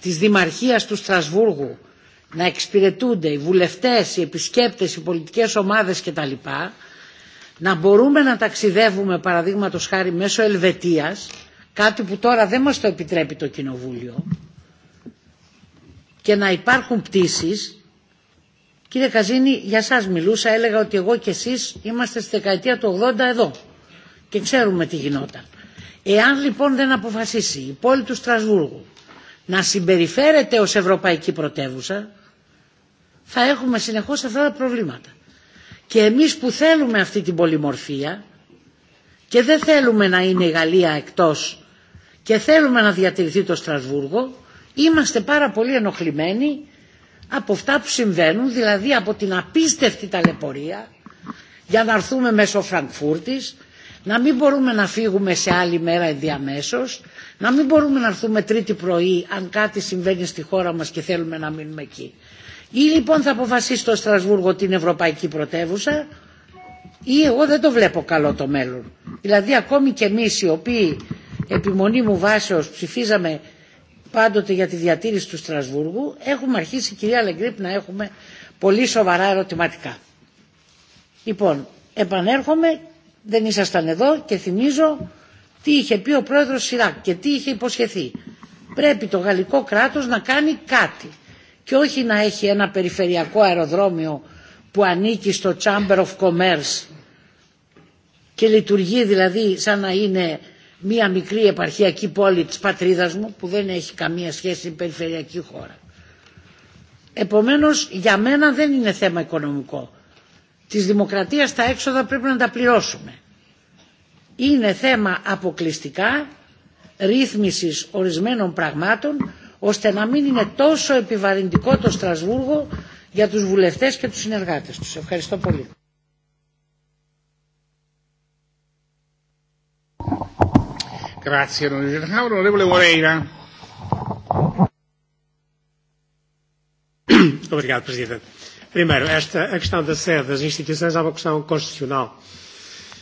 της Δημαρχίας του Στρασβούργου να εξυπηρετούνται οι βουλευτές, οι επισκέπτες, οι πολιτικές ομάδες κτλ. Να μπορούμε να ταξιδεύουμε παραδείγματος χάρη μέσω Ελβετίας, κάτι που τώρα δεν μας το επιτρέπει το Κοινοβούλιο, και να υπάρχουν πτήσεις. Κύριε Καζίνη, για σας μιλούσα, έλεγα ότι εγώ και εσείς είμαστε στη δεκαετία του 80 εδώ και ξέρουμε τι γινόταν. Εάν λοιπόν δεν αποφασίσει η πόλη του Στρασβούργου να συμπεριφέρεται ως ευρωπαϊκή πρωτεύουσα, θα έχουμε συνεχώς αυτά τα προβλήματα. Και εμείς που θέλουμε αυτή την πολυμορφία και δεν θέλουμε να είναι η Γαλλία εκτός και θέλουμε να διατηρηθεί το Στρασβούργο, είμαστε πάρα πολύ ενοχλημένοι από αυτά που συμβαίνουν, δηλαδή από την απίστευτη ταλαιπωρία για να έρθουμε μέσω Φραγκφούρτης, να μην μπορούμε να φύγουμε σε άλλη μέρα ενδιαμέσως, να μην μπορούμε να έρθουμε τρίτη πρωί αν κάτι συμβαίνει στη χώρα μας και θέλουμε να μείνουμε εκεί. Ή λοιπόν θα αποφασίσει το Στρασβούργο την Ευρωπαϊκή Πρωτεύουσα ή εγώ δεν το βλέπω καλό το μέλλον. Δηλαδή ακόμη και εμείς οι οποίοι επιμονή μου βάσεως ψηφίζαμε πάντοτε για τη διατήρηση του Στρασβούργου έχουμε αρχίσει κυρία Λεγκρίπ να έχουμε πολύ σοβαρά ερωτηματικά. Λοιπόν, επανέρχομαι δεν ήσασταν εδώ και θυμίζω τι είχε πει ο πρόεδρος Σιράκ και τι είχε υποσχεθεί. Πρέπει το γαλλικό κράτος να κάνει κάτι και όχι να έχει ένα περιφερειακό αεροδρόμιο που ανήκει στο Chamber of Commerce και λειτουργεί δηλαδή σαν να είναι μία μικρή επαρχιακή πόλη της πατρίδας μου που δεν έχει καμία σχέση με περιφερειακή χώρα. Επομένως για μένα δεν είναι θέμα οικονομικό της δημοκρατίας τα έξοδα πρέπει να τα πληρώσουμε. Είναι θέμα αποκλειστικά ρύθμισης ορισμένων πραγμάτων ώστε να μην είναι τόσο επιβαρυντικό το Στρασβούργο για τους βουλευτές και τους συνεργάτες τους. Ευχαριστώ πολύ. Grazie, onorevole Moreira. Obrigado, Presidente. Primeiro, esta, a questão da sede das instituições é uma questão constitucional.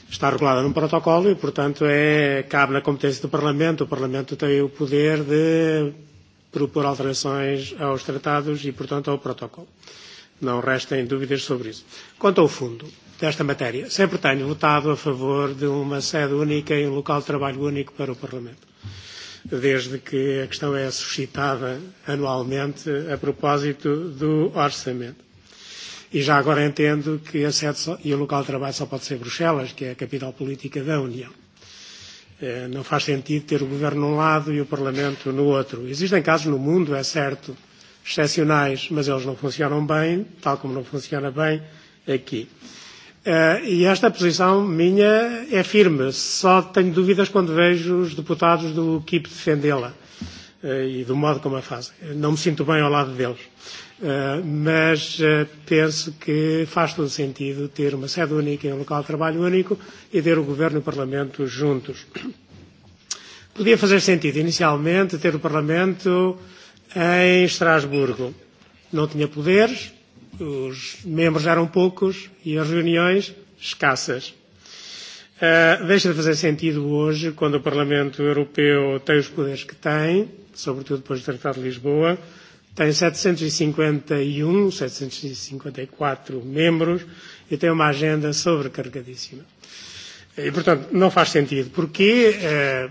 Está regulada num protocolo e, portanto, é, cabe na competência do Parlamento. O Parlamento tem o poder de propor alterações aos tratados e, portanto, ao protocolo. Não restem dúvidas sobre isso. Quanto ao fundo desta matéria, sempre tenho votado a favor de uma sede única e um local de trabalho único para o Parlamento desde que a questão é suscitada anualmente a propósito do orçamento. E já agora entendo que a sede só, e o local de trabalho só pode ser Bruxelas, que é a capital política da União. Eh, não faz sentido ter o governo num lado e o parlamento no outro. Existem casos no mundo, é certo, excepcionais, mas eles não funcionam bem, tal como não funciona bem aqui. Uh, e esta posição minha é firme. Só tenho dúvidas quando vejo os deputados do KIP defendê-la uh, e do modo como a fazem. Não me sinto bem ao lado deles. Eh, mas eh, penso que faz todo sentido ter uma sede única e um local de trabalho único e ter o Governo e o Parlamento juntos. Podia fazer sentido, inicialmente, ter o Parlamento em Estrasburgo. Não tinha poderes, os membros eram poucos e as reuniões escassas. Uh, deixa de fazer sentido hoje, quando o Parlamento Europeu tem os poderes que tem, sobretudo depois do Tratado de Lisboa, uh, tem 751, 754 membros e tem uma agenda sobrecarregadíssima. E, portanto, não faz sentido. Porquê? Eh,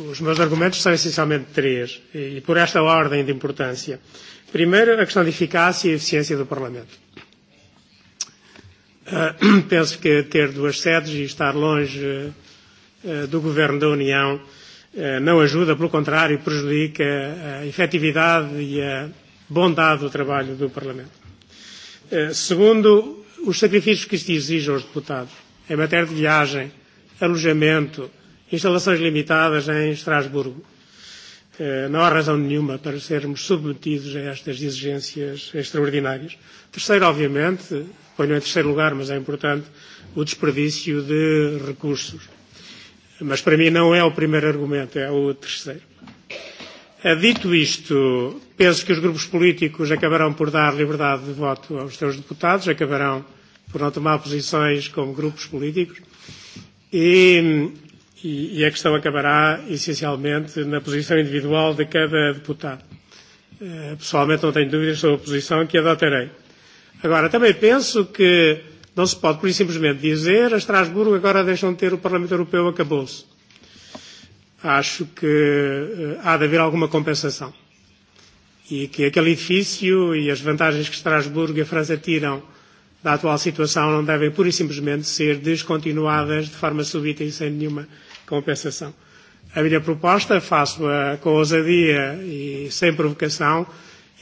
os meus argumentos são essencialmente três, e, e por esta ordem de importância. Primeiro, a questão de eficácia e eficiência do Parlamento. Uh, *clears throat* penso que ter duas sedes e estar longe uh, do Governo da União uh, não ajuda, pelo contrário, prejudica a efetividade e a bondade do trabalho do Parlamento. Eh, segundo, os sacrifícios que se exige aos deputados em matéria de viagem, alojamento, instalações limitadas em Estrasburgo. Eh, não há razão nenhuma para sermos submetidos a estas exigências extraordinárias. Terceiro, obviamente, ponho em terceiro lugar, mas é importante, o desperdício de recursos. Mas para mim não é o primeiro argumento, é o terceiro. Dito isto, penso que os grupos políticos acabarão por dar liberdade de voto aos seus deputados, acabarão por não tomar posições como grupos políticos e, e, e a questão acabará essencialmente na posição individual de cada deputado. Eh, pessoalmente não tenho dúvidas sobre a posição que adotarei. Agora, também penso que não se pode, por simplesmente, dizer a Estrasburgo agora deixam de ter o Parlamento Europeu, acabou-se acho que uh, há de haver alguma compensação. E que aquele edifício e as vantagens que Estrasburgo e a França tiram da atual situação não devem pura e simplesmente ser descontinuadas de forma súbita e sem nenhuma compensação. A minha proposta, faço-a com ousadia e sem provocação,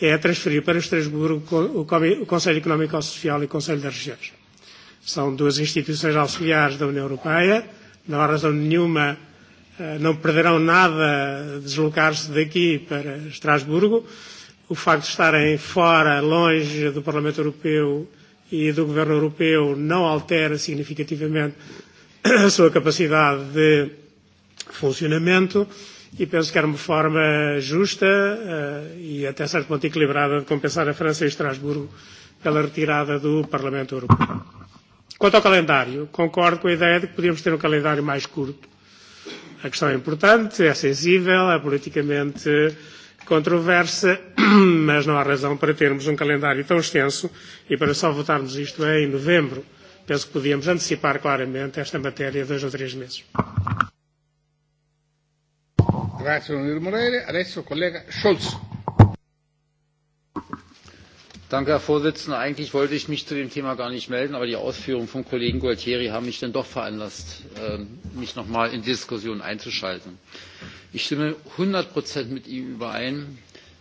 é transferir para Estrasburgo o Conselho Económico Social e o Conselho das Regiões. São duas instituições auxiliares da União Europeia, não há razão nenhuma Eh, não perderão nada deslocar-se daqui para Estrasburgo. O facto de estarem fora, longe do Parlamento Europeu e do Governo Europeu, não altera significativamente *coughs* a sua capacidade de funcionamento e penso que era uma forma justa uh, e até certo ponto equilibrada de compensar a França e Estrasburgo pela retirada do Parlamento Europeu. Quanto ao calendário, concordo com a ideia de que podíamos ter um calendário mais curto Eh, *clears throat* a questão é importante, é sensível, é politicamente controversa, mas não há razão para termos um calendário tão extenso e para só votarmos isto em novembro. Penso que podíamos antecipar claramente esta matéria dois ou três meses. Grazie, onorevole Moreira. Adesso o collega Scholz. Danke, Herr Vorsitzender. Eigentlich wollte ich mich zu dem Thema gar nicht melden, aber die Ausführungen vom Kollegen Gualtieri haben mich dann doch veranlasst, ähm, mich noch mal in die Diskussion einzuschalten. Ich stimme 100 mit ihm überein,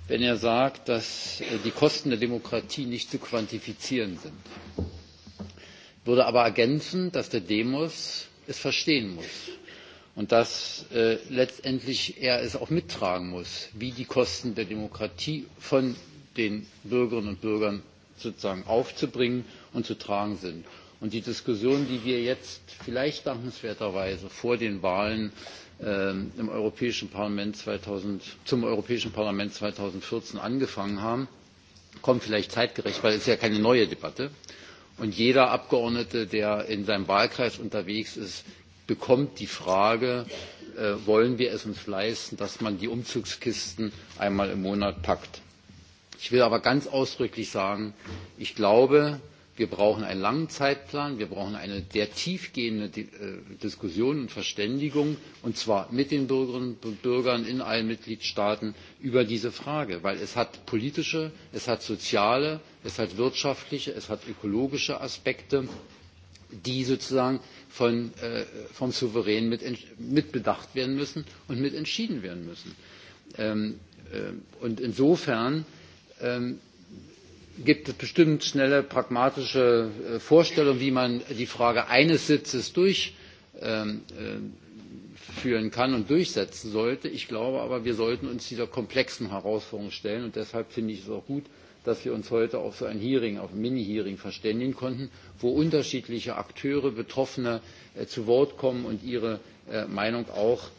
wenn er sagt, dass äh, die Kosten der Demokratie nicht zu quantifizieren sind. Ich würde aber ergänzen, dass der Demos es verstehen muss und dass äh, letztendlich er es auch mittragen muss, wie die Kosten der Demokratie von den bürgerinnen und bürgern sozusagen aufzubringen und zu tragen sind. Und die diskussion die wir jetzt vielleicht dankenswerterweise vor den wahlen äh, im europäischen parlament 2000, zum europäischen parlament zweitausendvierzehn angefangen haben kommt vielleicht zeitgerecht weil es ja keine neue debatte ist und jeder abgeordnete der in seinem wahlkreis unterwegs ist bekommt die frage äh, wollen wir es uns leisten dass man die umzugskisten einmal im monat packt? Ich will aber ganz ausdrücklich sagen, ich glaube, wir brauchen einen langen Zeitplan, wir brauchen eine sehr tiefgehende äh, Diskussion und Verständigung, und zwar mit den Bürgerinnen und Bürgern in allen Mitgliedstaaten über diese Frage, weil es hat politische, es hat soziale, es hat wirtschaftliche, es hat ökologische Aspekte, die sozusagen von, äh, vom Souverän mit, mit bedacht werden müssen und mit entschieden werden müssen. Ähm, äh, und insofern Ähm, gibt es bestimmt schnelle pragmatische äh, vorstellungen wie man die frage eines sitzes durchführen ähm, äh, kann und durchsetzen sollte. ich glaube aber wir sollten uns dieser komplexen herausforderung stellen und deshalb finde ich es auch gut dass wir uns heute auf so ein hearing auf ein mini hearing verständigen konnten wo unterschiedliche akteure betroffene äh, zu wort kommen und ihre meinung auch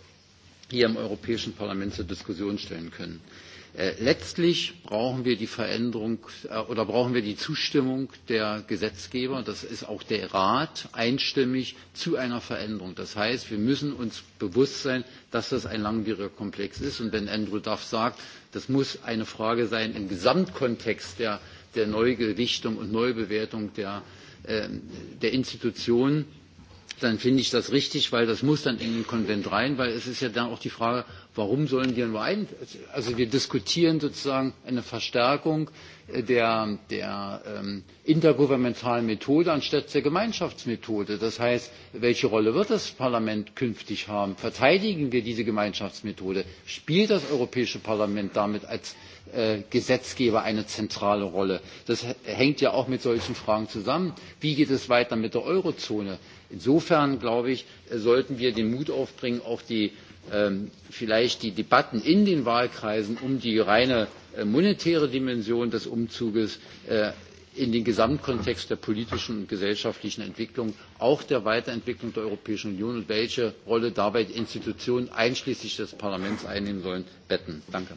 hier im europäischen parlament zur diskussion stellen können. Äh, letztlich brauchen wir die Veränderung äh, oder brauchen wir die Zustimmung der Gesetzgeber. Das ist auch der Rat einstimmig zu einer Veränderung. Das heißt, wir müssen uns bewusst sein, dass das ein langwieriger Komplex ist. Und wenn Andrew Duff sagt, das muss eine Frage sein im Gesamtkontext der, der Neugewichtung und Neubewertung der, äh, der Institutionen, dann finde ich das richtig, weil das muss dann in den Konvent rein, weil es ist ja dann auch die Frage, Warum sollen wir nur ein, also wir diskutieren sozusagen eine Verstärkung der, der ähm, intergouvernementalen Methode anstatt der Gemeinschaftsmethode. Das heißt, welche Rolle wird das Parlament künftig haben? Verteidigen wir diese Gemeinschaftsmethode? Spielt das Europäische Parlament damit als äh, Gesetzgeber eine zentrale Rolle? Das hängt ja auch mit solchen Fragen zusammen. Wie geht es weiter mit der Eurozone? Insofern, glaube ich, sollten wir den Mut aufbringen, auch die Ähm, vielleicht die Debatten in den Wahlkreisen um die reine äh, monetäre Dimension des Umzuges äh, in den Gesamtkontext der politischen und gesellschaftlichen Entwicklung, auch der Weiterentwicklung der Europäischen Union und welche Rolle dabei die Institutionen einschließlich des Parlaments einnehmen sollen, betten. Danke.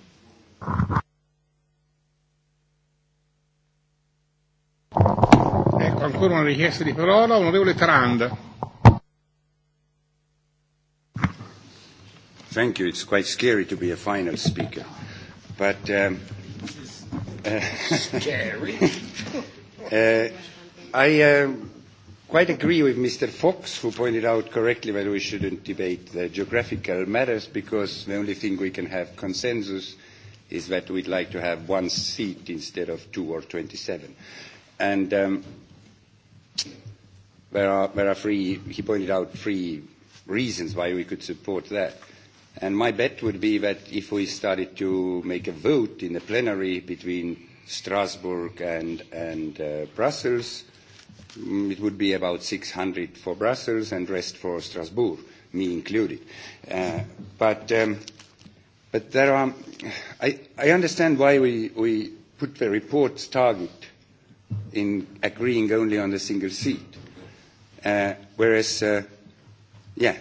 Ecco ancora una richiesta di parola, onorevole Tarand. Thank you. It's quite scary to be a final speaker. But. Um, uh, scary. *laughs* uh, I um, quite agree with Mr. Fox, who pointed out correctly that we shouldn't debate the geographical matters because the only thing we can have consensus is that we'd like to have one seat instead of two or 27. And um, there, are, there are three, he pointed out three reasons why we could support that. And my bet would be that if we started to make a vote in the plenary between Strasbourg and, and uh, Brussels, mm, it would be about 600 for Brussels and rest for Strasbourg, me included. Uh, but, um, but there are, I, I understand why we, we put the report's target in agreeing only on the single seat. Uh, whereas, uh, yeah,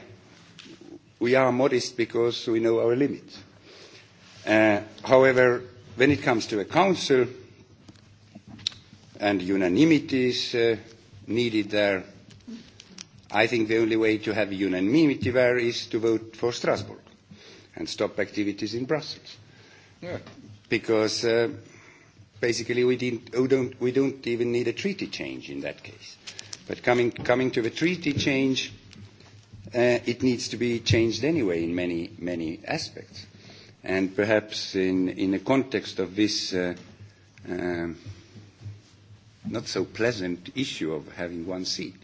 we are modest because we know our limits. Uh, however, when it comes to a council and unanimity is uh, needed there, I think the only way to have unanimity there is to vote for Strasbourg and stop activities in Brussels. Yeah. Because uh, basically we, didn't, we, don't, we don't even need a treaty change in that case. But coming, coming to the treaty change, Uh, it needs to be changed anyway in many, many aspects. And perhaps in, in the context of this uh, um, not so pleasant issue of having one seat,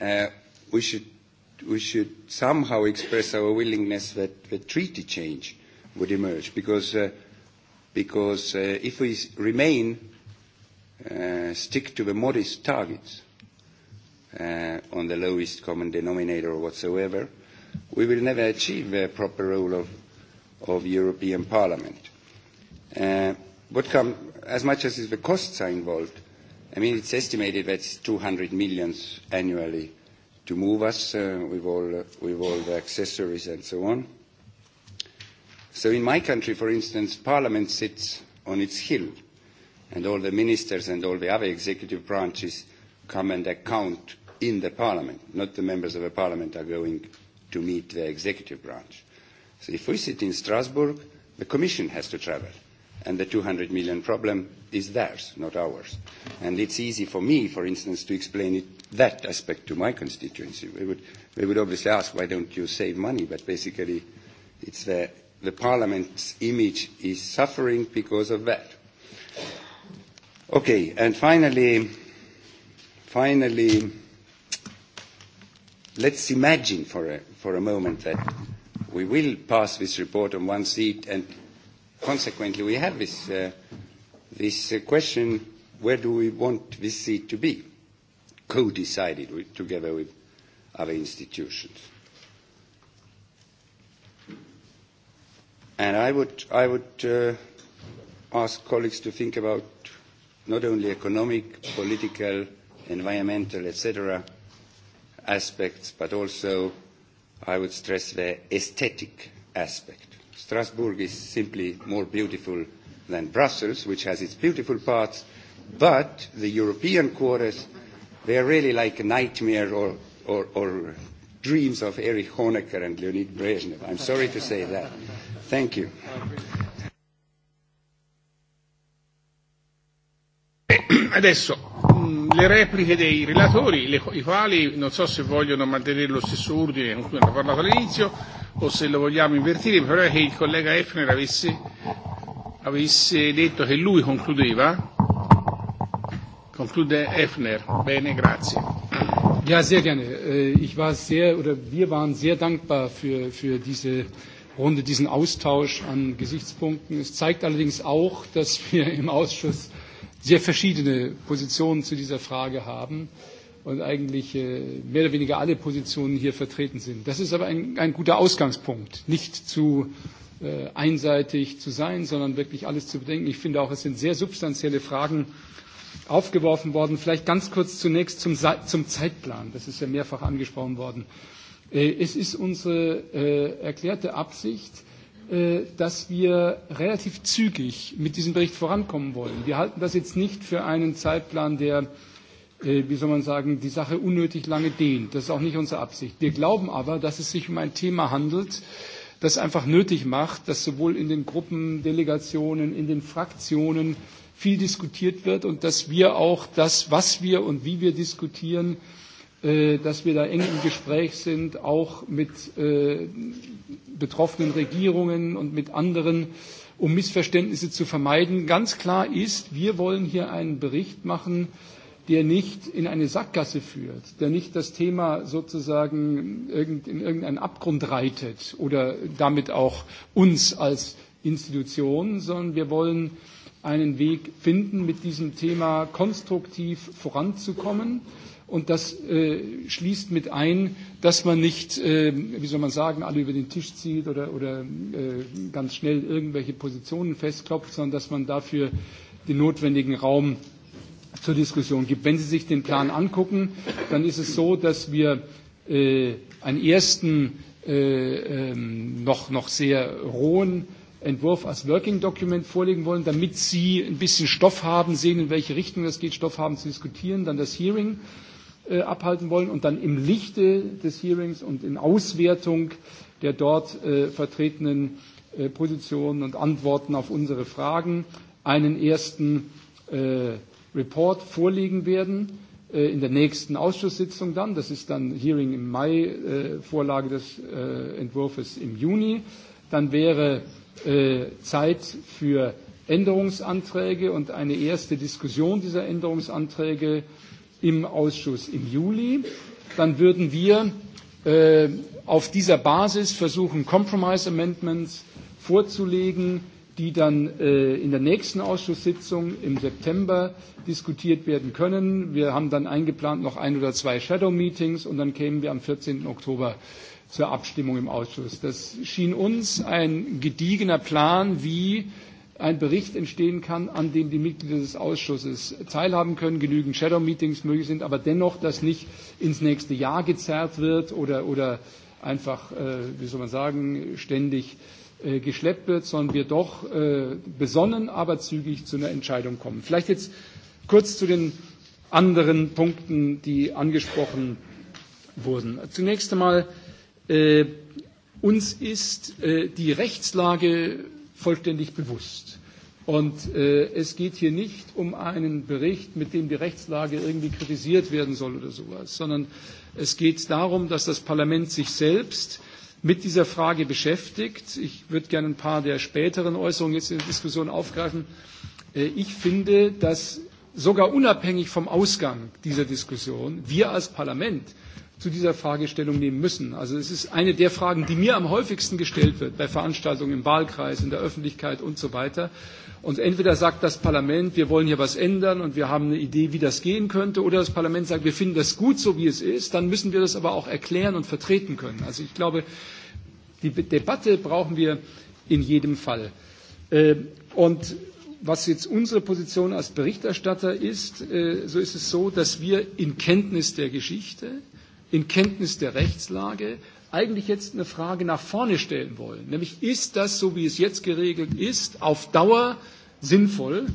uh, we should we should somehow express our willingness that the treaty change would emerge because uh, because uh, if we remain uh, stick to the modest targets uh, on the lowest common denominator whatsoever, we will never achieve a proper role of, of European Parliament. Uh, what come, as much as the costs are involved, I mean, it's estimated that it's 200 million annually to move us uh, with, all, uh, with all the accessories and so on. So in my country, for instance, Parliament sits on its hill, and all the ministers and all the other executive branches come and account in the parliament, not the members of the parliament are going to meet the executive branch. So if we sit in Strasbourg, the commission has to travel. And the 200 million problem is theirs, not ours. And it's easy for me, for instance, to explain it, that aspect to my constituency. They would, they would obviously ask, why don't you save money? But basically, it's the, the parliament's image is suffering because of that. Okay, and finally, finally, let's imagine for a, for a moment that we will pass this report on one seat and consequently we have this, uh, this uh, question, where do we want this seat to be? Co-decided with, together with other institutions. And I would, I would uh, ask colleagues to think about not only economic, political, environmental, etc., aspects, but also I would stress the aesthetic aspect. Strasbourg is simply more beautiful than Brussels, which has its beautiful parts, but the European quarters, they are really like a nightmare or, or, or dreams of Erich Honecker and Leonid Brezhnev. I'm sorry to say that. Thank you. Adesso Mm, le repliche dei relatori, le, i quali non so se vogliono mantenere lo stesso ordine con cui hanno parlato all'inizio o se lo vogliamo invertire, però è che il collega Effner avesse, avesse detto che lui concludeva. Conclude Effner. Bene, grazie. Ja, sehr gerne. Äh, ich war sehr, oder wir waren sehr dankbar für, für diese Runde, diesen Austausch an Gesichtspunkten. Es zeigt allerdings auch, dass wir im Ausschuss sehr verschiedene Positionen zu dieser Frage haben und eigentlich äh, mehr oder weniger alle Positionen hier vertreten sind. Das ist aber ein, ein guter Ausgangspunkt, nicht zu äh, einseitig zu sein, sondern wirklich alles zu bedenken. Ich finde auch, es sind sehr substanzielle Fragen aufgeworfen worden. Vielleicht ganz kurz zunächst zum, zum Zeitplan. Das ist ja mehrfach angesprochen worden. Äh, es ist unsere äh, erklärte Absicht, äh, Äh, dass wir relativ zügig mit diesem Bericht vorankommen wollen. Wir halten das jetzt nicht für einen Zeitplan, der, äh, wie soll man sagen, die Sache unnötig lange dehnt. Das ist auch nicht unsere Absicht. Wir glauben aber, dass es sich um ein Thema handelt, das einfach nötig macht, dass sowohl in den Gruppen, Delegationen, in den Fraktionen viel diskutiert wird und dass wir auch das, was wir und wie wir diskutieren, äh, Äh, dass wir da eng im Gespräch sind, auch mit äh, betroffenen Regierungen und mit anderen, um Missverständnisse zu vermeiden. Ganz klar ist, wir wollen hier einen Bericht machen, der nicht in eine Sackgasse führt, der nicht das Thema sozusagen in irgendeinen Abgrund reitet oder damit auch uns als Institutionen, sondern wir wollen einen Weg finden, mit diesem Thema konstruktiv voranzukommen. Und das äh, schließt mit ein, dass man nicht, äh, wie soll man sagen, alle über den Tisch zieht oder, oder äh, ganz schnell irgendwelche Positionen festklopft, sondern dass man dafür den notwendigen Raum zur Diskussion gibt. Wenn Sie sich den Plan angucken, dann ist es so, dass wir äh, einen ersten äh, äh, noch, noch sehr rohen äh, Entwurf als Working Document vorlegen wollen, damit Sie ein bisschen Stoff haben, sehen, in welche Richtung das geht, Stoff haben zu diskutieren, dann das Hearing äh, abhalten wollen und dann im Lichte des Hearings und in Auswertung der dort äh, vertretenen äh, Positionen und Antworten auf unsere Fragen einen ersten äh, Report vorlegen werden äh, in der nächsten Ausschusssitzung dann. Das ist dann Hearing im Mai, äh, Vorlage des äh, Entwurfs im Juni. Dann wäre Äh, Zeit für Änderungsanträge und eine erste Diskussion dieser Änderungsanträge im Ausschuss im Juli. Dann würden wir äh, auf dieser Basis versuchen, Compromise Amendments vorzulegen, die dann äh, in der nächsten Ausschusssitzung im September diskutiert werden können. Wir haben dann eingeplant noch ein oder zwei Shadow Meetings und dann kämen wir am 14. Oktober zur Abstimmung im Ausschuss. Das schien uns ein gediegener Plan, wie ein Bericht entstehen kann, an dem die Mitglieder des Ausschusses teilhaben können, genügend Shadow-Meetings möglich sind, aber dennoch, dass nicht ins nächste Jahr gezerrt wird oder, oder einfach, äh, wie soll man sagen, ständig äh, geschleppt wird, sondern wir doch äh, besonnen, aber zügig zu einer Entscheidung kommen. Vielleicht jetzt kurz zu den anderen Punkten, die angesprochen wurden. Zunächst einmal Äh, uns ist äh, die Rechtslage vollständig bewusst. Und äh, es geht hier nicht um einen Bericht, mit dem die Rechtslage irgendwie kritisiert werden soll oder sowas, sondern es geht darum, dass das Parlament sich selbst mit dieser Frage beschäftigt. Ich würde gerne ein paar der späteren Äußerungen jetzt in der Diskussion aufgreifen. Äh, ich finde, dass sogar unabhängig vom Ausgang dieser Diskussion wir als Parlament zu dieser Fragestellung nehmen müssen. Also es ist eine der Fragen, die mir am häufigsten gestellt wird bei Veranstaltungen im Wahlkreis, in der Öffentlichkeit und so weiter. Und entweder sagt das Parlament, wir wollen hier was ändern und wir haben eine Idee, wie das gehen könnte, oder das Parlament sagt, wir finden das gut, so wie es ist, dann müssen wir das aber auch erklären und vertreten können. Also ich glaube, die Debatte brauchen wir in jedem Fall. Äh, und was jetzt unsere Position als Berichterstatter ist, äh, so ist es so, dass wir in Kenntnis der Geschichte in Kenntnis der Rechtslage eigentlich jetzt eine Frage nach vorne stellen wollen. Nämlich, ist das, so wie es jetzt geregelt ist, auf Dauer sinnvoll?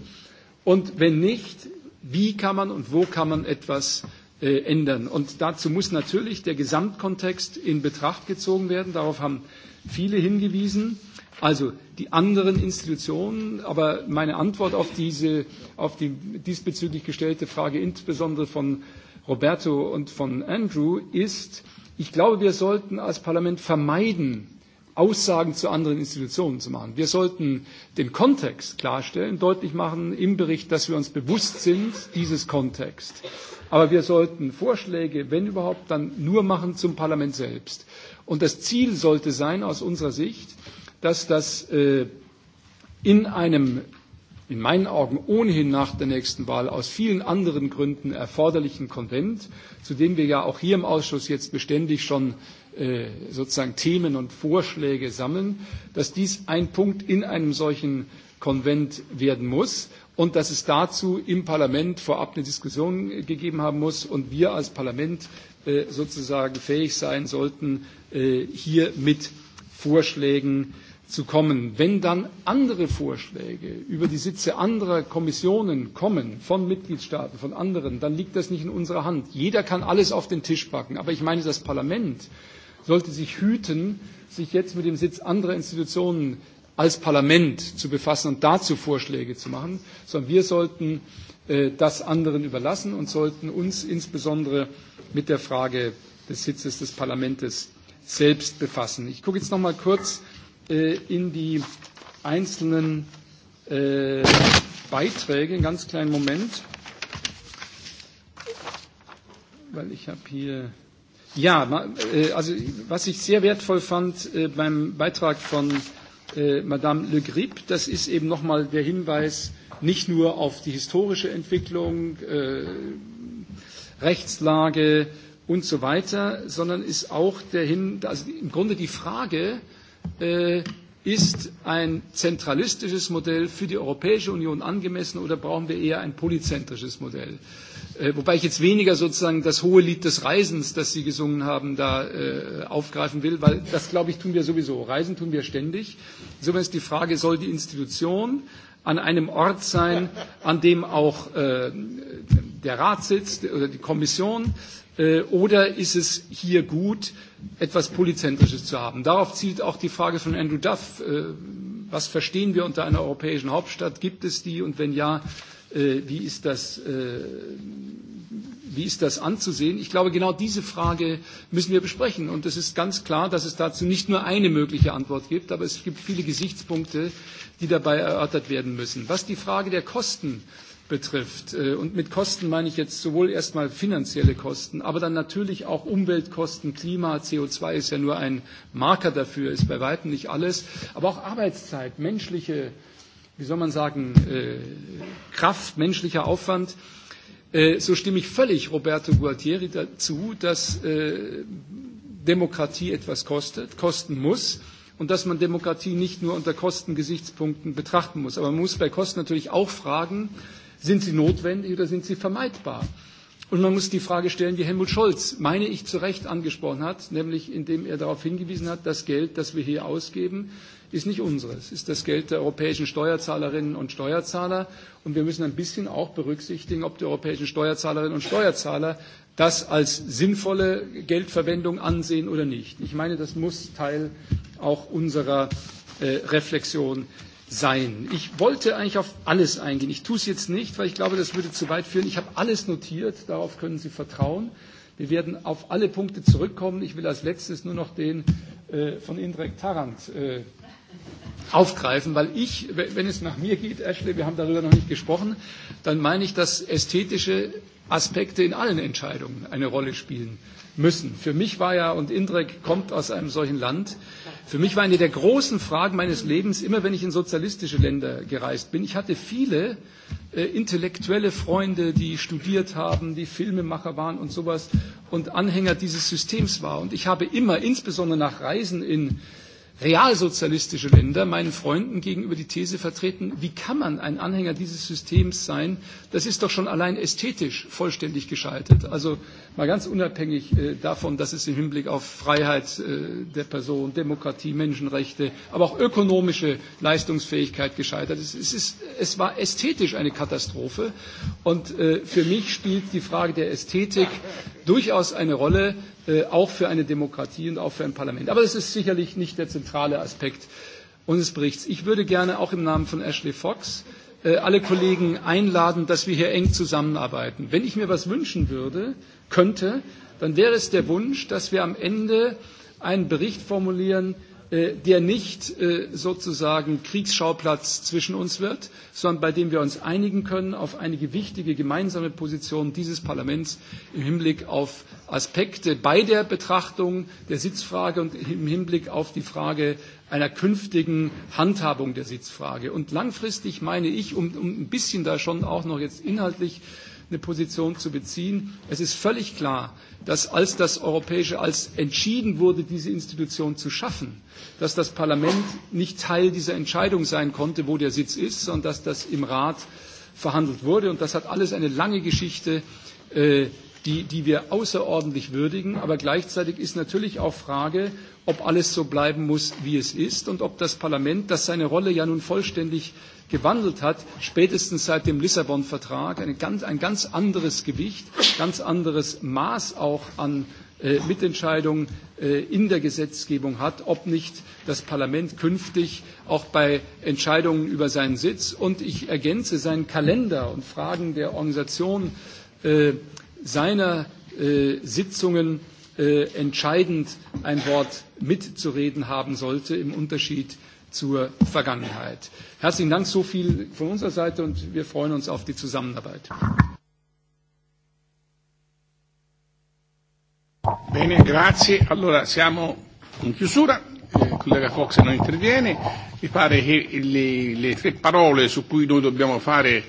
Und wenn nicht, wie kann man und wo kann man etwas äh, ändern? Und dazu muss natürlich der Gesamtkontext in Betracht gezogen werden. Darauf haben viele hingewiesen. Also die anderen Institutionen, aber meine Antwort auf diese auf die diesbezüglich gestellte Frage, insbesondere von Roberto und von Andrew ist, ich glaube, wir sollten als Parlament vermeiden, Aussagen zu anderen Institutionen zu machen. Wir sollten den Kontext klarstellen, deutlich machen im Bericht, dass wir uns bewusst sind dieses Kontext. Aber wir sollten Vorschläge, wenn überhaupt, dann nur machen zum Parlament selbst. Und das Ziel sollte sein, aus unserer Sicht, dass das äh, in einem in meinen Augen ohnehin nach der nächsten Wahl aus vielen anderen Gründen erforderlichen Konvent, zu dem wir ja auch hier im Ausschuss jetzt beständig schon äh, sozusagen Themen und Vorschläge sammeln, dass dies ein Punkt in einem solchen Konvent werden muss und dass es dazu im Parlament vorab eine Diskussion gegeben haben muss und wir als Parlament äh, sozusagen fähig sein sollten, äh, hier mit Vorschlägen äh, zu kommen. Wenn dann andere Vorschläge über die Sitze anderer Kommissionen kommen, von Mitgliedstaaten, von anderen, dann liegt das nicht in unserer Hand. Jeder kann alles auf den Tisch packen. Aber ich meine, das Parlament sollte sich hüten, sich jetzt mit dem Sitz anderer Institutionen als Parlament zu befassen und dazu Vorschläge zu machen, sondern wir sollten äh, das anderen überlassen und sollten uns insbesondere mit der Frage des Sitzes des Parlaments selbst befassen. Ich gucke jetzt noch mal kurz äh, in die einzelnen äh, Beiträge. Einen ganz kleinen Moment, weil ich habe hier. Ja, äh, also was ich sehr wertvoll fand äh, beim Beitrag von äh, Madame Le Grip, das ist eben nochmal der Hinweis nicht nur auf die historische Entwicklung, äh, Rechtslage und so weiter, sondern ist auch der Hin, also im Grunde die Frage, Äh, ist ein zentralistisches Modell für die Europäische Union angemessen oder brauchen wir eher ein polyzentrisches Modell? Äh, wobei ich jetzt weniger sozusagen das hohe Lied des Reisens, das Sie gesungen haben, da äh, aufgreifen will, weil das, glaube ich, tun wir sowieso. Reisen tun wir ständig. Insofern ist die Frage, soll die Institution an einem Ort sein, an dem auch äh, der Rat sitzt oder die Kommission? Äh, oder ist es hier gut, etwas Polyzentrisches zu haben? Darauf zielt auch die Frage von Andrew Duff. Äh, was verstehen wir unter einer europäischen Hauptstadt? Gibt es die? Und wenn ja, äh, wie ist das? Äh, Wie ist das anzusehen? Ich glaube, genau diese Frage müssen wir besprechen. Und es ist ganz klar, dass es dazu nicht nur eine mögliche Antwort gibt, aber es gibt viele Gesichtspunkte, die dabei erörtert werden müssen. Was die Frage der Kosten betrifft. Äh, und mit Kosten meine ich jetzt sowohl erstmal finanzielle Kosten, aber dann natürlich auch Umweltkosten, Klima, CO2 ist ja nur ein Marker dafür, ist bei weitem nicht alles, aber auch Arbeitszeit, menschliche, wie soll man sagen, äh, Kraft, menschlicher Aufwand. Äh, so stimme ich völlig Roberto Gualtieri dazu, dass äh, Demokratie etwas kostet, kosten muss und dass man Demokratie nicht nur unter Kostengesichtspunkten betrachten muss. Aber man muss bei Kosten natürlich auch fragen, sind sie notwendig oder sind sie vermeidbar? Und man muss die Frage stellen, die Helmut Scholz, meine ich, zu Recht angesprochen hat, nämlich indem er darauf hingewiesen hat, das Geld, das wir hier ausgeben, ist nicht unseres, ist das Geld der europäischen Steuerzahlerinnen und Steuerzahler. Und wir müssen ein bisschen auch berücksichtigen, ob die europäischen Steuerzahlerinnen und Steuerzahler das als sinnvolle Geldverwendung ansehen oder nicht. Ich meine, das muss Teil auch unserer äh, Reflexion sein. Ich wollte eigentlich auf alles eingehen. Ich tue es jetzt nicht, weil ich glaube, das würde zu weit führen. Ich habe alles notiert, darauf können Sie vertrauen. Wir werden auf alle Punkte zurückkommen. Ich will als letztes nur noch den äh, von Indrek Tarrant äh, aufgreifen, weil ich, wenn es nach mir geht, Ashley, wir haben darüber noch nicht gesprochen, dann meine ich, dass ästhetische Aspekte in allen Entscheidungen eine Rolle spielen müssen. Für mich war ja, und Indrek kommt aus einem solchen Land, für mich war eine der großen Fragen meines Lebens, immer wenn ich in sozialistische Länder gereist bin, ich hatte viele äh, intellektuelle Freunde, die studiert haben, die Filmemacher waren und sowas und Anhänger dieses Systems war. Und ich habe immer, insbesondere nach Reisen in äh, realsozialistische Länder meinen Freunden gegenüber die These vertreten, wie kann man ein Anhänger dieses Systems sein? Das ist doch schon allein ästhetisch vollständig gescheitert. Also mal ganz unabhängig äh, davon, dass es im Hinblick auf Freiheit äh, der Person, Demokratie, Menschenrechte, aber auch ökonomische Leistungsfähigkeit gescheitert ist. Es, ist, es war ästhetisch eine Katastrophe. Und äh, für mich spielt die Frage der Ästhetik durchaus eine Rolle, Äh, auch für eine Demokratie und auch für ein Parlament. Aber das ist sicherlich nicht der zentrale Aspekt unseres Berichts. Ich würde gerne auch im Namen von Ashley Fox äh, alle Kollegen einladen, dass wir hier eng zusammenarbeiten. Wenn ich mir was wünschen würde, könnte, dann wäre es der Wunsch, dass wir am Ende einen Bericht formulieren, Äh, der nicht äh, sozusagen Kriegsschauplatz zwischen uns wird, sondern bei dem wir uns einigen können auf einige wichtige gemeinsame Position dieses Parlaments im Hinblick auf Aspekte bei der Betrachtung der Sitzfrage und im Hinblick auf die Frage einer künftigen Handhabung der Sitzfrage. Und langfristig meine ich, um, um ein bisschen da schon auch noch jetzt inhaltlich äh, eine Position zu beziehen. Es ist völlig klar, dass als das Europäische, als entschieden wurde, diese Institution zu schaffen, dass das Parlament nicht Teil dieser Entscheidung sein konnte, wo der Sitz ist, sondern dass das im Rat verhandelt wurde. Und das hat alles eine lange Geschichte äh, die, die wir außerordentlich würdigen. Aber gleichzeitig ist natürlich auch Frage, ob alles so bleiben muss, wie es ist und ob das Parlament, das seine Rolle ja nun vollständig gewandelt hat, spätestens seit dem Lissabon-Vertrag ein ganz, ein ganz anderes Gewicht, ganz anderes Maß auch an äh, Mitentscheidung äh, in der Gesetzgebung hat, ob nicht das Parlament künftig auch bei Entscheidungen über seinen Sitz und ich ergänze seinen Kalender und Fragen der Organisation äh, seiner äh, Sitzungen äh, entscheidend ein Wort mitzureden haben sollte im Unterschied zur Vergangenheit. Herzlichen Dank, so viel von unserer Seite und wir freuen uns auf die Zusammenarbeit. Bene, grazie. Allora siamo in chiusura. Eh, il collega Fox non interviene. Mi pare che le, le tre parole su cui noi dobbiamo fare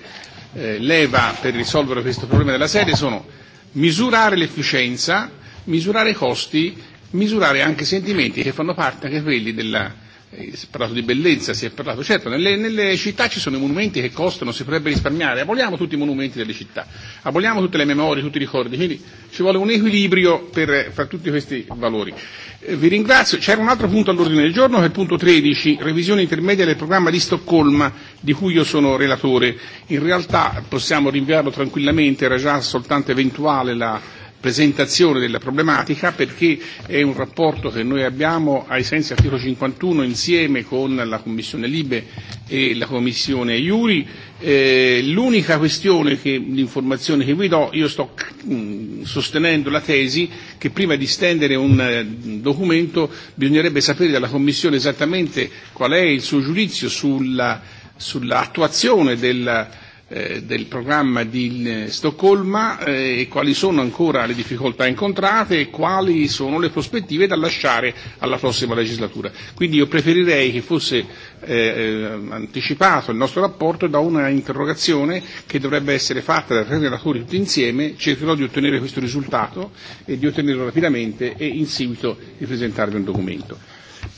eh, leva per risolvere questo problema della serie sono misurare l'efficienza, misurare i costi, misurare anche sentimenti che fanno parte anche quelli della Eh, si è parlato di bellezza, si è parlato, certo nelle, nelle città ci sono i monumenti che costano, si potrebbe risparmiare, aboliamo tutti i monumenti delle città, aboliamo tutte le memorie, tutti i ricordi, quindi ci vuole un equilibrio per, fra tutti questi valori. Eh, vi ringrazio, c'era un altro punto all'ordine del giorno che è il punto 13, revisione intermedia del programma di Stoccolma di cui io sono relatore, in realtà possiamo rinviarlo tranquillamente, era già soltanto eventuale la presentazione della problematica perché è un rapporto che noi abbiamo ai sensi articolo 51 insieme con la Commissione Libe e la Commissione Iuri. Eh, l'unica questione che l'informazione che vi do, io sto mh, mm, sostenendo la tesi che prima di stendere un mh, eh, documento bisognerebbe sapere dalla Commissione esattamente qual è il suo giudizio sulla, sull'attuazione della Eh, del programma di eh, Stoccolma eh, e quali sono ancora le difficoltà incontrate e quali sono le prospettive da lasciare alla prossima legislatura. Quindi io preferirei che fosse eh, anticipato il nostro rapporto da una interrogazione che dovrebbe essere fatta da tre relatori tutti insieme, cercherò di ottenere questo risultato e di ottenerlo rapidamente e in seguito di presentarvi un documento.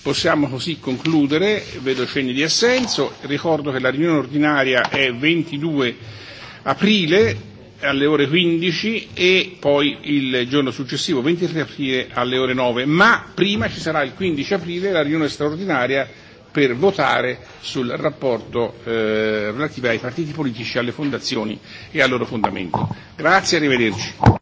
Possiamo così concludere, vedo cenni di assenso, ricordo che la riunione ordinaria è 22 aprile alle ore 15 e poi il giorno successivo 23 aprile alle ore 9, ma prima ci sarà il 15 aprile la riunione straordinaria per votare sul rapporto eh, relativo ai partiti politici, alle fondazioni e al loro fondamento. Grazie, arrivederci.